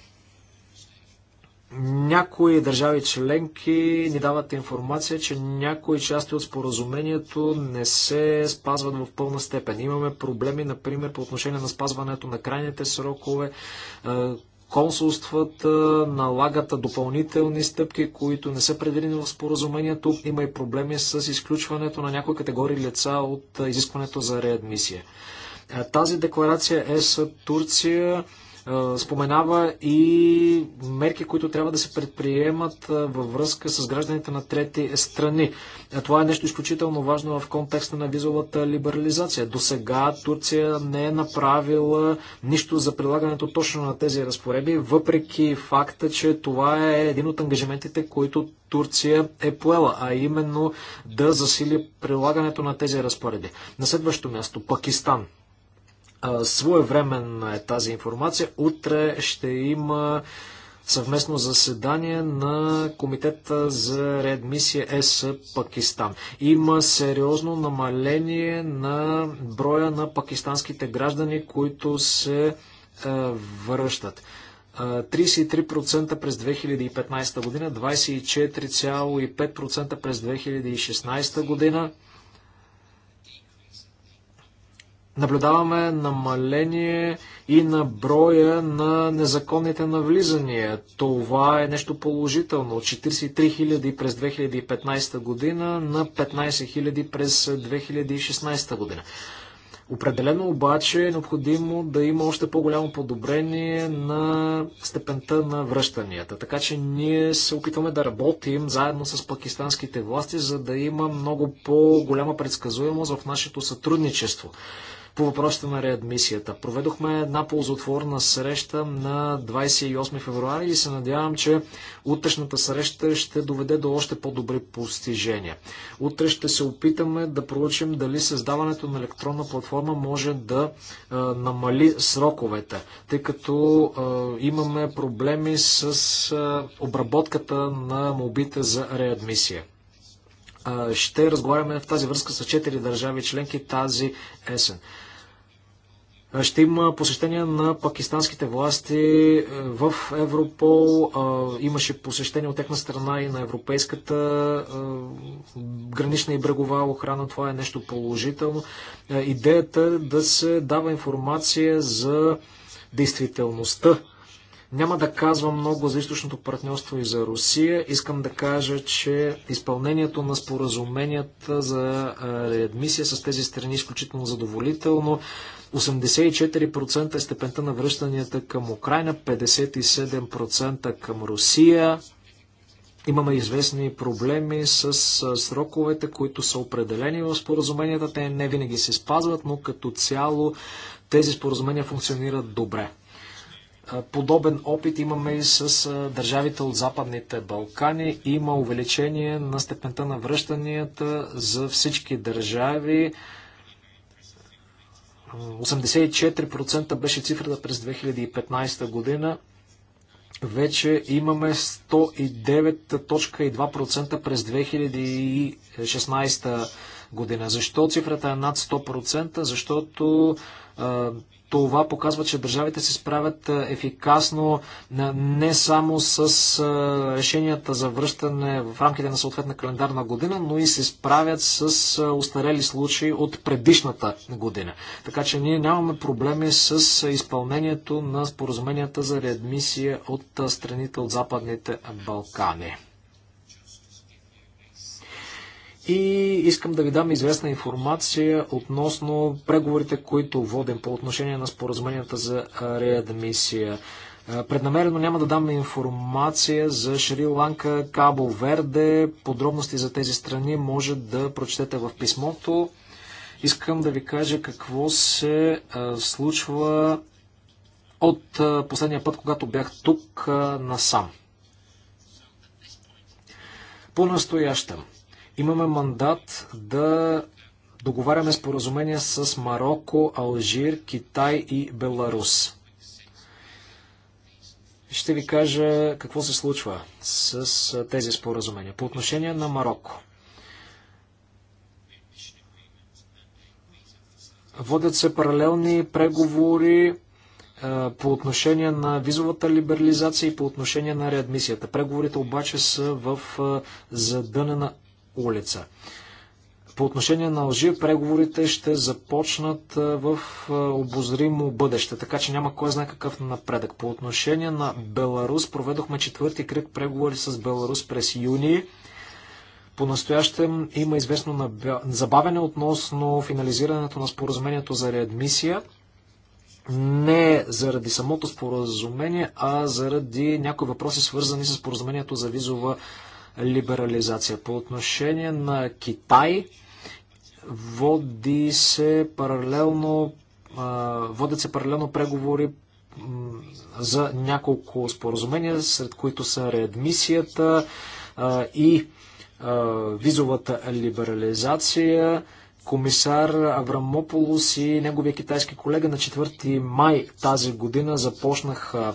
Някои държави членки ни дават информация, че някои части от споразумението не се спазват в пълна степен. Имаме проблеми, например, по отношение на спазването на крайните срокове. Е, консулствата налагат допълнителни стъпки, които не са предвидени в споразумението. Има и проблеми с изключването на някои категории лица от изискването за реадмисия. Тази декларация е с Турция е, споменава и мерки, които трябва да се предприемат е, във връзка с гражданите на трети страни. Е, това е нещо изключително важно в контекста на визовата либерализация. До сега Турция не е направила нищо за прилагането точно на тези разпореби, въпреки факта, че това е един от ангажиментите, които Турция е поела, а именно да засили прилагането на тези разпореди. На следващо място Пакистан. Своевременна е тази информация. Утре ще има съвместно заседание на Комитета за реадмисия ЕС Пакистан. Има сериозно намаление на броя на пакистанските граждани, които се е, връщат. 33% е, през 2015 година, 24,5% през 2016 година. Наблюдаваме намаление и на броя на незаконните навлизания. Това е нещо положително. От 43 000 през 2015 година на 15 000 през 2016 година. Определено обаче е необходимо да има още по-голямо подобрение на степента на връщанията. Така че ние се опитваме да работим заедно с пакистанските власти, за да има много по-голяма предсказуемост в нашето сътрудничество по въпросите на реадмисията. Проведохме една ползотворна среща на 28 февруари и се надявам, че утрешната среща ще доведе до още по-добри постижения. Утре ще се опитаме да проучим дали създаването на електронна платформа може да а, намали сроковете, тъй като а, имаме проблеми с а, обработката на мобите за реадмисия. Ще разговаряме в тази връзка с четири държави членки тази есен. Е, ще има посещения на пакистанските власти е, в Европол. Е, имаше посещение от техна страна и на европейската гранична и брегова охрана. Това е нещо положително. Идеята е да се дава информация за действителността. Няма да казвам много за източното партньорство и за Русия. Искам да кажа, че изпълнението на споразуменията за реадмисия с тези страни е изключително задоволително. 84% е степента на връщанията към Украина, 57% към Русия. Имаме известни проблеми с сроковете, които са определени в споразуменията. Те не винаги се спазват, но като цяло тези споразумения функционират добре. Подобен опит имаме и с държавите от Западните Балкани. Има увеличение на степента на връщанията за всички държави 84% беше цифрата през 2015 година. Вече имаме 109.2% през 2016 година. Защо цифрата е над 100%? Защото това показва, че държавите се справят ефикасно не само с решенията за връщане в рамките на съответна календарна година, но и се справят с устарели случаи от предишната година. Така че ние нямаме проблеми с изпълнението на споразуменията за реадмисия от страните от Западните Балкани. И искам да ви дам известна информация относно преговорите, които водим по отношение на споразуменията за реадмисия. Преднамерено няма да дам информация за Шри-Ланка, Кабо Верде. Подробности за тези страни може да прочетете в писмото. Искам да ви кажа какво се случва от последния път, когато бях тук насам. По-настоящем. Имаме мандат да договаряме споразумения с Марокко, Алжир, Китай и Беларус. Ще ви кажа какво се случва с тези споразумения. По отношение на Марокко. Водят се паралелни преговори по отношение на визовата либерализация и по отношение на реадмисията. Преговорите обаче са в задънена улица. По отношение на лъжи, преговорите ще започнат в обозримо бъдеще, така че няма кой знае какъв напредък. По отношение на Беларус, проведохме четвърти кръг преговори с Беларус през юни. По-настоящем има известно забавяне относно финализирането на споразумението за реадмисия. Не заради самото споразумение, а заради някои въпроси, свързани с споразумението за визова либерализация. По отношение на Китай, води се паралелно, водят се паралелно преговори за няколко споразумения, сред които са реадмисията и визовата либерализация. Комисар Аврамополос и неговия китайски колега на 4 май тази година започнаха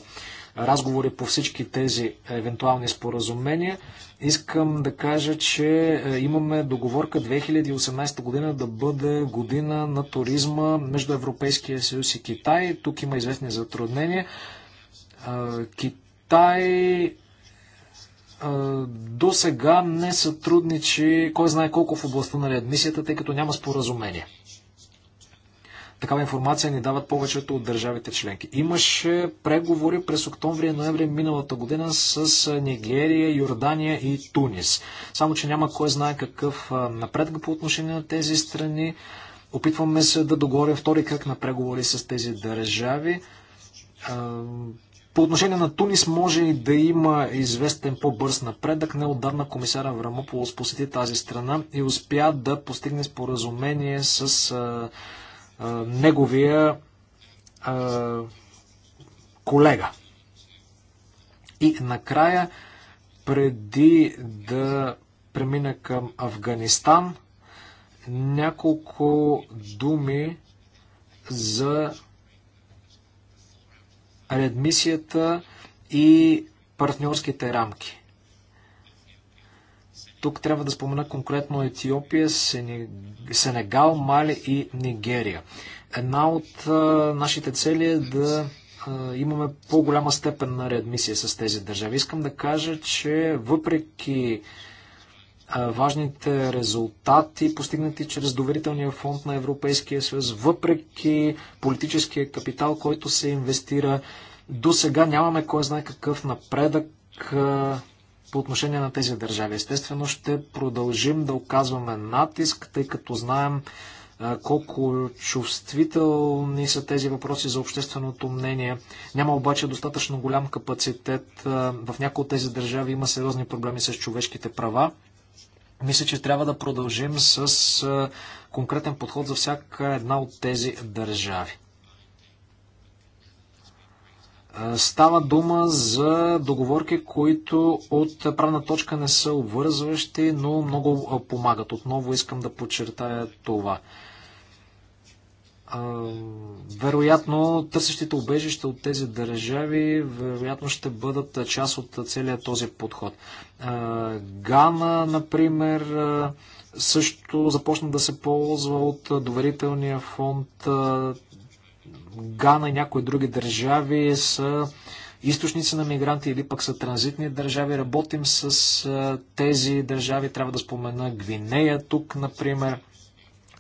разговори по всички тези евентуални споразумения. Искам да кажа, че е, имаме договорка 2018 година да бъде година на туризма между Европейския съюз и Китай. Тук има известни затруднения. Е, Китай е, до сега не сътрудничи, кой знае колко в областта на реадмисията, тъй като няма споразумение. Такава информация ни дават повечето от държавите членки. Имаше преговори през октомври и ноември миналата година с Нигерия, Йордания и Тунис. Само, че няма кой знае какъв напредък по отношение на тези страни. Опитваме се да договорим втори кръг на преговори с тези държави. По отношение на Тунис може и да има известен по-бърз напредък. Неодавна комисара Врамополос посети тази страна и успя да постигне споразумение с а, неговия а, колега. И накрая, преди да премина към Афганистан, няколко думи за редмисията и партньорските рамки. Тук трябва да спомена конкретно Етиопия, Сенегал, Мали и Нигерия. Една от нашите цели е да имаме по-голяма степен на реадмисия с тези държави. Искам да кажа, че въпреки важните резултати, постигнати чрез доверителния фонд на Европейския съюз, въпреки политическия капитал, който се инвестира, до сега нямаме кой знае какъв напредък по отношение на тези държави. Естествено ще продължим да оказваме натиск, тъй като знаем колко чувствителни са тези въпроси за общественото мнение. Няма обаче достатъчно голям капацитет. В някои от тези държави има сериозни проблеми с човешките права. Мисля, че трябва да продължим с конкретен подход за всяка една от тези държави. Става дума за договорки, които от правна точка не са обвързващи, но много помагат. Отново искам да подчертая това. Вероятно, търсещите убежища от тези държави, вероятно ще бъдат част от целия този подход. Гана, например, също започна да се ползва от доверителния фонд Гана и някои други държави са източници на мигранти или пък са транзитни държави. Работим с тези държави. Трябва да спомена Гвинея тук, например.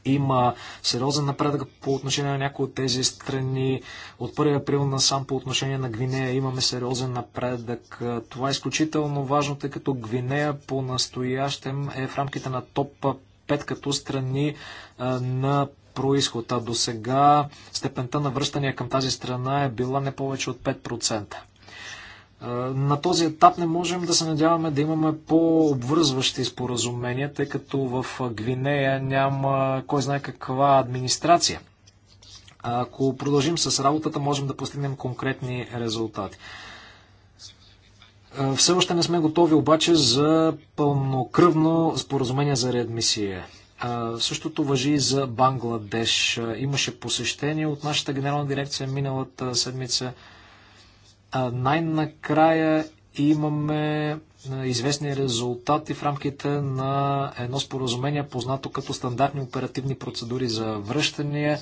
Има сериозен напредък по отношение на някои от тези страни. От 1 април насам по отношение на Гвинея имаме сериозен напредък. Това е изключително важно, тъй като Гвинея по настоящем е в рамките на топ 5 като страни на происход, а до сега степента на връщания към тази страна е била не повече от 5%. Е, на този етап не можем да се надяваме да имаме по-обвързващи споразумения, тъй като в Гвинея няма кой знае каква администрация. Ако продължим с работата, можем да постигнем конкретни резултати. Е, все още не сме готови обаче за пълнокръвно споразумение за реадмисия. Същото въжи и за Бангладеш. Имаше посещение от нашата генерална дирекция миналата седмица. Най-накрая имаме известни резултати в рамките на едно споразумение, познато като стандартни оперативни процедури за връщане.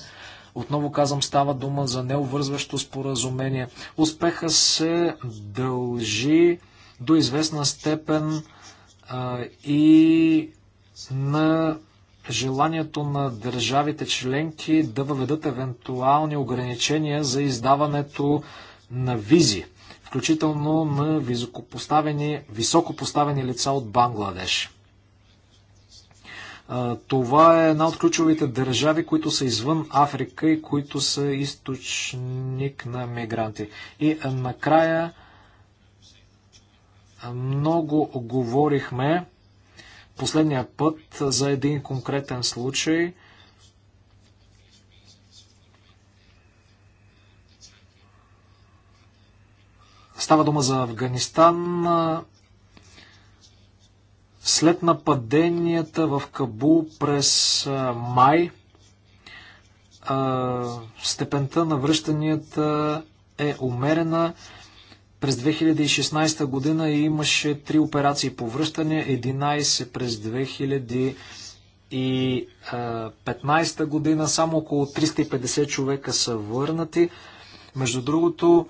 Отново казвам, става дума за необвързващо споразумение. Успеха се дължи до известна степен а, и на желанието на държавите членки да въведат евентуални ограничения за издаването на визи, включително на високопоставени, високопоставени лица от Бангладеш. Това е една от ключовите държави, които са извън Африка и които са източник на мигранти. И накрая много говорихме последния път за един конкретен случай. Става дума за Афганистан. След нападенията в Кабул през май, степента на връщанията е умерена. През 2016 година имаше три операции по връщане, 11 през 2015 година. Само около 350 човека са върнати. Между другото,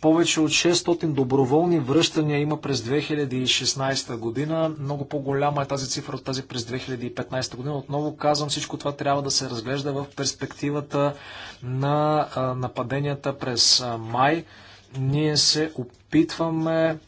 повече от 600 доброволни връщания има през 2016 година. Много по-голяма е тази цифра от тази през 2015 година. Отново казвам, всичко това трябва да се разглежда в перспективата на нападенията през май ние се опитваме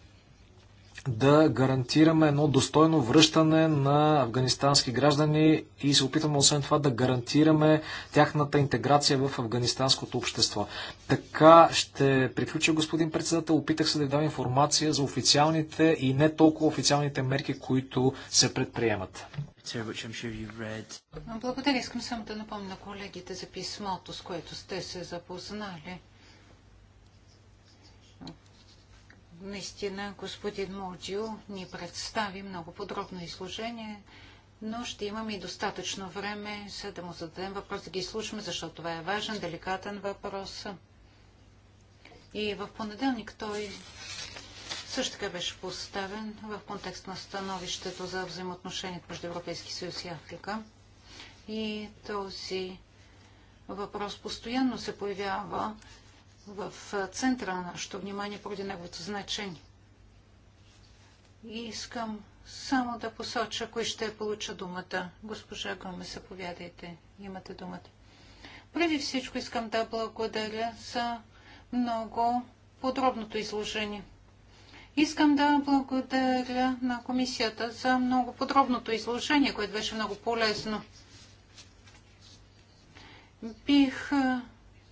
да гарантираме едно достойно връщане на афганистански граждани и се опитваме освен това да гарантираме тяхната интеграция в афганистанското общество. Така ще приключа, господин председател. Опитах се да ви дам информация за официалните и не толкова официалните мерки, които се предприемат. Благодаря. Искам само да напомня колегите за писмото, с което сте се запознали. Наистина господин Молджио ни представи много подробно изложение, но ще имаме и достатъчно време, за да му зададем въпрос, да ги слушаме, защото това е важен, деликатен въпрос. И в понеделник той също така беше поставен в контекст на становището за взаимоотношението между Европейски съюз и Африка. И този въпрос постоянно се появява в центъра на нашето внимание поради неговото значение. И искам само да посоча, кои ще получа думата. Госпожа Гоме, заповядайте. Имате думата. Преди всичко искам да благодаря за много подробното изложение. Искам да благодаря на комисията за много подробното изложение, което беше много полезно. Бих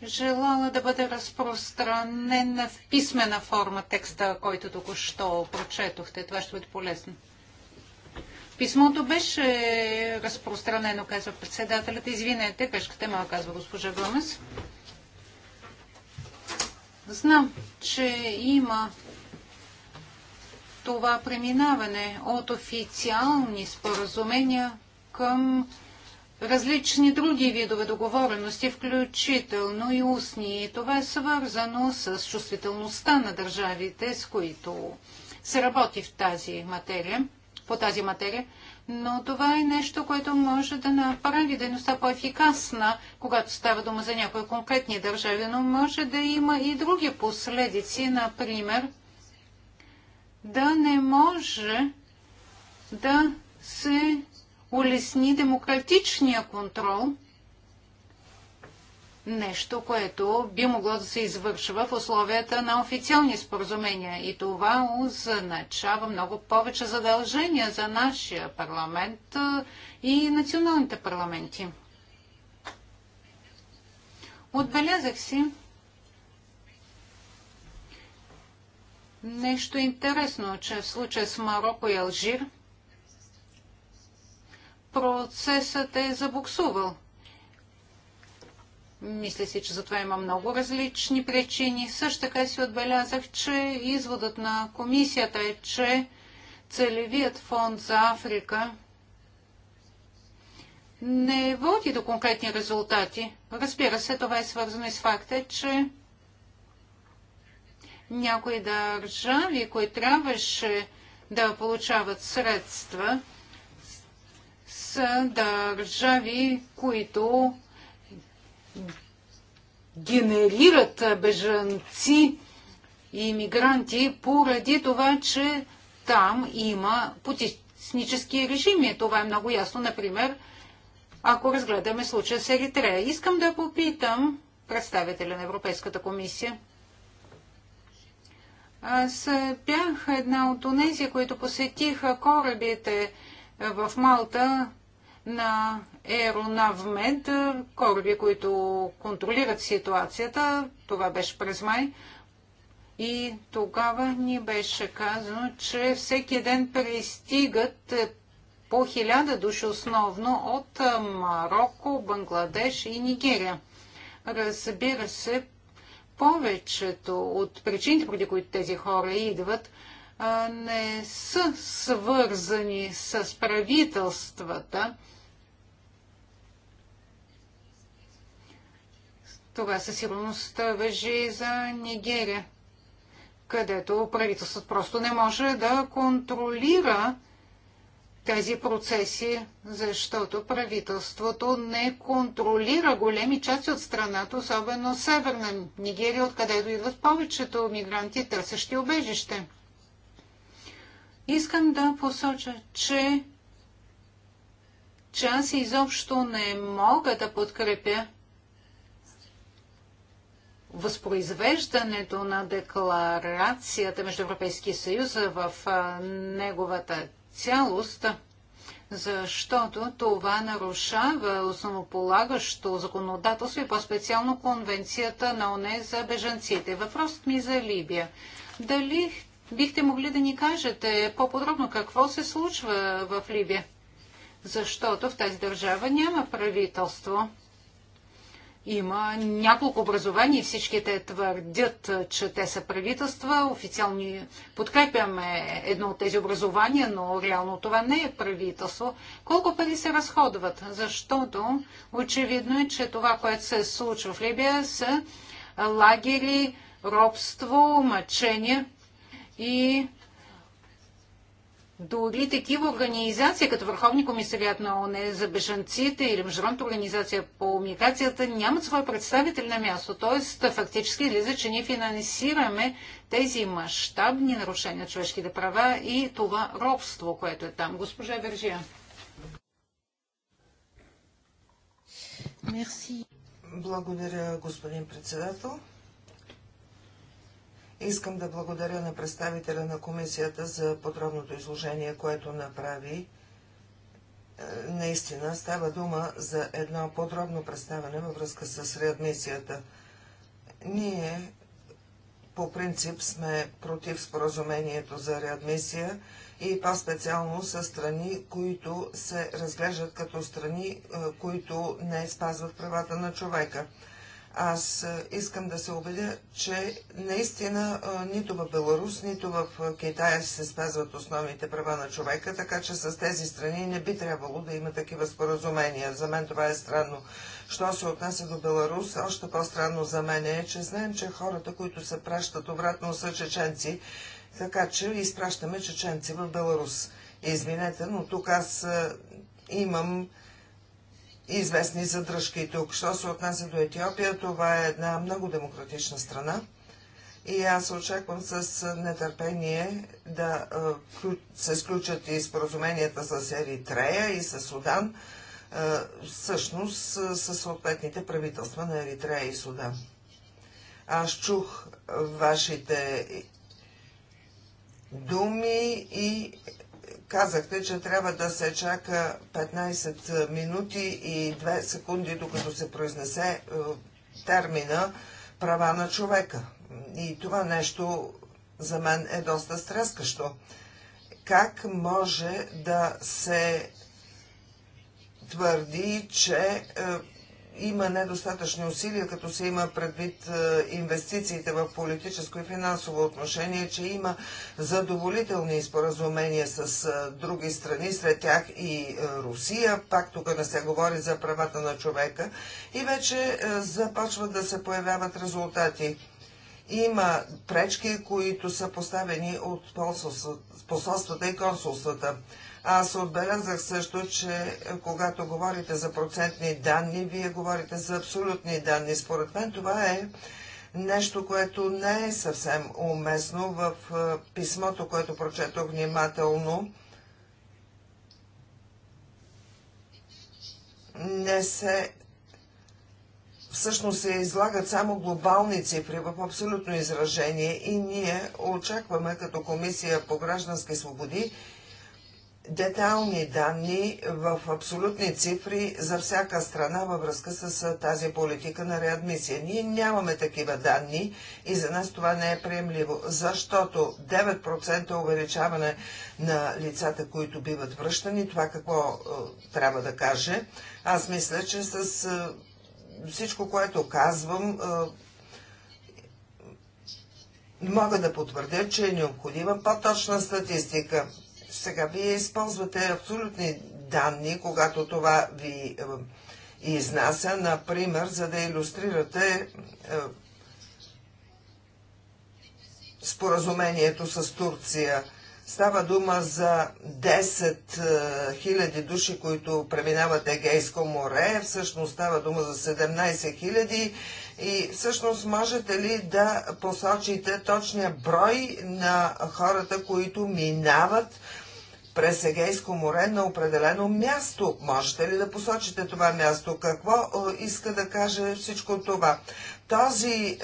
желала да бъде разпространен в писмена форма текста, който току-що прочетохте. Това ще бъде полезно. Писмото беше разпространено, казва председателят. Извинете, грешката е казва госпожа Гомес. Знам, че има това преминаване от официални споразумения към различни други видове договорености, включително и устни. И това е свързано с чувствителността на държавите, с които се работи в тази материя, по тази материя. Но това е нещо, което може да направи дейността по-ефикасна, когато става дума за някои конкретни държави, но може да има и други последици, например, да не може да се улесни демократичния контрол, нещо, което би могло да се извършва в условията на официални споразумения. И това означава много повече задължения за нашия парламент и националните парламенти. Отбелязах си нещо интересно, че в случая с Марокко и Алжир процесът е забуксувал. Мисля си, че за това има много различни причини. Също така си отбелязах, че изводът на комисията е, че целевият фонд за Африка не води до конкретни резултати. Разбира се, това е свързано и с факта, че някои държави, които трябваше да получават средства, са държави, които генерират бежанци и иммигранти поради това, че там има потиснически режими. Това е много ясно, например, ако разгледаме случая с Еритрея. Искам да попитам представителя на Европейската комисия. Аз бях една от онези, които посетиха корабите в Малта на Еронавмед, кораби, които контролират ситуацията. Това беше през май. И тогава ни беше казано, че всеки ден пристигат по хиляда души основно от Марокко, Бангладеш и Нигерия. Разбира се, повечето от причините, поради които тези хора идват, не са свързани с правителствата Това със сигурност въжи за Нигерия, където правителството просто не може да контролира тези процеси, защото правителството не контролира големи части от страната, особено северна Нигерия, откъдето идват повечето мигранти, търсещи убежище. Искам да посоча, че, че аз изобщо не мога да подкрепя възпроизвеждането на декларацията между Европейския съюз в неговата цялост, защото това нарушава основополагащо законодателство и по-специално конвенцията на ОНЕ за бежанците. Въпросът ми е за Либия. Дали бихте могли да ни кажете по-подробно какво се случва в Либия? Защото в тази държава няма правителство. Има няколко образования и всички те твърдят, че те са правителства. Официално подкрепяме едно от тези образования, но реално това не е правителство. Колко пари се разходват? Защото очевидно е, че това, което се случва в Либия, са лагери, робство, мъчение и дори такива организации, като Върховни комисариат на ОНЕ за бежанците или Международната организация по миграцията, нямат свой представител на място. Тоест, фактически излиза, че ние финансираме тези мащабни нарушения на човешките права и това робство, което е там. Госпожа Вержия. Мерси. Благодаря, господин председател. Искам да благодаря на представителя на комисията за подробното изложение, което направи. Е, наистина става дума за едно подробно представяне във връзка с реадмисията. Ние по принцип сме против споразумението за реадмисия и по-специално са страни, които се разглеждат като страни, е, които не спазват правата на човека. Аз е, искам да се убедя, че наистина е, нито в Беларус, нито в е, Китая се спазват основните права на човека, така че с тези страни не би трябвало да има такива споразумения. За мен това е странно. Що се отнася до Беларус, още по-странно за мен е, че знаем, че хората, които се пращат обратно са чеченци, така че изпращаме чеченци в Беларус. Извинете, но тук аз имам известни задръжки тук. Що се отнася до Етиопия, това е една много демократична страна. И аз очаквам с нетърпение да се сключат и споразуменията с Еритрея и с Судан, всъщност с съответните правителства на Еритрея и Судан. Аз чух вашите думи и казахте, че трябва да се чака 15 минути и 2 секунди, докато се произнесе е, термина права на човека. И това нещо за мен е доста стрескащо. Как може да се твърди, че е, има недостатъчни усилия, като се има предвид е, инвестициите в политическо и финансово отношение, че има задоволителни споразумения с е, други страни, сред тях и е, Русия, пак тук не се говори за правата на човека, и вече започват да се появяват резултати. Има пречки, които са поставени от посолствата и консулствата. Аз отбелязах също, че когато говорите за процентни данни, вие говорите за абсолютни данни. Според мен това е нещо, което не е съвсем уместно в писмото, което прочетох внимателно. Не се всъщност се излагат само глобални цифри в абсолютно изражение и ние очакваме като Комисия по граждански свободи детайлни данни в абсолютни цифри за всяка страна във връзка с тази политика на реадмисия. Ние нямаме такива данни и за нас това не е приемливо, защото 9% увеличаване на лицата, които биват връщани, това какво е, трябва да каже. Аз мисля, че с е, всичко, което казвам, е, мога да потвърдя, че е необходима по-точна статистика. Сега вие използвате абсолютни данни, когато това ви е, изнася, например, за да иллюстрирате е, споразумението с Турция. Става дума за 10 000 е, души, които преминават Егейско море. Всъщност става дума за 17 000. И всъщност можете ли да посочите точния брой на хората, които минават през Егейско море на определено място. Можете ли да посочите това място? Какво е, иска да каже всичко това? Този е,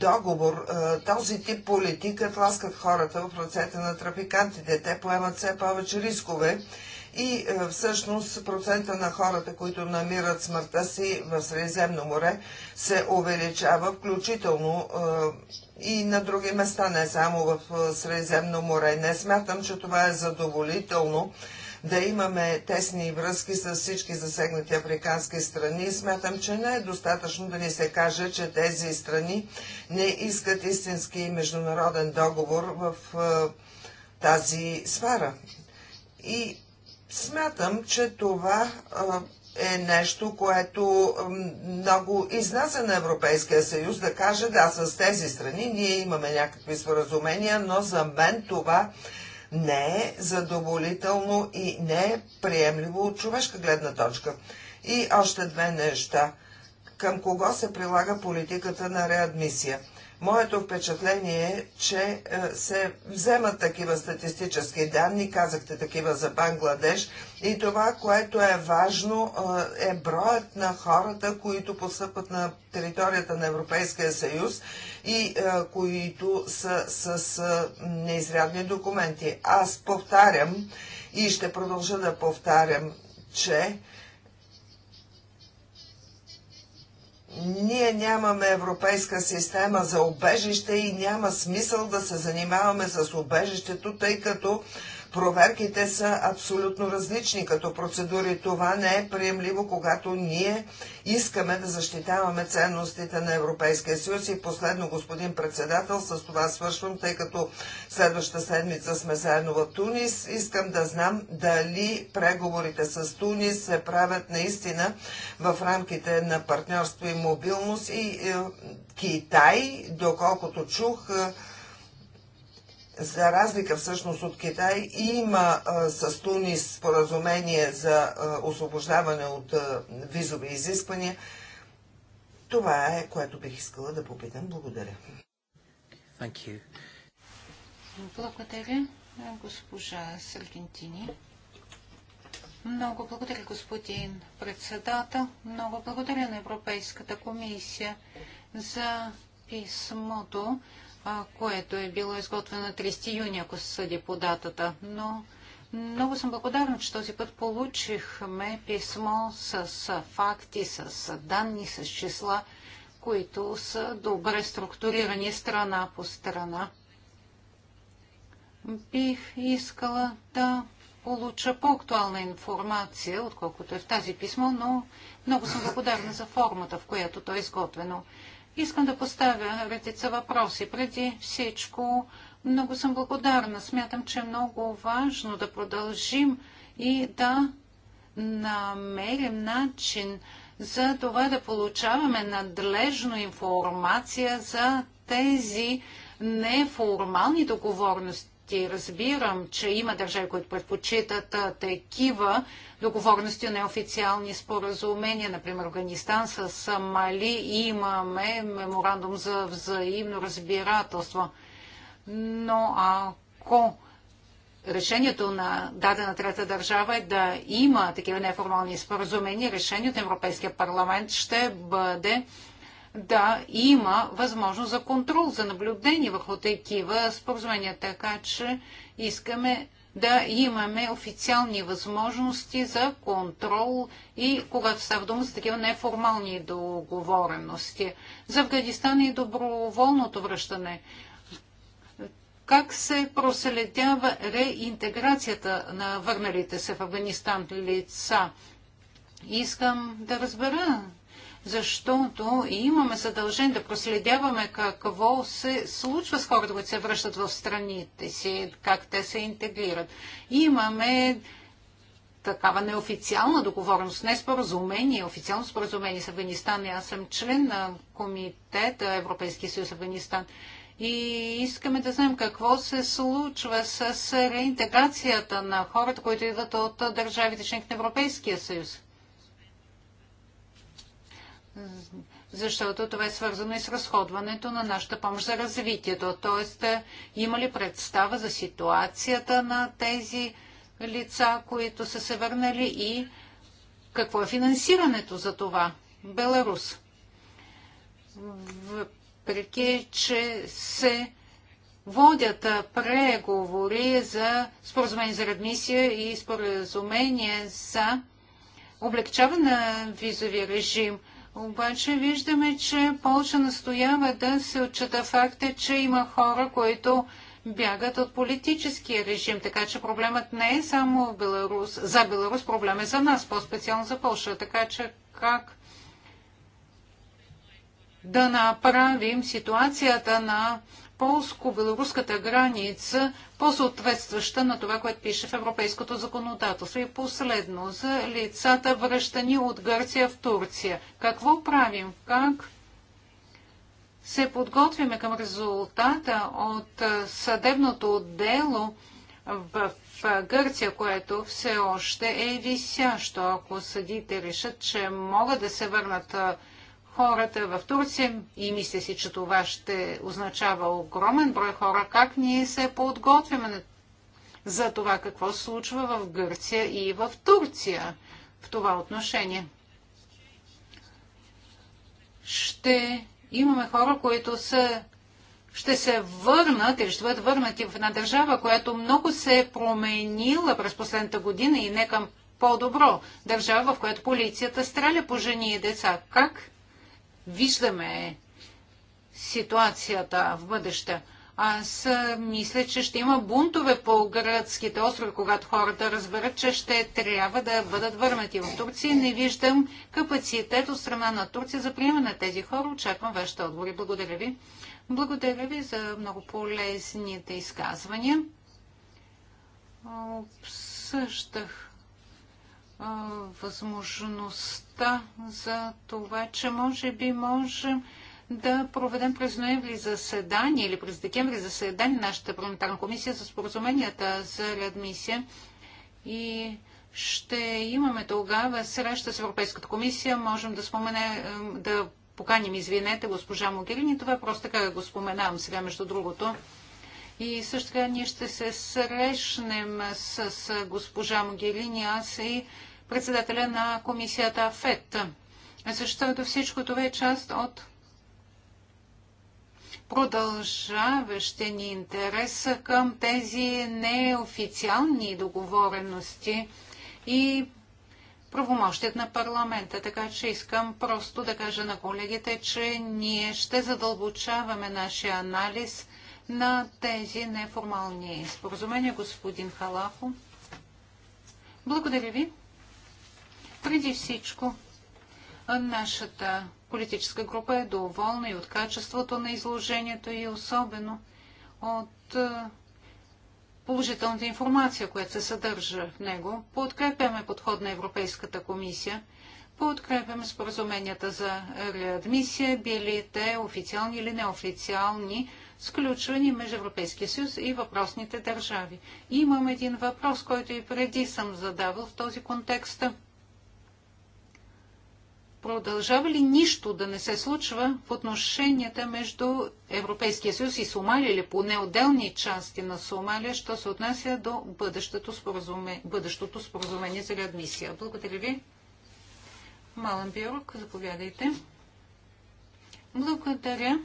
договор, е, този тип политика тласкат хората в ръцете на трафикантите. Те поемат все повече рискове и е, всъщност процента на хората, които намират смъртта си в Средиземно море, се увеличава, включително е, и на други места, не само в е, Средиземно море. Не смятам, че това е задоволително да имаме тесни връзки с всички засегнати африкански страни. Смятам, че не е достатъчно да ни се каже, че тези страни не искат истински международен договор в тази сфера. И Смятам, че това е нещо, което много изнася на Европейския съюз да каже, да, с тези страни ние имаме някакви споразумения, но за мен това не е задоволително и не е приемливо от човешка гледна точка. И още две неща. Към кого се прилага политиката на реадмисия? Моето впечатление е, че е, се вземат такива статистически данни, казахте такива за Бангладеш, и това, което е важно, е, е броят на хората, които постъпват на територията на Европейския съюз и е, които са с неизрядни документи. Аз повтарям и ще продължа да повтарям, че ние нямаме европейска система за обежище и няма смисъл да се занимаваме с обежището, тъй като проверките са абсолютно различни като процедури. Това не е приемливо, когато ние искаме да защитаваме ценностите на Европейския съюз. И последно, господин председател, с това свършвам, тъй като следващата седмица сме заедно в Тунис. Искам да знам дали преговорите с Тунис се правят наистина в рамките на партньорство и мобилност и е, Китай, доколкото чух, е, за разлика всъщност от Китай, има а, с Тунис споразумение за а, освобождаване от а, визови изисквания. Това е, което бих искала да попитам. Благодаря. Thank you. Благодаря, госпожа Саргентини. Много благодаря, господин председател. Много благодаря на Европейската комисия за писмото което е било изготвено на 30 юни, ако се съди по датата. Но много съм благодарна, че този път получихме писмо с факти, с данни, с числа, които са добре структурирани страна по страна. Бих искала да получа по-актуална информация, отколкото е в тази писмо, но много съм благодарна за формата, в която то е изготвено. Искам да поставя редица въпроси. Преди всичко, много съм благодарна. Смятам, че е много важно да продължим и да намерим начин за това да получаваме надлежно информация за тези неформални договорности проекти. Разбирам, че има държави, които предпочитат такива договорности, неофициални споразумения, например Афганистан с Мали имаме меморандум за взаимно разбирателство. Но ако решението на дадена трета държава е да има такива неформални споразумения, решението на Европейския парламент ще бъде да има възможност за контрол, за наблюдение върху такива споразумения. Така че искаме да имаме официални възможности за контрол и когато става дума за такива неформални договорености. За Афганистан и доброволното връщане. Как се проследява реинтеграцията на върналите се в Афганистан лица? Искам да разбера защото имаме задължение да проследяваме какво се случва с хората, които се връщат в страните си, как те се интегрират. Имаме такава неофициална договорност, не споразумение, официално споразумение с Афганистан. Аз съм член на комитета Европейски съюз Афганистан и искаме да знаем какво се случва с реинтеграцията на хората, които идват от държавите членки на Европейския съюз защото това е свързано и с разходването на нашата помощ за развитието. Тоест, е, има ли представа за ситуацията на тези лица, които са се върнали и какво е финансирането за това? Беларус. Въпреки, че се водят преговори за споразумение за редмисия и споразумение за облегчаване на визовия режим – обаче виждаме, че Полша настоява да се отчита факта, че има хора, които бягат от политическия режим. Така че проблемът не е само в Беларус. за Беларус, проблем е за нас, по-специално за Полша. Така че как да направим ситуацията на полско-белоруската граница по-съответстваща на това, което пише в европейското законодателство. И последно, за лицата връщани от Гърция в Турция. Какво правим? Как се подготвяме към резултата от съдебното дело в Гърция, което все още е висящо. Ако съдите решат, че могат да се върнат хората в Турция и мисля си, че това ще означава огромен брой хора. Как ние се подготвяме за това какво се случва в Гърция и в Турция в това отношение? Ще имаме хора, които са ще се върнат или ще бъдат върнати в една държава, която много се е променила през последната година и не към по-добро. Държава, в която полицията стреля по жени и деца. Как виждаме ситуацията в бъдеще. Аз мисля, че ще има бунтове по гръцките острови, когато хората разберат, че ще трябва да бъдат върнати в Турция. Не виждам капацитет от страна на Турция за приема на тези хора. Очаквам вашите отговори. Благодаря ви. Благодаря ви за много полезните изказвания. Обсъждах възможността за това, че може би можем да проведем през ноември заседание или през декември заседание на нашата парламентарна комисия за споразуменията за реадмисия и ще имаме тогава среща с Европейската комисия. Можем да спомене, да поканим, извинете, госпожа Могерини. Това е просто така да го споменавам сега, между другото. И също така ние ще се срещнем с госпожа Могерини, аз и председателя на комисията ФЕД. Защото всичко това е част от продължаващи ни интерес към тези неофициални договорености и правомощият на парламента. Така че искам просто да кажа на колегите, че ние ще задълбочаваме нашия анализ на тези неформални споразумения. Господин Халахо. Благодаря ви. Преди всичко, нашата политическа група е доволна и от качеството на изложението и особено от е, положителната информация, която се съдържа в него. Подкрепяме подход на Европейската комисия, подкрепяме споразуменията за реадмисия, били те официални или неофициални, сключвани между Европейския съюз и въпросните държави. имам един въпрос, който и преди съм задавал в този контекст продължава ли нищо да не се случва в отношенията между Европейския съюз и Сомалия или поне отделни части на Сомалия, що се отнася до бъдещото споразумение, бъдещото споразумение за реадмисия? Благодаря ви. Малън Бюрок, заповядайте. Благодаря.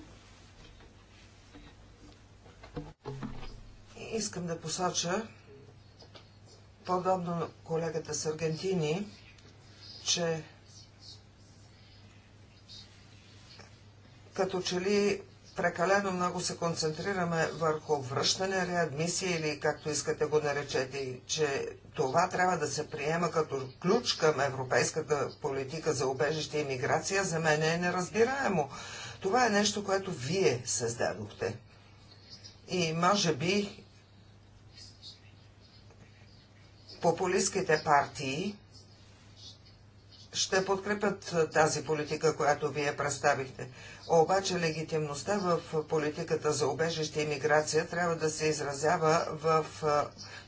Искам да посоча, подобно колегата с Аргентини, че като че ли прекалено много се концентрираме върху връщане, реадмисия или както искате го наречете, че това трябва да се приема като ключ към европейската политика за убежище и миграция, за мен е неразбираемо. Това е нещо, което вие създадохте. И може би популистските партии ще подкрепят тази политика, която вие представихте. Обаче легитимността в политиката за убежище и миграция трябва да се изразява в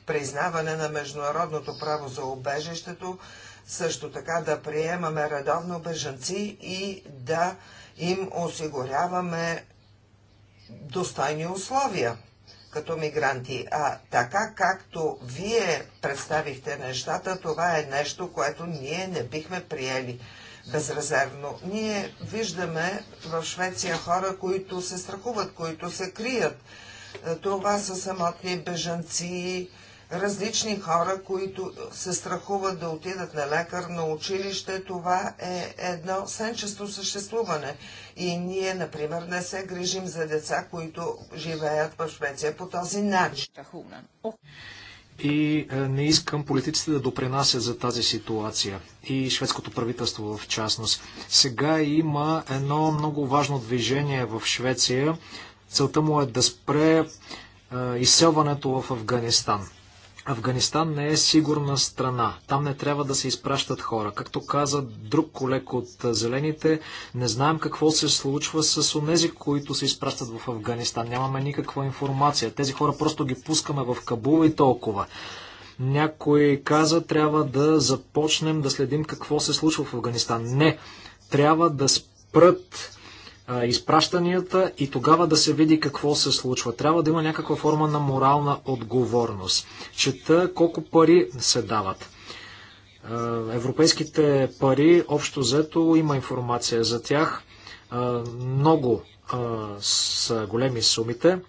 признаване на международното право за убежището, също така да приемаме редовно бежанци и да им осигуряваме достойни условия като мигранти. А така както вие представихте нещата, това е нещо, което ние не бихме приели безрезервно. Ние виждаме в Швеция хора, които се страхуват, които се крият. Е, това са самотни бежанци, различни хора, които се страхуват да отидат на лекар, на училище. Това е едно сенчесто съществуване. И ние, например, не се грижим за деца, които живеят в Швеция по този начин и е, не искам политиците да допринасят за тази ситуация и шведското правителство в частност. Сега има едно много важно движение в Швеция. Целта му е да спре е, изселването в Афганистан. Афганистан не е сигурна страна. Там не трябва да се изпращат хора. Както каза друг колег от Зелените, не знаем какво се случва с онези, които се изпращат в Афганистан. Нямаме никаква информация. Тези хора просто ги пускаме в Кабул и толкова. Някой каза, трябва да започнем да следим какво се случва в Афганистан. Не, трябва да спрат изпращанията и тогава да се види какво се случва. Трябва да има някаква форма на морална отговорност. Чета колко пари се дават. Европейските пари, общо взето, има информация за тях. Много са големи сумите.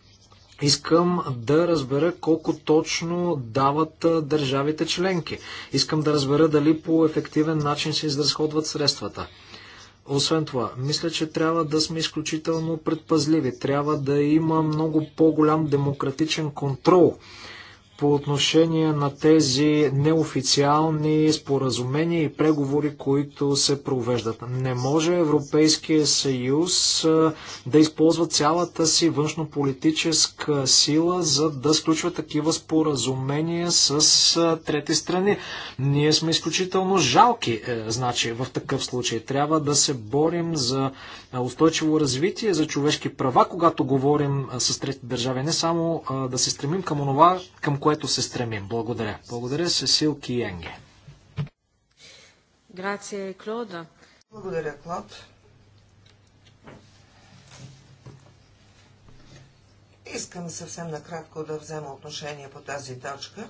Искам да разбера колко точно дават държавите членки. Искам да разбера дали по ефективен начин се изразходват средствата. Освен това, мисля, че трябва да сме изключително предпазливи. Трябва да има много по-голям демократичен контрол по отношение на тези неофициални споразумения и преговори, които се провеждат. Не може Европейския съюз да използва цялата си външнополитическа сила, за да сключва такива споразумения с трети страни. Ние сме изключително жалки, е, значи, в такъв случай. Трябва да се борим за устойчиво развитие, за човешки права, когато говорим с трети държави. Не само да се стремим към онова, към което се стремим. Благодаря. Благодаря, Сесил Киенге. Грация, Клода. Благодаря, Клод. Искам съвсем накратко да взема отношение по тази точка.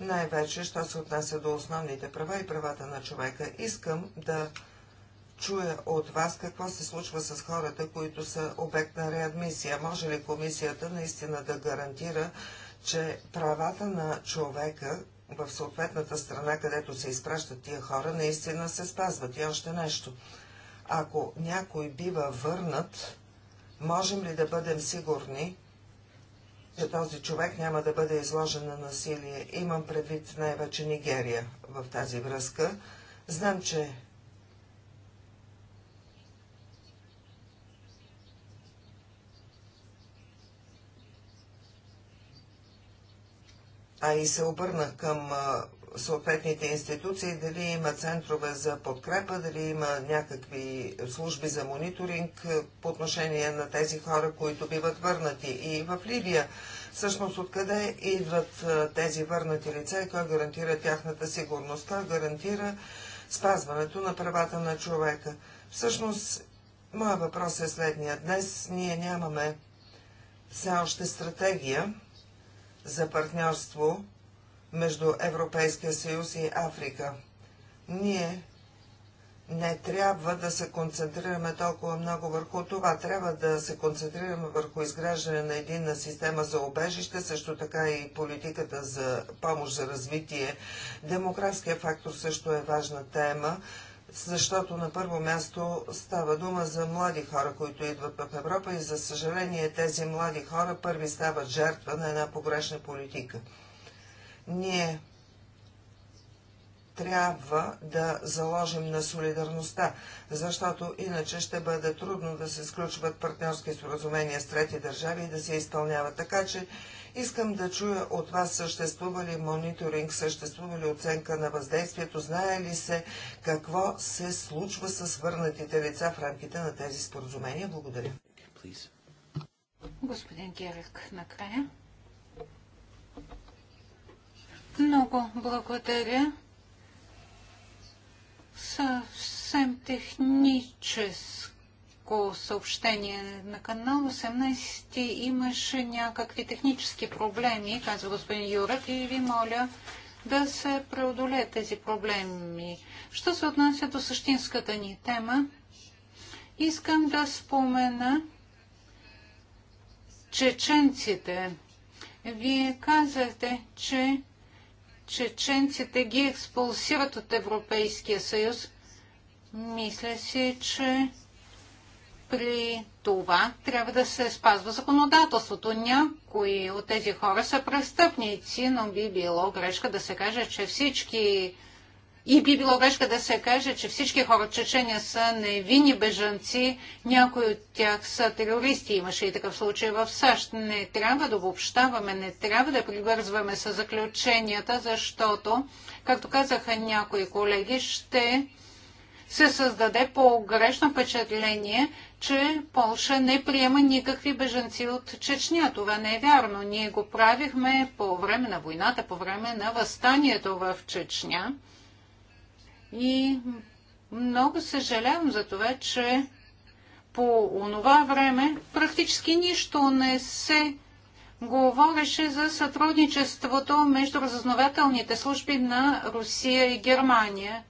Най-вече, що се отнася до основните права и правата на човека, искам да чуя от вас какво се случва с хората, които са обект на реадмисия. Може ли комисията наистина да гарантира, че правата на човека в съответната страна, където се изпращат тия хора, наистина се спазват? И още нещо. Ако някой бива върнат, можем ли да бъдем сигурни, че този човек няма да бъде изложен на насилие? Имам предвид най-вече Нигерия в тази връзка. Знам, че а и се обърнах към съответните институции, дали има центрове за подкрепа, дали има някакви служби за мониторинг по отношение на тези хора, които биват върнати. И в Ливия, всъщност откъде идват тези върнати лица и кой гарантира тяхната сигурност, кой гарантира спазването на правата на човека. Всъщност, моят въпрос е следния. Днес ние нямаме все още стратегия за партньорство между Европейския съюз и Африка. Ние не трябва да се концентрираме толкова много върху това. Трябва да се концентрираме върху изграждане на единна система за обежище, също така и политиката за помощ за развитие. Демографския фактор също е важна тема защото на първо място става дума за млади хора, които идват в Европа и за съжаление тези млади хора първи стават жертва на една погрешна политика. Ние трябва да заложим на солидарността, защото иначе ще бъде трудно да се сключват партньорски споразумения с трети държави и да се изпълняват. Така че Искам да чуя от вас съществува ли мониторинг, съществува ли оценка на въздействието, знае ли се какво се случва с върнатите лица в рамките на тези споразумения. Благодаря. Please. Господин Герек, накрая. Много благодаря. Съвсем технически по съобщение на канал 18 имаше някакви технически проблеми, казва господин Юрев, и ви моля да се преодолеят тези проблеми. Що се отнася до същинската ни тема, искам да спомена чеченците. Вие казахте, че чеченците ги експулсират от Европейския съюз. Мисля си, че при това трябва да се спазва законодателството. Някои от тези хора са престъпници, но би било грешка да се каже, че всички и би било грешка да се каже, че всички хора в Чечения са невинни бежанци, някои от тях са терористи. Имаше и такъв случай в САЩ. Не трябва да обобщаваме, не трябва да прибързваме с заключенията, защото, както казаха някои колеги, ще се създаде по-грешно впечатление, че Полша не приема никакви беженци от Чечня. Това не е вярно. Ние го правихме по време на войната, по време на възстанието в Чечня. И много съжалявам за това, че по онова време практически нищо не се говореше за сътрудничеството между разузнавателните служби на Русия и Германия.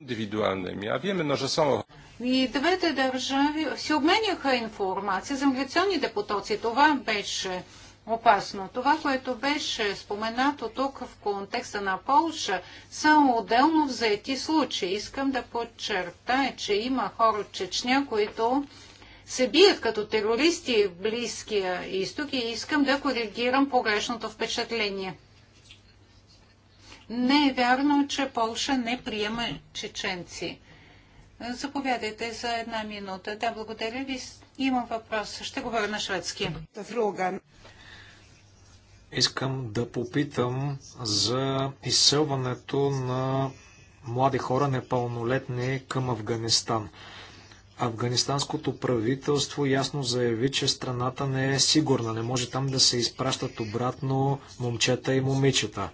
Индивидуални. А вие, но само и двете държави си обменяха информация за миграционните потоци. Това беше опасно. Това, което беше споменато тук в контекста на Полша, само отделно взети случаи. Искам да подчертая, че има хора от Чечня, които се бият като терористи в Близкия изток и искам да коригирам погрешното впечатление. Не е вярно, че Полша не приема чеченци. Заповядайте за една минута. Да, благодаря ви. Имам въпрос. Ще говоря на шведски. Искам да попитам за изселването на млади хора, непълнолетни към Афганистан. Афганистанското правителство ясно заяви, че страната не е сигурна, не може там да се изпращат обратно момчета и момичета.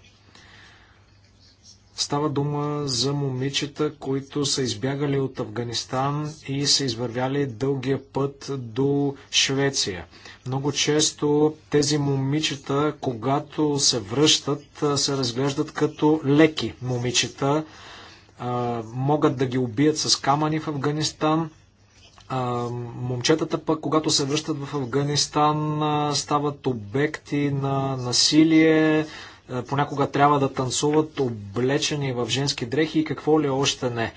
Става дума за момичета, които са избягали от Афганистан и са извървяли дългия път до Швеция. Много често тези момичета, когато се връщат, се разглеждат като леки момичета. А, могат да ги убият с камъни в Афганистан. А, момчетата пък, когато се връщат в Афганистан, стават обекти на насилие, е, понякога трябва да танцуват облечени в женски дрехи и какво ли още не.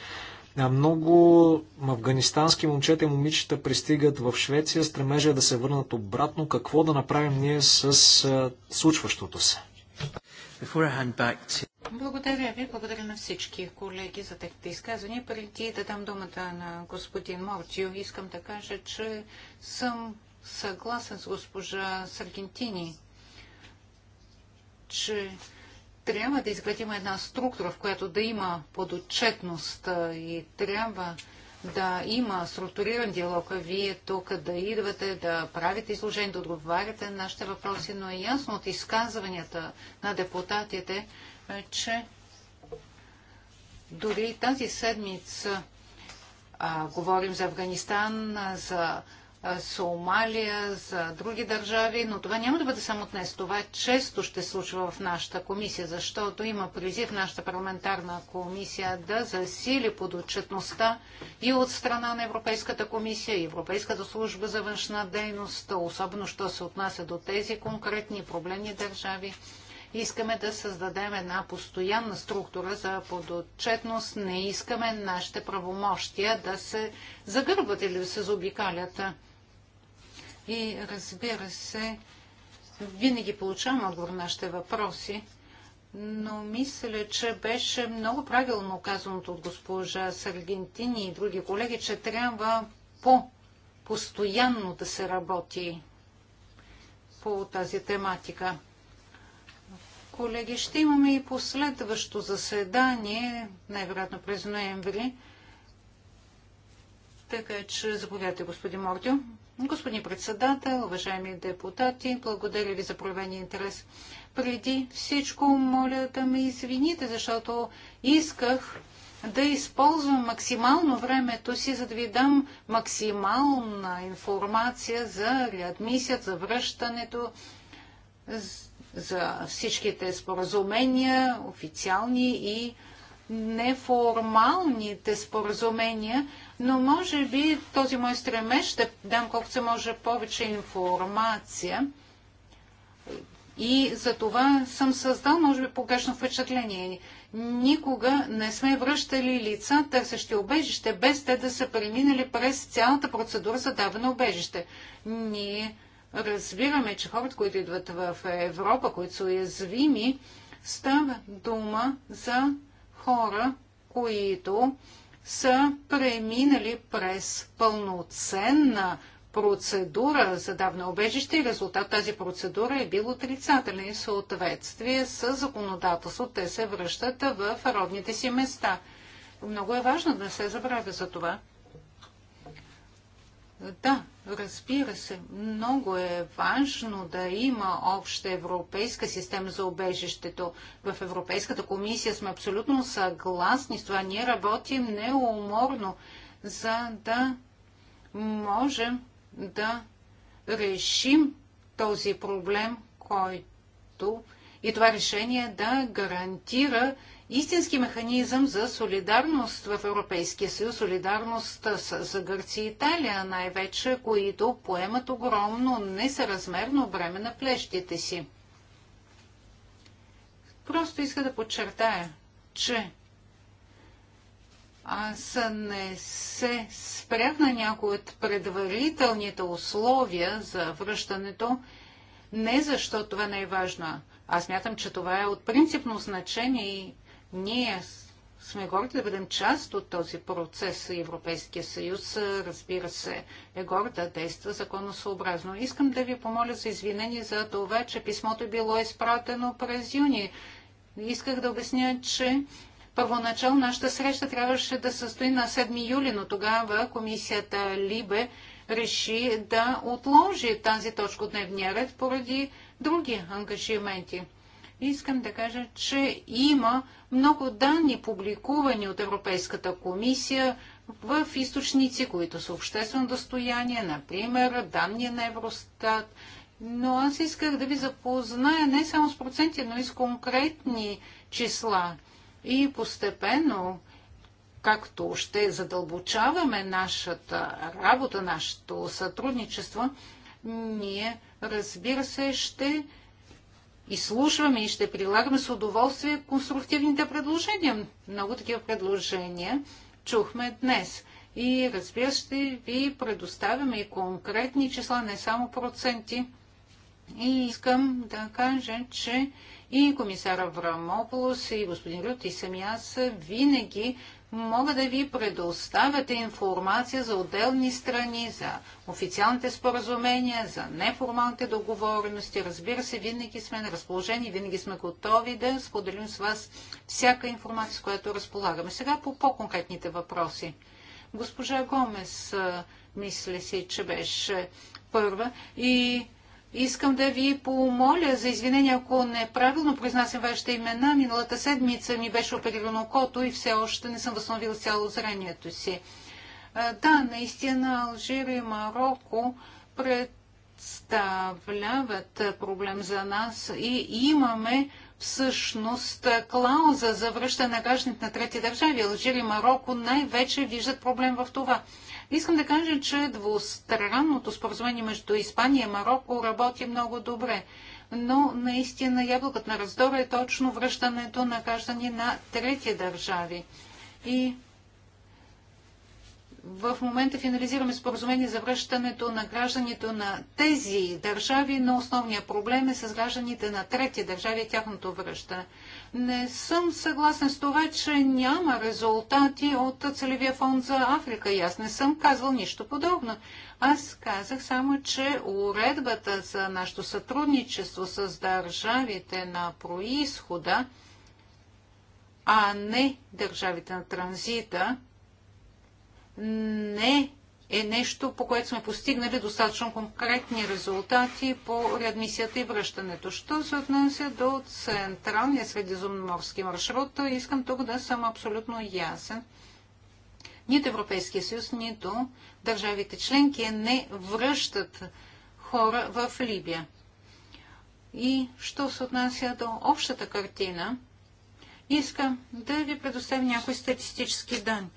Е, много афганистански момчета и момичета пристигат в Швеция, стремежа е да се върнат обратно. Какво да направим ние с случващото се? Благодаря ви, благодаря на всички колеги за техните изказвания. Преди да дам думата на господин Мортио, искам да кажа, че съм съгласен с госпожа Саргентини че трябва да изградим една структура, в която да има подотчетност и трябва да има структуриран диалог. Вие тук да идвате, да правите изложение, да отговаряте на нашите въпроси, но е ясно от изказванията на депутатите, че дори тази седмица а, говорим за Афганистан, за е, Сомалия, за други държави, но това няма да бъде само днес. Това често ще случва в нашата комисия, защото има призив нашата парламентарна комисия да засили подотчетността и от страна на Европейската комисия и Европейската служба за външна дейност, особено що се отнася до тези конкретни проблемни държави. Искаме да създадем една постоянна структура за подотчетност. Не искаме нашите правомощия да се загърбват или да се заобикалят и разбира се, винаги получавам отговор на нашите въпроси, но мисля, че беше много правилно казаното от госпожа Саргентини и други колеги, че трябва по-постоянно да се работи по тази тематика. Колеги, ще имаме и последващо заседание, най-вероятно през ноември. Така че заповядайте, господин Мордио. Господин председател, уважаеми депутати, благодаря ви за проявения интерес. Преди всичко, моля да ме извините, защото исках да използвам максимално времето си, за да ви дам максимална информация за реадмисията, за връщането, за всичките споразумения, официални и неформалните споразумения но може би този мой стремеж да дам колкото се може повече информация и за това съм създал, може би, погрешно впечатление. Никога не сме връщали лица, търсещи обежище, без те да са преминали през цялата процедура за даване обежище. Ние разбираме, че хората, които идват в Европа, които са уязвими, става дума за хора, които са преминали през пълноценна процедура за давна обежище и резултат тази процедура е бил отрицателен и съответствие с законодателство. Те се връщат в родните си места. Много е важно да не се забравя за това. Да, разбира се, много е важно да има обща европейска система за обежището. В Европейската комисия сме абсолютно съгласни с това. Ние работим неуморно, за да можем да решим този проблем, който и това решение да гарантира истински механизъм за солидарност в Европейския съюз, солидарност с, за Гърция и Италия най-вече, които поемат огромно несъразмерно време на плещите си. Просто иска да подчертая, че аз не се спрях на някои от предварителните условия за връщането, не защото това не е важно. Аз мятам, че това е от принципно значение и ние сме горди да бъдем част от този процес. Европейския съюз, разбира се, е горда да действа законосъобразно. Искам да ви помоля за извинение за това, че писмото е било изпратено през юни. Исках да обясня, че първоначално нашата среща трябваше да състои на 7 юли, но тогава комисията Либе реши да отложи тази точка от дневния ред поради други ангажименти искам да кажа, че има много данни, публикувани от Европейската комисия в източници, които са обществено достояние, например данни на Евростат. Но аз исках да ви запозная не само с проценти, но и с конкретни числа. И постепенно, както ще задълбочаваме нашата работа, нашето сътрудничество, ние, разбира се, ще изслушваме и ще прилагаме с удоволствие конструктивните предложения. Много такива предложения чухме днес. И разбира се, ви предоставяме и конкретни числа, не само проценти. И искам да кажа, че и комисар Аврамополос, и господин Рют, и самия аз винаги могат да ви предоставят информация за отделни страни, за официалните споразумения, за неформалните договорености. Разбира се, винаги сме на разположение, винаги сме готови да споделим с вас всяка информация, с която разполагаме. Сега по по-конкретните въпроси. Госпожа Гомес, мисля си, че беше първа и Искам да ви помоля за извинение, ако неправилно произнасям вашите имена. Миналата седмица ми беше оперирано окото и все още не съм възстановила цяло зрението си. Да, наистина Алжир и Марокко представляват проблем за нас и имаме всъщност клауза за връщане на гражданите на трети държави, Алжир и Марокко, най-вече виждат проблем в това. Искам да кажа, че двустранното споразумение между Испания и Марокко работи много добре. Но наистина яблокът на раздора е точно връщането на граждани на трети държави. И в момента финализираме споразумение за връщането на гражданите на тези държави, но основният проблем е с гражданите на трети държави и тяхното връщане. Не съм съгласен с това, че няма резултати от целевия фонд за Африка и аз не съм казвал нищо подобно. Аз казах само, че уредбата за нашето сътрудничество с държавите на происхода, а не държавите на транзита, не е нещо, по което сме постигнали достатъчно конкретни резултати по реадмисията и връщането. Що се отнася до централния средиземноморски маршрут, искам тук да съм абсолютно ясен. Нито Европейския съюз, нито държавите членки не връщат хора в Либия. И що се отнася до общата картина, искам да ви предоставя някои статистически данни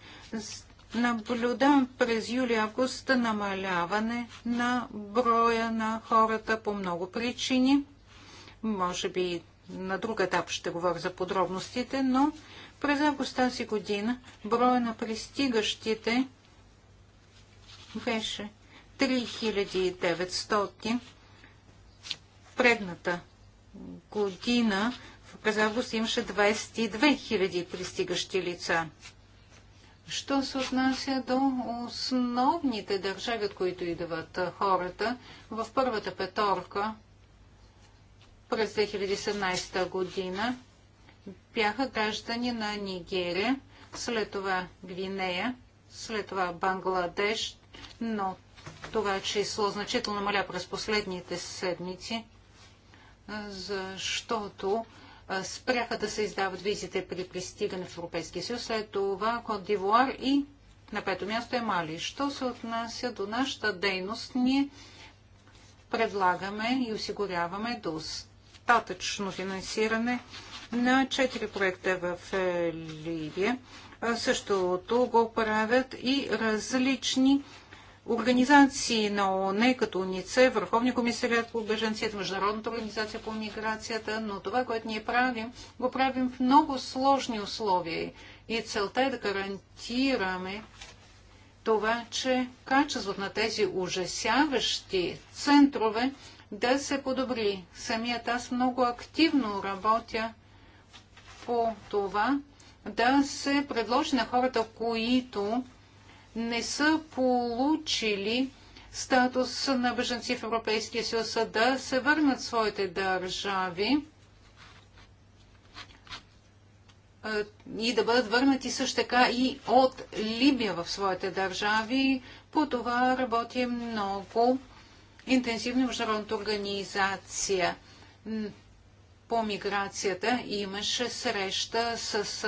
наблюдавам през юли-август намаляване на броя на хората по много причини. Може би на друг етап ще говоря за подробностите, но през август тази година броя на пристигащите беше 3900. Предната година през август имаше 22 000 пристигащи лица. Що се отнася до основните държави, от които идват хората, в първата петорка през 2017 година бяха граждани на Нигерия, след това Гвинея, след това Бангладеш, но това число значително маля през последните седмици, защото спряха да се издават визите при пристигане в Европейския съюз, след това Кот Дивуар и на пето място е Мали. Що се отнася до нашата дейност, ние предлагаме и осигуряваме достатъчно финансиране на четири проекта в е, Ливия. Същото го правят и различни организации на ООН, като УНИЦЕ, Върховния комисариат по беженците, Международната организация по миграцията, но това, което ние правим, го правим в много сложни условия и целта е да гарантираме това, че качеството на тези ужасяващи центрове да се подобри. Самият аз много активно работя по това да се предложи на хората, които не са получили статус на беженци в Европейския съюз, да се върнат в своите държави и да бъдат върнати също така и от Либия в своите държави. По това работи много интензивно международната организация по миграцията. Имаше среща с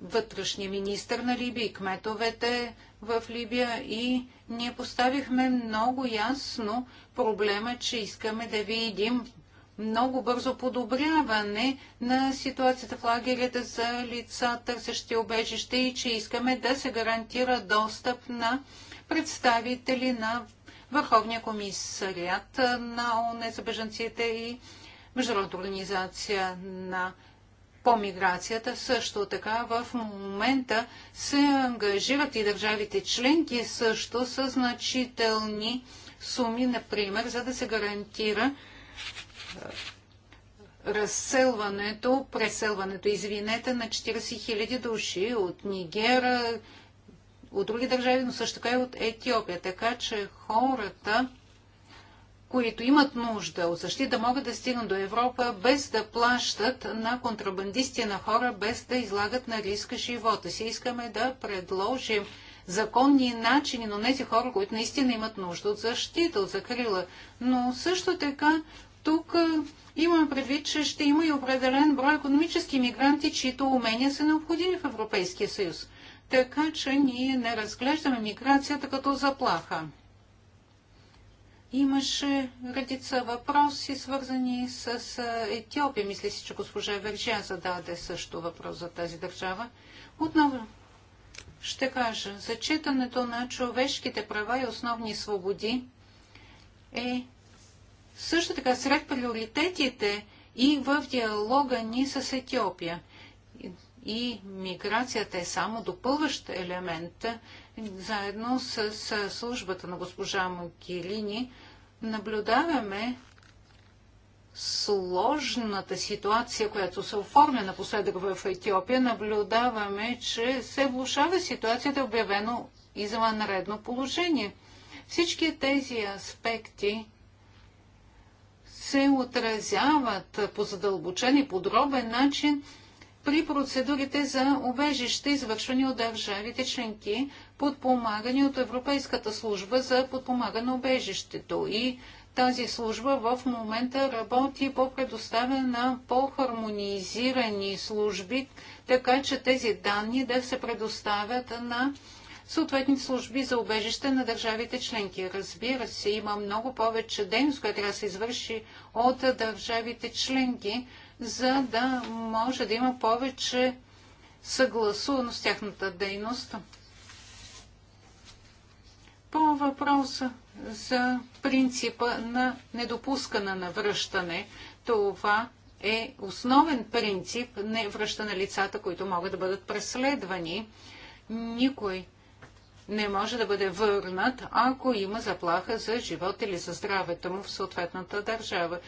вътрешния министр на Либия и кметовете в Либия и ние поставихме много ясно проблема, че искаме да видим много бързо подобряване на ситуацията в лагерите за лица, търсещи обежище и че искаме да се гарантира достъп на представители на Върховния комисариат на ОНЕ за бежанците и Международната организация на по миграцията. Също така в момента се ангажират и държавите членки също с значителни суми, например, за да се гарантира е, разселването, преселването, извинете, на 40 000 души от Нигера, е, от други държави, но също така и от Етиопия. Така че хората които имат нужда от защита, могат да стигнат до Европа без да плащат на контрабандисти на хора, без да излагат на риска живота си. Искаме да предложим законни начини но не си хора, които наистина имат нужда от защита, от закрила. Но също така тук имам предвид, че ще има и определен брой економически мигранти, чието умения са необходими в Европейския съюз. Така че ние не разглеждаме миграцията като заплаха. Имаше редица въпроси, свързани с Етиопия. Мисля си, че госпожа Вержен зададе също въпрос за тази държава. Отново ще кажа, зачитането на човешките права и основни свободи е също така сред приоритетите и в диалога ни с Етиопия. И миграцията е само допълващ елемент заедно с, службата на госпожа Мокелини наблюдаваме сложната ситуация, която се оформя напоследък в Етиопия. Наблюдаваме, че се влушава ситуацията, обявено извънредно положение. Всички тези аспекти се отразяват по задълбочен и подробен начин при процедурите за обежище, извършвани от държавите членки подпомагани от Европейската служба за подпомагане на убежището. И тази служба в момента работи по предоставяне на по-хармонизирани служби, така че тези данни да се предоставят на съответните служби за убежище на държавите членки. Разбира се, има много повече дейност, която трябва да се извърши от държавите членки, за да може да има повече съгласуваност с тяхната дейност. По въпроса за принципа на недопускане на връщане, това е основен принцип не връща на лицата, които могат да бъдат преследвани. Никой не може да бъде върнат, ако има заплаха за живота или за здравето му в съответната държава.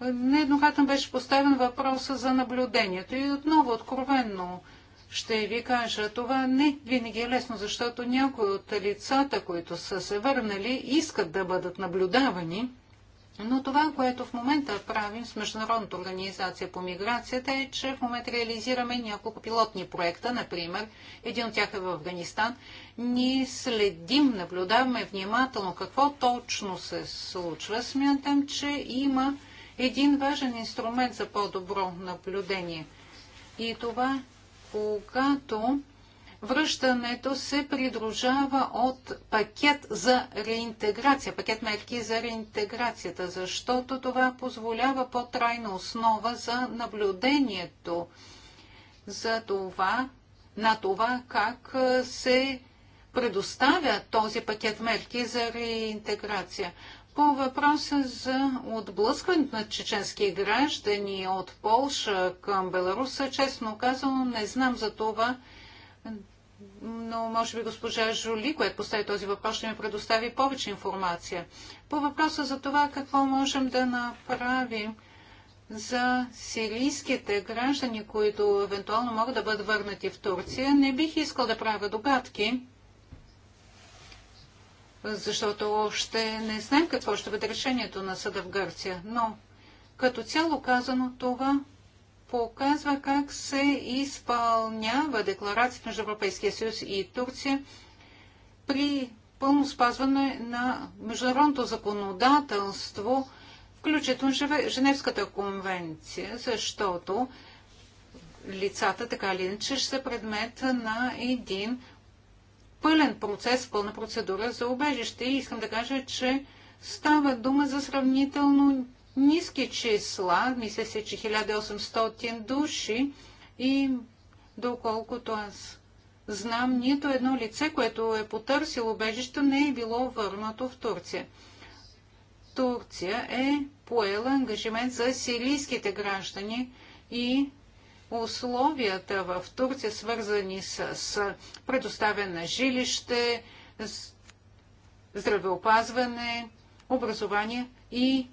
Нееднократно беше поставен въпроса за наблюдението и отново откровенно ще ви кажа, това не винаги е лесно, защото някои от лицата, които са се върнали, искат да бъдат наблюдавани. Но това, което в момента правим с Международната организация по миграцията е, че в момента реализираме няколко пилотни проекта, например, един от тях е в Афганистан. Ние следим, наблюдаваме внимателно какво точно се случва. Смятам, че има един важен инструмент за по-добро наблюдение. И това когато връщането се придружава от пакет за реинтеграция, пакет мерки за реинтеграцията, защото това позволява по-трайна основа за наблюдението за това, на това как се предоставя този пакет мерки за реинтеграция по въпроса за отблъскването на чеченски граждани от Полша към Беларуса, честно казано, не знам за това, но може би госпожа Жули, която постави този въпрос, ще ми предостави повече информация. По въпроса за това какво можем да направим за сирийските граждани, които евентуално могат да бъдат върнати в Турция, не бих искал да правя догадки защото още не знаем какво ще бъде решението на съда в Гърция. Но като цяло казано това показва как се изпълнява декларацията между Европейския съюз и Турция при пълно спазване на международното законодателство, включително Женевската конвенция, защото лицата така или иначе ще са предмет на един пълен процес, пълна процедура за убежище. И искам да кажа, че става дума за сравнително ниски числа. Мисля се, че 1800 души и доколкото аз знам, нито едно лице, което е потърсило убежище, не е било върнато в Турция. Турция е поела ангажимент за сирийските граждани и условията в Турция, свързани с предоставяне на жилище, здравеопазване, образование и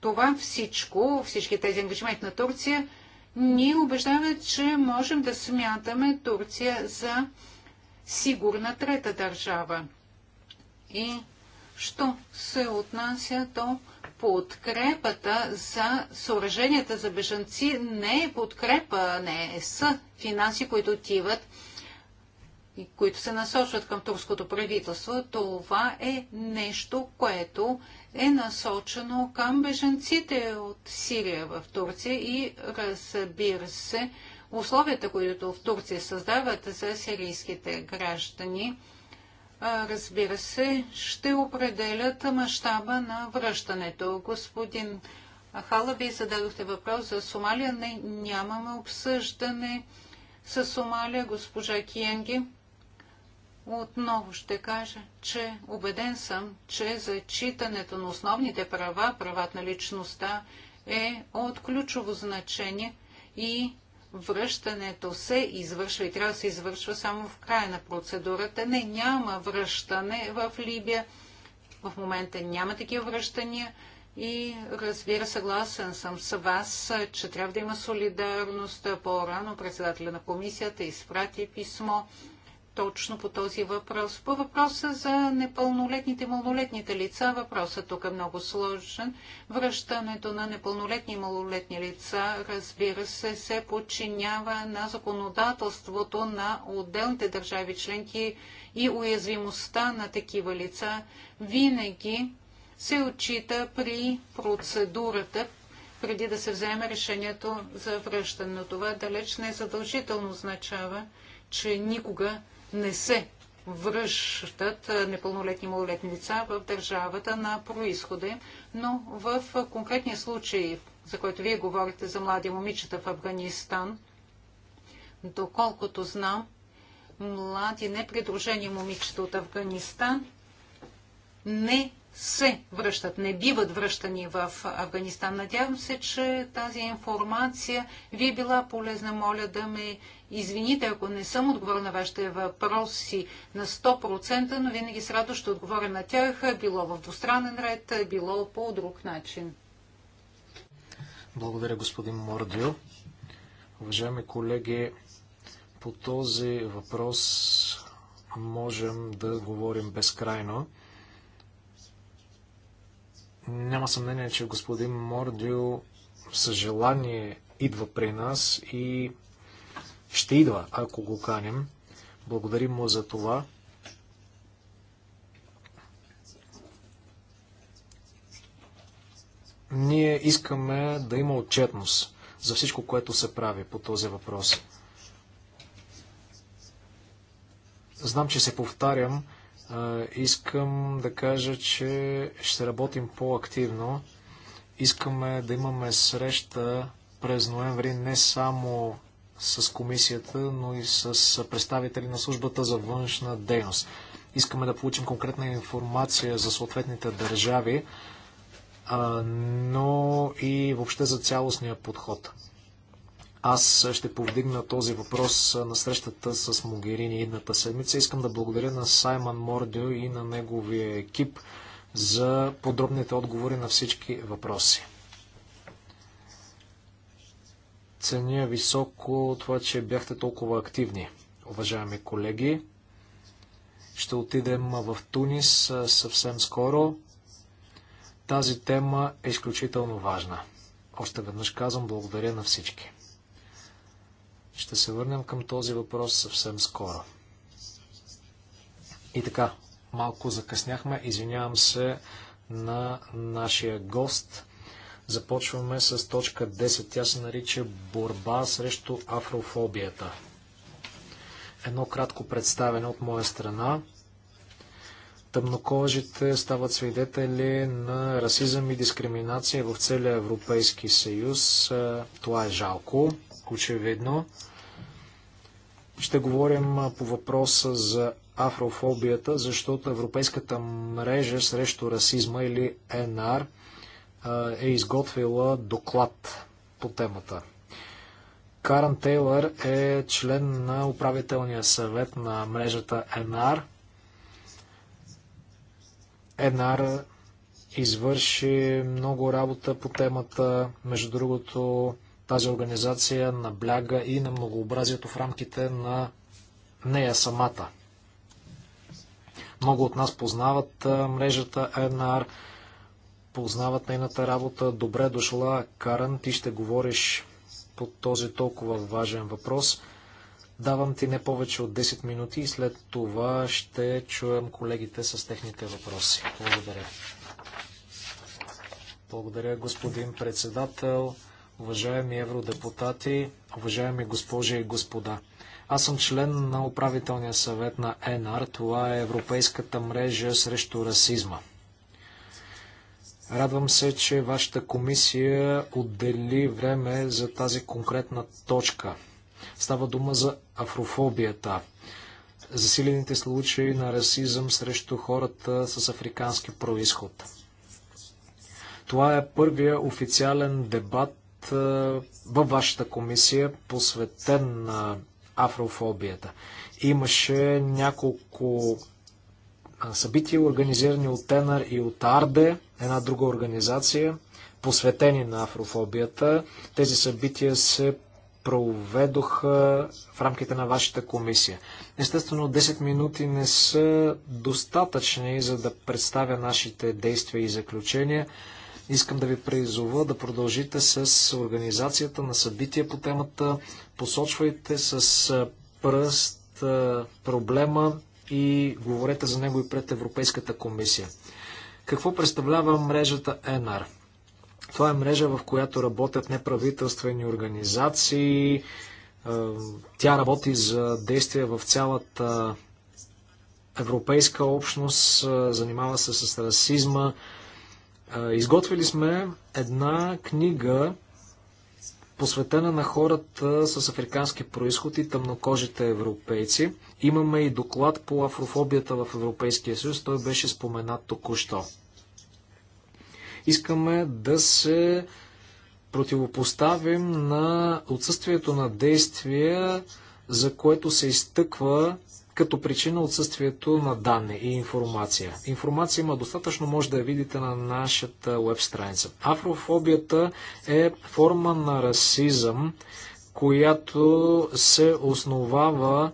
това всичко, всички тези ангажименти на Турция, ни убеждават, че можем да смятаме Турция за сигурна трета държава. И що се отнася до подкрепата за съоръженията за бежанци не е подкрепа, не е с финанси, които отиват и които се насочват към турското правителство. Това е нещо, което е насочено към бежанците от Сирия в Турция и разбира се, условията, които в Турция създават за сирийските граждани – разбира се, ще определят мащаба на връщането. Господин Хала, вие зададохте въпрос за Сомалия. Не, нямаме обсъждане с Сомалия. Госпожа Киенги, отново ще кажа, че убеден съм, че зачитането на основните права, правата на личността е от ключово значение и връщането се извършва и трябва да се извършва само в края на процедурата. Не, няма връщане в Либия. В момента няма такива връщания. И разбира, съгласен съм с вас, че трябва да има солидарност. По-рано председателя на комисията изпрати писмо точно по този въпрос. По въпроса за непълнолетните и малолетните лица, въпросът тук е много сложен. Връщането на непълнолетни и малолетни лица, разбира се, се подчинява на законодателството на отделните държави членки и уязвимостта на такива лица винаги се отчита при процедурата, преди да се вземе решението за връщане. Но това далеч не задължително означава, че никога не се връщат непълнолетни малолетни лица в държавата на происхода, но в конкретния случай, за който вие говорите за млади момичета в Афганистан, доколкото знам, млади непридружени момичета от Афганистан не се връщат, не биват връщани в Афганистан. Надявам се, че тази информация ви е била полезна. Моля да ме извините, ако не съм отговорил на вашите въпроси на 100%, но винаги с радост ще отговоря на тях, било в двустранен ред, било по друг начин. Благодаря, господин Мордио. Уважаеми колеги, по този въпрос можем да говорим безкрайно. Няма съмнение, че господин Мордио със желание идва при нас и ще идва, ако го каним. Благодарим му за това. Ние искаме да има отчетност за всичко, което се прави по този въпрос. Знам, че се повтарям, Искам да кажа, че ще работим по-активно. Искаме да имаме среща през ноември не само с комисията, но и с представители на службата за външна дейност. Искаме да получим конкретна информация за съответните държави, но и въобще за цялостния подход. Аз ще повдигна този въпрос на срещата с Могерини едната седмица. Искам да благодаря на Саймън Мордио и на неговия екип за подробните отговори на всички въпроси. Ценя високо това, че бяхте толкова активни, уважаеми колеги. Ще отидем в Тунис съвсем скоро. Тази тема е изключително важна. Още веднъж казвам благодаря на всички. Ще се върнем към този въпрос съвсем скоро. И така, малко закъсняхме. Извинявам се на нашия гост. Започваме с точка 10. Тя се нарича Борба срещу афрофобията. Едно кратко представене от моя страна. Тъмнокожите стават свидетели на расизъм и дискриминация в целия Европейски съюз. Е, това е жалко очевидно. Ще говорим по въпроса за афрофобията, защото Европейската мрежа срещу расизма или ЕНАР е изготвила доклад по темата. Каран Тейлър е член на управителния съвет на мрежата ЕНАР. ЕНАР извърши много работа по темата. Между другото, тази организация набляга и на многообразието в рамките на нея самата. Много от нас познават мрежата Енар, познават нейната работа. Добре дошла, Каран, ти ще говориш по този толкова важен въпрос. Давам ти не повече от 10 минути и след това ще чуем колегите с техните въпроси. Благодаря. Благодаря, господин председател уважаеми евродепутати, уважаеми госпожи и господа. Аз съм член на управителния съвет на ЕНАР. Това е Европейската мрежа срещу расизма. Радвам се, че вашата комисия отдели време за тази конкретна точка. Става дума за афрофобията. Засилените случаи на расизъм срещу хората с африкански происход. Това е първия официален дебат във вашата комисия, посветен на афрофобията. Имаше няколко събития, организирани от Тенър и от Арде, една друга организация, посветени на афрофобията. Тези събития се проведоха в рамките на вашата комисия. Естествено, 10 минути не са достатъчни, за да представя нашите действия и заключения. Искам да ви призова да продължите с организацията на събития по темата. Посочвайте с пръст проблема и говорете за него и пред Европейската комисия. Какво представлява мрежата ЕНАР? Това е мрежа, в която работят неправителствени организации. Тя работи за действия в цялата европейска общност, занимава се с расизма, Изготвили сме една книга, посветена на хората с африкански происход и тъмнокожите европейци. Имаме и доклад по афрофобията в Европейския съюз. Той беше споменат току-що. Искаме да се противопоставим на отсъствието на действия, за което се изтъква като причина отсъствието на данни и информация. Информация има достатъчно, може да я видите на нашата веб страница. Афрофобията е форма на расизъм, която се основава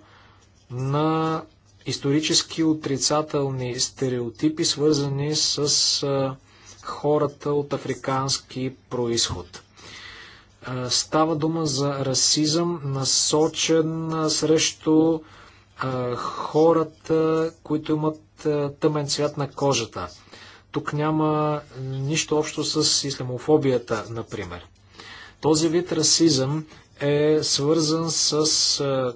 на исторически отрицателни стереотипи, свързани с хората от африкански происход. Става дума за расизъм, насочен срещу хората, които имат тъмен цвят на кожата. Тук няма нищо общо с исламофобията, например. Този вид расизъм е свързан с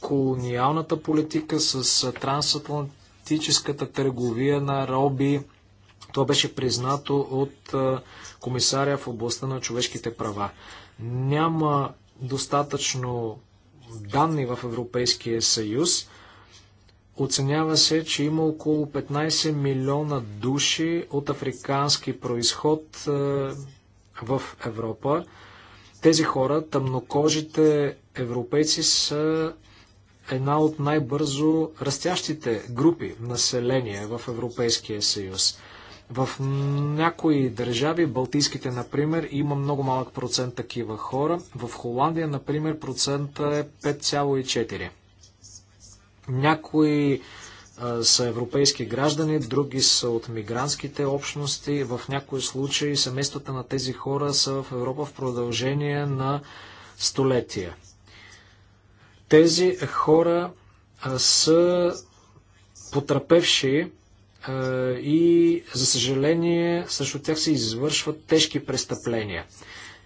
колониалната политика, с трансатлантическата търговия на роби. Това беше признато от комисаря в областта на човешките права. Няма достатъчно данни в Европейския съюз. Оценява се, че има около 15 милиона души от африкански происход е, в Европа. Тези хора, тъмнокожите европейци, са една от най-бързо растящите групи население в Европейския съюз. В някои държави, балтийските, например, има много малък процент такива хора. В Холандия, например, процента е 5,4. Някои а, са европейски граждани, други са от мигрантските общности. В някои случаи семействата на тези хора са в Европа в продължение на столетия. Тези хора а, са потрапевши и, за съжаление, срещу тях се извършват тежки престъпления.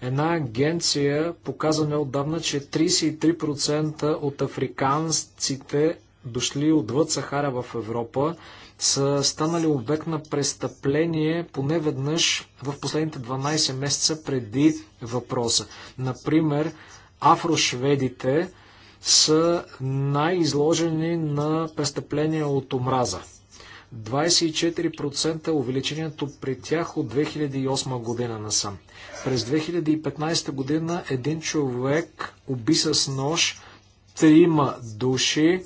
Една агенция показа неотдавна, че 33% от африканците, дошли отвъд Сахара в Европа, са станали обект на престъпление поне веднъж в последните 12 месеца преди въпроса. Например, афрошведите са най-изложени на престъпления от омраза. 24% увеличението при тях от 2008 година насам. През 2015 година един човек уби с нож трима души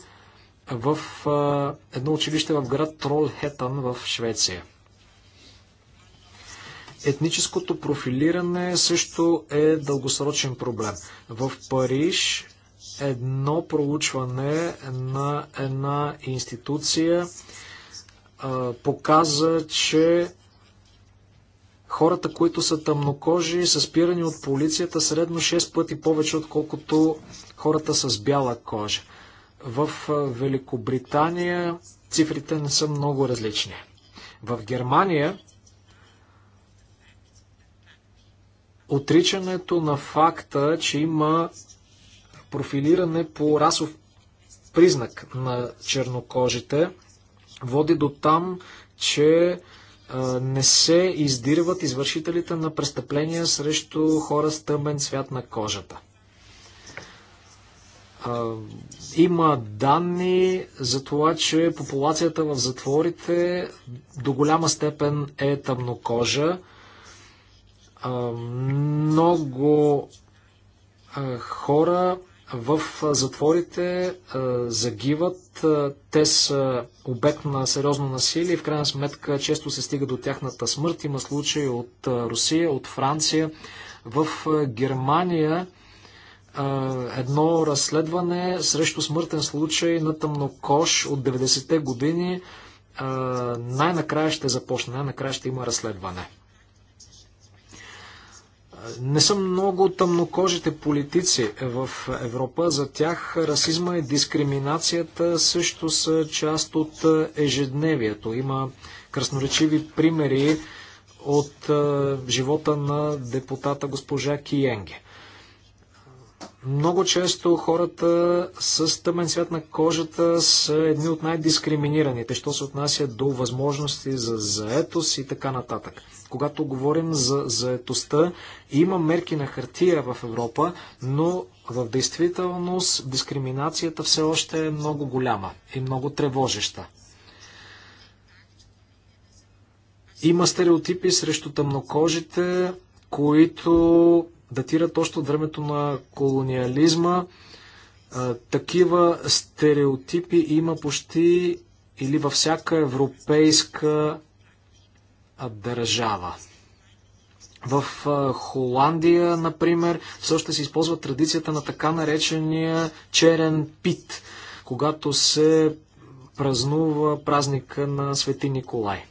в а, едно училище в град Тролхетън в Швеция. Етническото профилиране също е дългосрочен проблем. В Париж едно проучване на една институция показа, че хората, които са тъмнокожи, са спирани от полицията средно 6 пъти повече, отколкото хората с бяла кожа. В Великобритания цифрите не са много различни. В Германия отричането на факта, че има профилиране по расов признак на чернокожите – води до там, че не се издирват извършителите на престъпления срещу хора с тъмен цвят на кожата. Има данни за това, че популацията в затворите до голяма степен е тъмнокожа. Много хора в затворите загиват, те са обект на сериозно насилие и в крайна сметка често се стига до тяхната смърт. Има случаи от Русия, от Франция. В Германия едно разследване срещу смъртен случай на тъмнокош от 90-те години най-накрая ще започне, най-накрая ще има разследване. Не са много тъмнокожите политици в Европа. За тях расизма и дискриминацията също са част от е, ежедневието. Има красноречиви примери от е, живота на депутата госпожа Киенге. Много често хората с тъмен цвят на кожата са едни от най-дискриминираните, що се отнася до възможности за заетост и така нататък когато говорим за заетостта, има мерки на хартия в Европа, но в действителност дискриминацията все още е много голяма и много тревожеща. Има стереотипи срещу тъмнокожите, които датират още от времето на колониализма. Такива стереотипи има почти или във всяка европейска държава. В Холандия, например, все още се използва традицията на така наречения черен пит, когато се празнува празника на Свети Николай.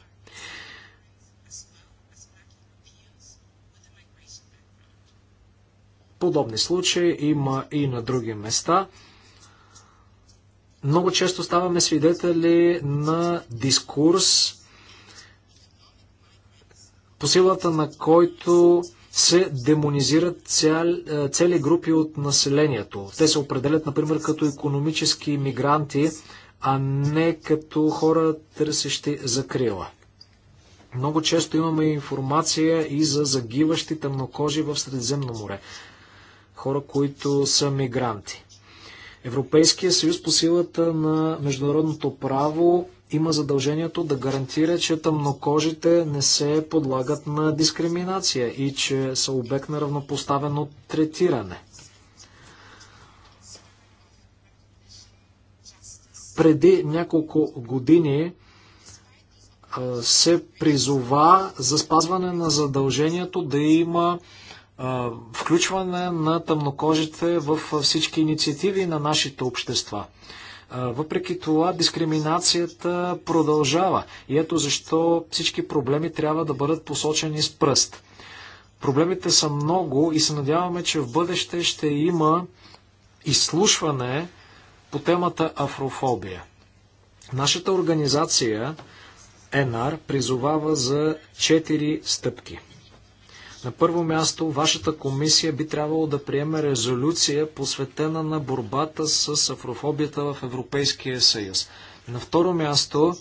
Подобни случаи има и на други места. Много често ставаме свидетели на дискурс, по силата на който се демонизират е, цели групи от населението. Те се определят, например, като економически мигранти, а не като хора, търсещи закрила. Много често имаме информация и за загиващи тъмнокожи в Средиземно море. Хора, които са мигранти. Европейския съюз по силата на международното право има задължението да гарантира, че тъмнокожите не се подлагат на дискриминация и че са обект на равнопоставено третиране. Преди няколко години се призова за спазване на задължението да има включване на тъмнокожите в всички инициативи на нашите общества. Въпреки това, дискриминацията продължава. И ето защо всички проблеми трябва да бъдат посочени с пръст. Проблемите са много и се надяваме, че в бъдеще ще има изслушване по темата афрофобия. Нашата организация ЕНАР призовава за четири стъпки – на първо място, вашата комисия би трябвало да приеме резолюция, посветена на борбата с афрофобията в Европейския съюз. На второ място,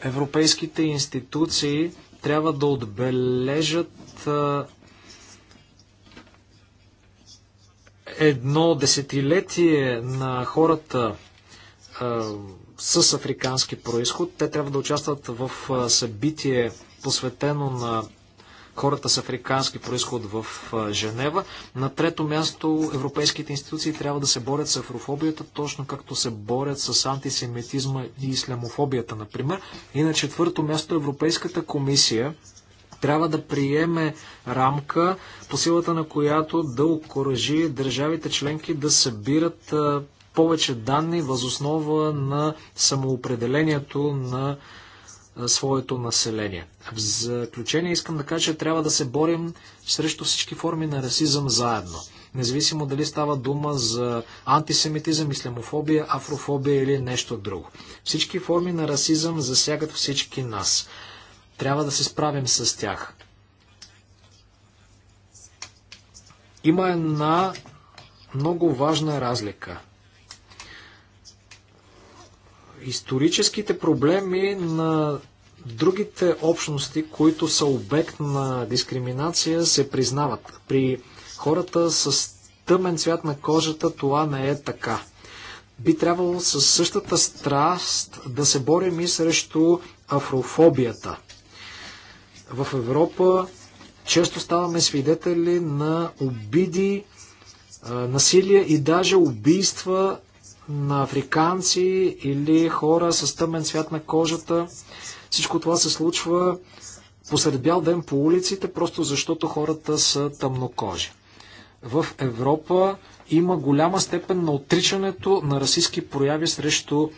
европейските институции трябва да отбележат едно десетилетие на хората с африкански происход. Те трябва да участват в събитие посветено на хората с африкански происход в Женева. На трето място европейските институции трябва да се борят с афрофобията, точно както се борят с антисемитизма и ислямофобията, например. И на четвърто място Европейската комисия трябва да приеме рамка, по силата на която да окоръжи държавите членки да събират повече данни възоснова на самоопределението на своето население. В заключение искам да кажа, че трябва да се борим срещу всички форми на расизъм заедно. Независимо дали става дума за антисемитизъм, ислямофобия, афрофобия или нещо друго. Всички форми на расизъм засягат всички нас. Трябва да се справим с тях. Има една много важна разлика историческите проблеми на другите общности, които са обект на дискриминация, се признават. При хората с тъмен цвят на кожата това не е така. Би трябвало със същата страст да се борим и срещу афрофобията. В Европа често ставаме свидетели на обиди, насилие и даже убийства на африканци или хора с тъмен цвят на кожата. Всичко това се случва посред бял ден по улиците, просто защото хората са тъмнокожи. В Европа има голяма степен на отричането на расистски прояви срещу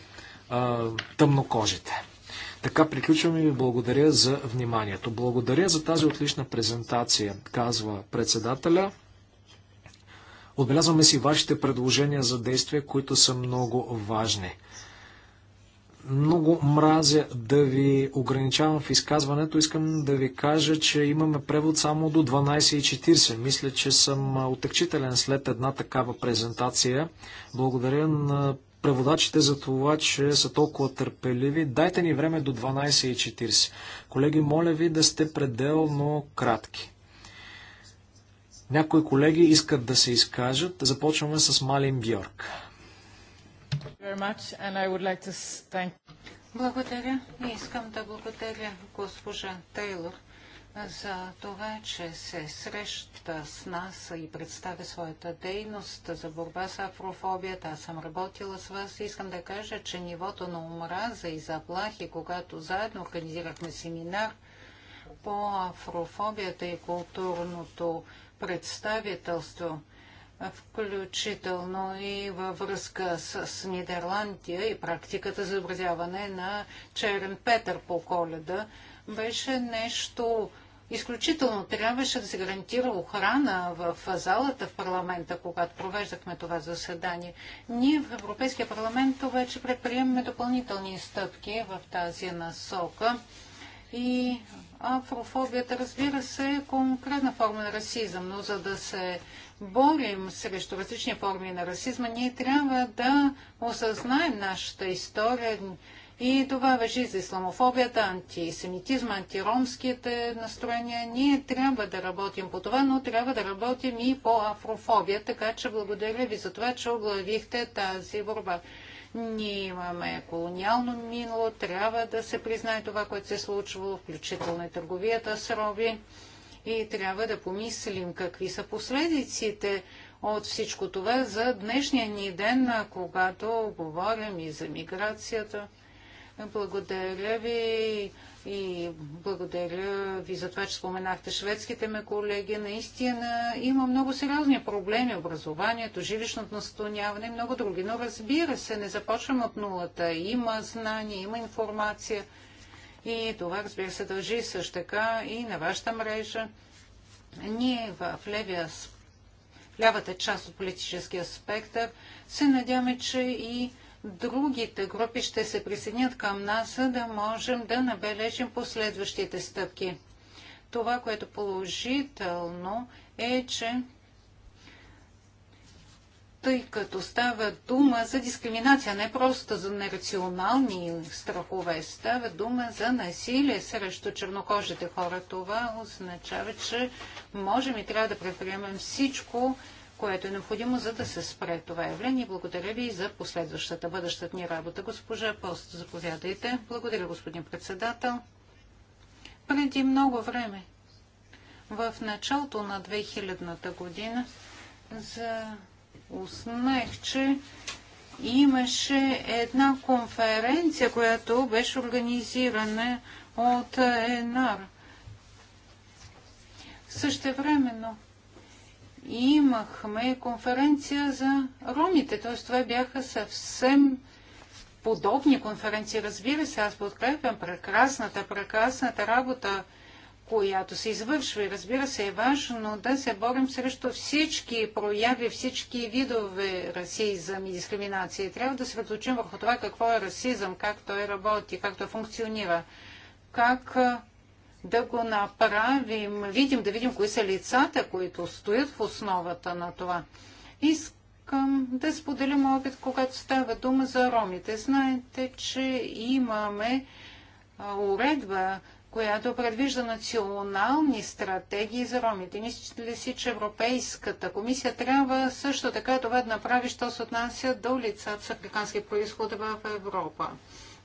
а, тъмнокожите. Така приключвам и ви благодаря за вниманието. Благодаря за тази отлична презентация, казва председателя. Отбелязваме си вашите предложения за действия, които са много важни. Много мразя да ви ограничавам в изказването. Искам да ви кажа, че имаме превод само до 12.40. Мисля, че съм отекчителен след една такава презентация. Благодаря на преводачите за това, че са толкова търпеливи. Дайте ни време до 12.40. Колеги, моля ви да сте пределно кратки. Някои колеги искат да се изкажат. Започваме с Малин Бьорк. Благодаря. И искам да благодаря госпожа Тейлор за това, че се среща с нас и представя своята дейност за борба с афрофобията. Аз съм работила с вас и искам да кажа, че нивото на омраза и заплахи, когато заедно организирахме семинар по афрофобията и културното представителство, включително и във връзка с, с Нидерландия и практиката за образяване на Черен Петър по коледа, беше нещо изключително. Трябваше да се гарантира охрана в залата в парламента, когато провеждахме това заседание. Ние в Европейския парламент вече предприемаме допълнителни стъпки в тази насока и Афрофобията, разбира се, е конкретна форма на расизъм, но за да се борим срещу различни форми на расизма, ние трябва да осъзнаем нашата история и това въжи за исламофобията, антисемитизма, антиромските настроения. Ние трябва да работим по това, но трябва да работим и по афрофобия, така че благодаря ви за това, че оглавихте тази борба. Ние имаме колониално минало, трябва да се признае това, което се е случвало, включително и търговията с роби. И трябва да помислим какви са последиците от всичко това за днешния ни ден, когато говорим и за миграцията. Благодаря ви и благодаря ви за това, че споменахте шведските ме колеги. Наистина има много сериозни проблеми. Образованието, жилищното настояване и много други. Но разбира се, не започвам от нулата. Има знания, има информация. И това, разбира се, дължи също така и на вашата мрежа. Ние в левия, в лявата част от политическия спектър се надяваме, че и другите групи ще се присъединят към нас, за да можем да набележим последващите стъпки. Това, което е положително е, че тъй като става дума за дискриминация, не просто за нерационални страхове, става дума за насилие срещу чернокожите хора. Това означава, че можем и трябва да предприемем всичко, което е необходимо, за да се спре това явление. Благодаря ви за последващата бъдещата ни работа. Госпожа Пост, заповядайте. Благодаря, господин председател. Преди много време, в началото на 2000-та година, за... уснах, че имаше една конференция, която беше организирана от ЕНАР. Същевременно имахме конференция за ромите, т.е. това бяха съвсем подобни конференции. Разбира се, аз подкрепям прекрасната, прекрасната работа, която се извършва. И разбира се, е важно да се борим срещу всички прояви, всички видове расизъм и дискриминация. Трябва да се разлучим върху това какво е расизъм, как той работи, как той функционира, как да го направим, видим, да видим кои са лицата, които стоят в основата на това. Искам да споделим опит, когато става дума за ромите. Знаете, че имаме уредба, която предвижда национални стратегии за ромите. Мисля ли си, че Европейската комисия трябва също така това да направи, що се отнася до лицата с африкански происход в Европа?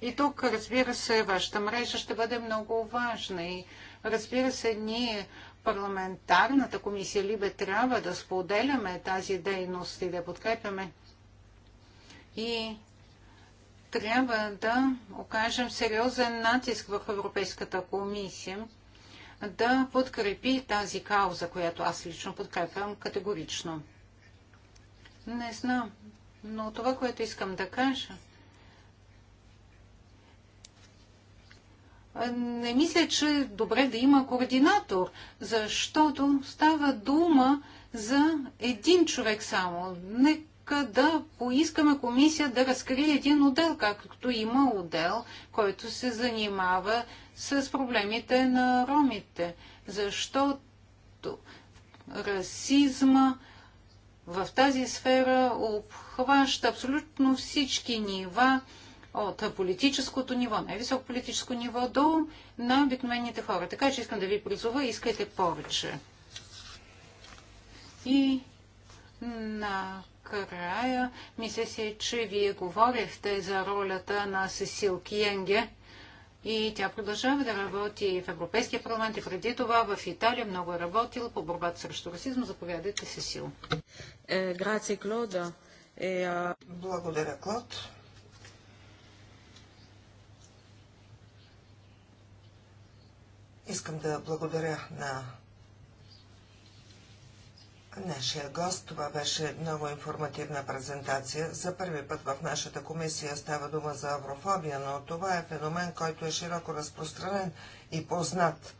И тук, разбира се, вашата мрежа ще бъде много важна и разбира се, ние парламентарната комисия Либе трябва да споделяме тази дейност и да подкрепяме. И трябва да окажем сериозен натиск върху Европейската комисия да подкрепи тази кауза, която аз лично подкрепям категорично. Не знам, но това, което искам да кажа, не мисля, че е добре да има координатор, защото става дума за един човек само. Нека да поискаме комисия да разкрие един отдел, както има отдел, който се занимава с проблемите на ромите. Защото расизма в тази сфера обхваща абсолютно всички нива от политическото ниво, най-високо политическо ниво до на обикновените хора. Така че искам да ви призова, искайте повече. И на ми мисля си, че вие говорихте за ролята на Сесил Киенге. И тя продължава да работи в Европейския парламент и преди това в Италия много е работила по борбата срещу расизма. Заповядайте, Сесил. Е, Клода. Е, Благодаря, Клод. Искам да благодаря на нашия гост. Това беше много информативна презентация. За първи път в нашата комисия става дума за аврофобия, но това е феномен, който е широко разпространен и познат.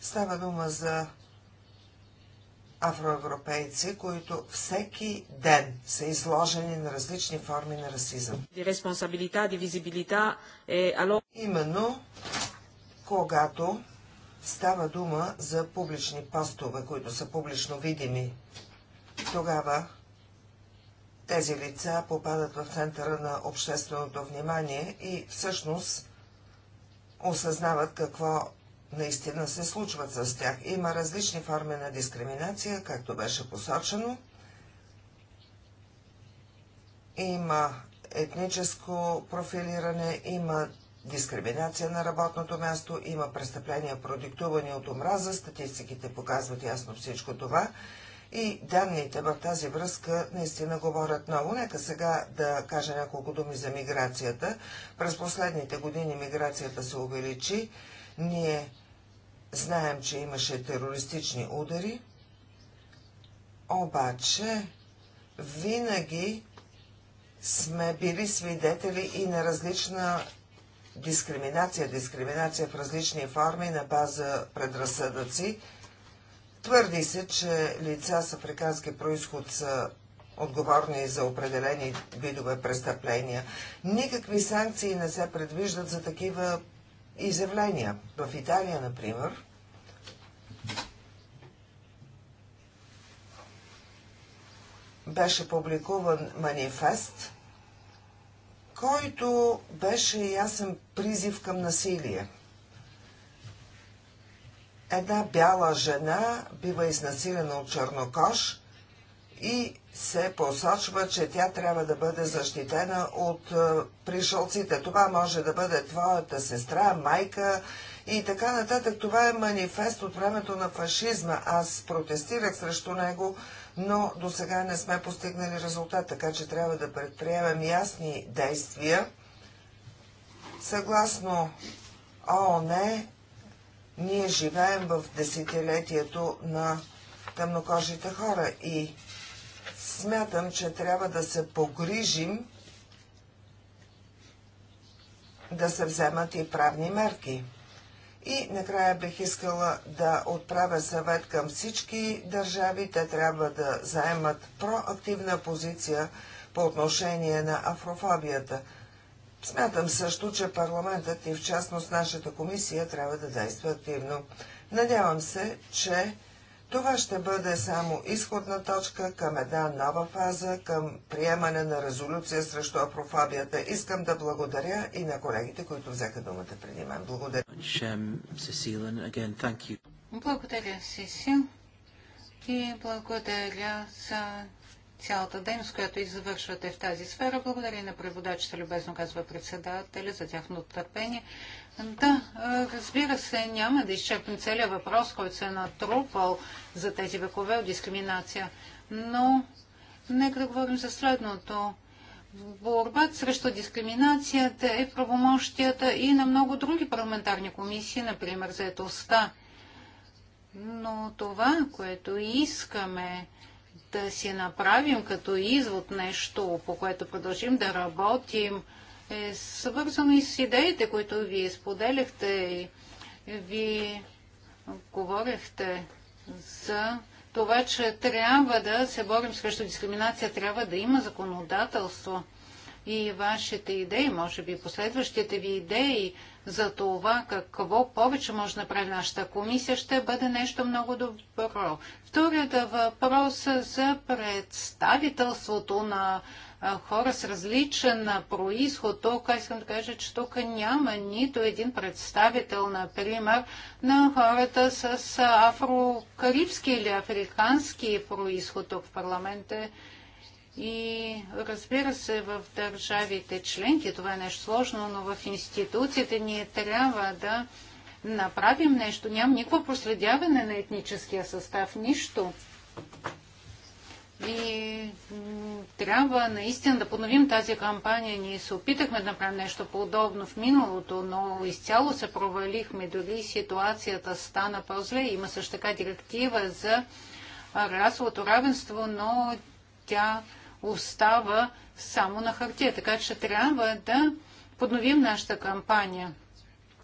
Става дума за афроевропейци, които всеки ден са изложени на различни форми на расизъм. Е, Именно когато става дума за публични постове, които са публично видими, тогава тези лица попадат в центъра на общественото внимание и всъщност осъзнават какво наистина се случват с тях. Има различни форми на дискриминация, както беше посочено. Има етническо профилиране, има дискриминация на работното място, има престъпления, продиктувани от омраза, статистиките показват ясно всичко това и данните в тази връзка наистина говорят много. Нека сега да кажа няколко думи за миграцията. През последните години миграцията се увеличи. Ние знаем, че имаше терористични удари, обаче винаги сме били свидетели и на различна дискриминация, дискриминация в различни форми на база предразсъдъци. Твърди се, че лица с африкански происход са отговорни за определени видове престъпления. Никакви санкции не се предвиждат за такива изявления. В Италия, например, беше публикуван манифест, който беше ясен призив към насилие. Една бяла жена бива изнасилена от чернокож и се посочва, че тя трябва да бъде защитена от е, пришълците. Това може да бъде твоята сестра, майка и така нататък. Това е манифест от времето на фашизма. Аз протестирах срещу него, но до сега не сме постигнали резултат, така че трябва да предприемем ясни действия. Съгласно ООН, ние живеем в десетилетието на тъмнокожите хора и смятам, че трябва да се погрижим да се вземат и правни мерки. И накрая бих искала да отправя съвет към всички държави. Те трябва да заемат проактивна позиция по отношение на афрофобията. Смятам също, че парламентът и в частност нашата комисия трябва да действа активно. Надявам се, че това ще бъде само изходна точка към една нова фаза, към приемане на резолюция срещу афрофабията. Искам да благодаря и на колегите, които взеха думата преди мен. Благодаря. Благодаря, Сесил. И благодаря за цялата дейност, която извършвате в тази сфера. Благодаря и на преводачите, любезно казва председателя, за тяхното търпение. Да, разбира се, няма да изчерпим целият въпрос, който се е натрупал за тези векове от дискриминация. Но нека да говорим за следното. Борбата срещу дискриминацията е правомощията и на много други парламентарни комисии, например за етоста. Но това, което искаме да си направим като извод нещо, по което продължим да работим – е свързано и с идеите, които вие споделяхте и ви говорихте за това, че трябва да се борим срещу дискриминация, трябва да има законодателство и вашите идеи, може би последващите ви идеи за това какво повече може да направи нашата комисия, ще бъде нещо много добро. Вторият въпрос е за представителството на хора с различен происход, тук искам да кажа, че тук няма нито един представител, например, на хората с афрокарибски или африкански происход тук в парламента. И разбира се, в държавите членки това е нещо сложно, но в институциите ние трябва да направим нещо. Няма никакво проследяване на етническия състав, нищо. И трябва наистина да подновим тази кампания. Ние се опитахме да направим нещо подобно в миналото, но изцяло се провалихме. Дори ситуацията стана по-зле. Има също така директива за расовото равенство, но тя остава само на хартия. Така че трябва да подновим нашата кампания.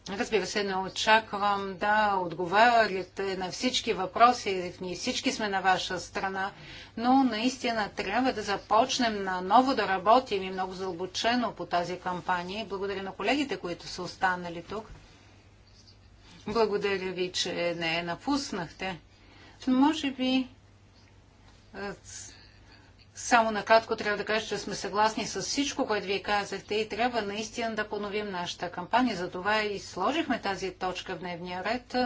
Разбира се, не очаквам да отговаряте на всички въпроси, ние всички сме на ваша страна, но наистина трябва да започнем наново да работим и много задълбочено по тази кампания. Благодаря на колегите, които са останали тук. Благодаря ви, че не напуснахте. Може би само накратко трябва да кажа, че сме съгласни с всичко, което вие казахте и трябва наистина да поновим нашата кампания. Затова и сложихме тази точка в дневния ред.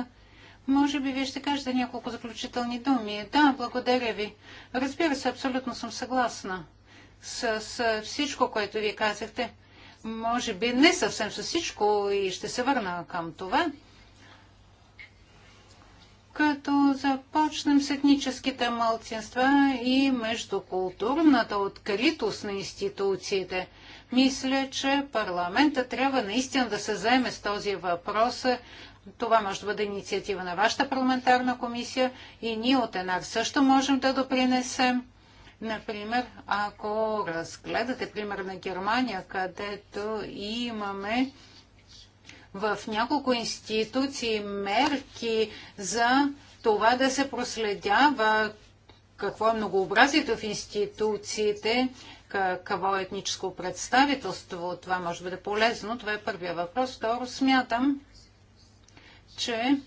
Може би вие ще кажете няколко заключителни думи. Да, благодаря ви. Разбира се, абсолютно съм съгласна с, с всичко, което вие казахте. Може би не съвсем с всичко и ще се върна към това като започнем с етническите малцинства и междукултурната откритост на институциите. Мисля, че парламента трябва наистина да се заеме с този въпрос. Това може да бъде инициатива на вашата парламентарна комисия и ние от една също можем да допринесем. Например, ако разгледате пример на Германия, където имаме в няколко институции мерки за това да се проследява какво е многообразието в институциите, какво е етническо представителство. Това може да бъде полезно. Това е първия въпрос. Второ, смятам, че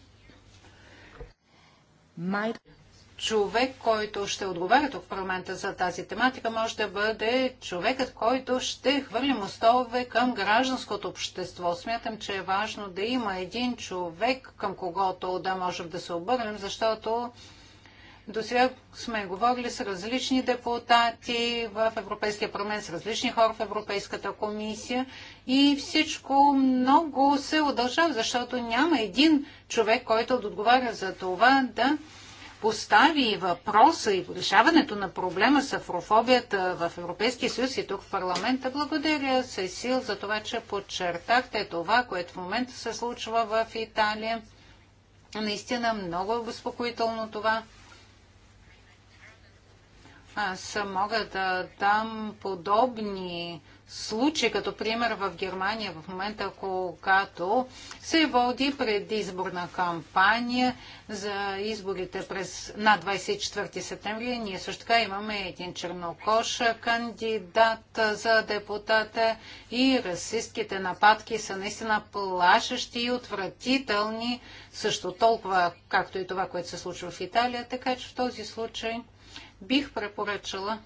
човек, който ще отговаря тук в парламента за тази тематика, може да бъде човекът, който ще хвърли мостове към гражданското общество. Смятам, че е важно да има един човек, към когото да можем да се обърнем, защото до сега сме говорили с различни депутати в Европейския парламент, с различни хора в Европейската комисия и всичко много се удължава, защото няма един човек, който отговаря за това да постави въпроса и решаването на проблема с афрофобията в Европейския съюз и тук в парламента. Благодаря се сил за това, че подчертахте това, което в момента се случва в Италия. Наистина много е обезпокоително това. Аз мога да дам подобни Случай, като пример в Германия в момента, когато се води предизборна кампания за изборите през на 24 септември. Ние също така имаме един чернокош кандидат за депутата и расистските нападки са наистина плашещи и отвратителни, също толкова, както и това, което се случва в Италия, така че в този случай бих препоръчала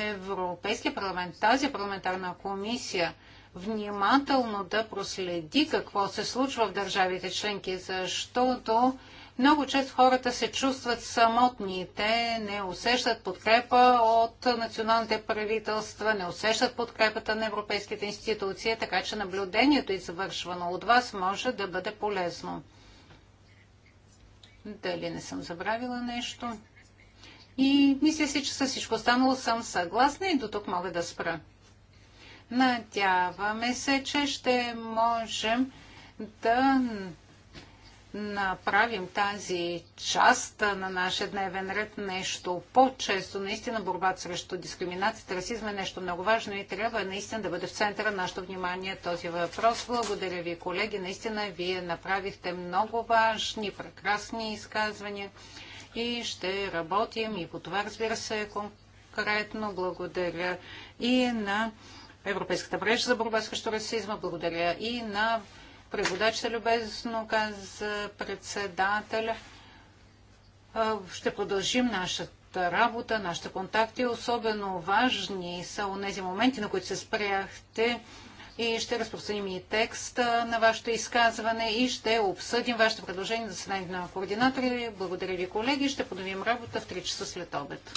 Европейския парламент, тази парламентарна комисия внимателно да проследи какво се случва в държавите членки, защото много често хората се чувстват самотни. Те не усещат подкрепа от националните правителства, не усещат подкрепата на европейските институции, така че наблюдението, извършвано от вас, може да бъде полезно. Дали не съм забравила нещо? И мисля си, че с всичко останало съм съгласна и до тук мога да спра. Надяваме се, че ще можем да направим тази част на нашия дневен ред нещо по-често. Наистина борбата срещу дискриминацията, расизма е нещо много важно и трябва наистина да бъде в центъра на нашето внимание този въпрос. Благодаря ви, колеги. Наистина вие направихте много важни, прекрасни изказвания и ще работим и по това, разбира се, конкретно. Благодаря и на Европейската мрежа за борба срещу расизма. Благодаря и на преводачите, любезно каза председателя. Ще продължим нашата работа, нашите контакти. Особено важни са у нези моменти, на които се спряхте и ще разпространим и текст на вашето изказване и ще обсъдим вашето предложение за заседанието на координатори. Благодаря ви, колеги. Ще подновим работа в 3 часа след обед.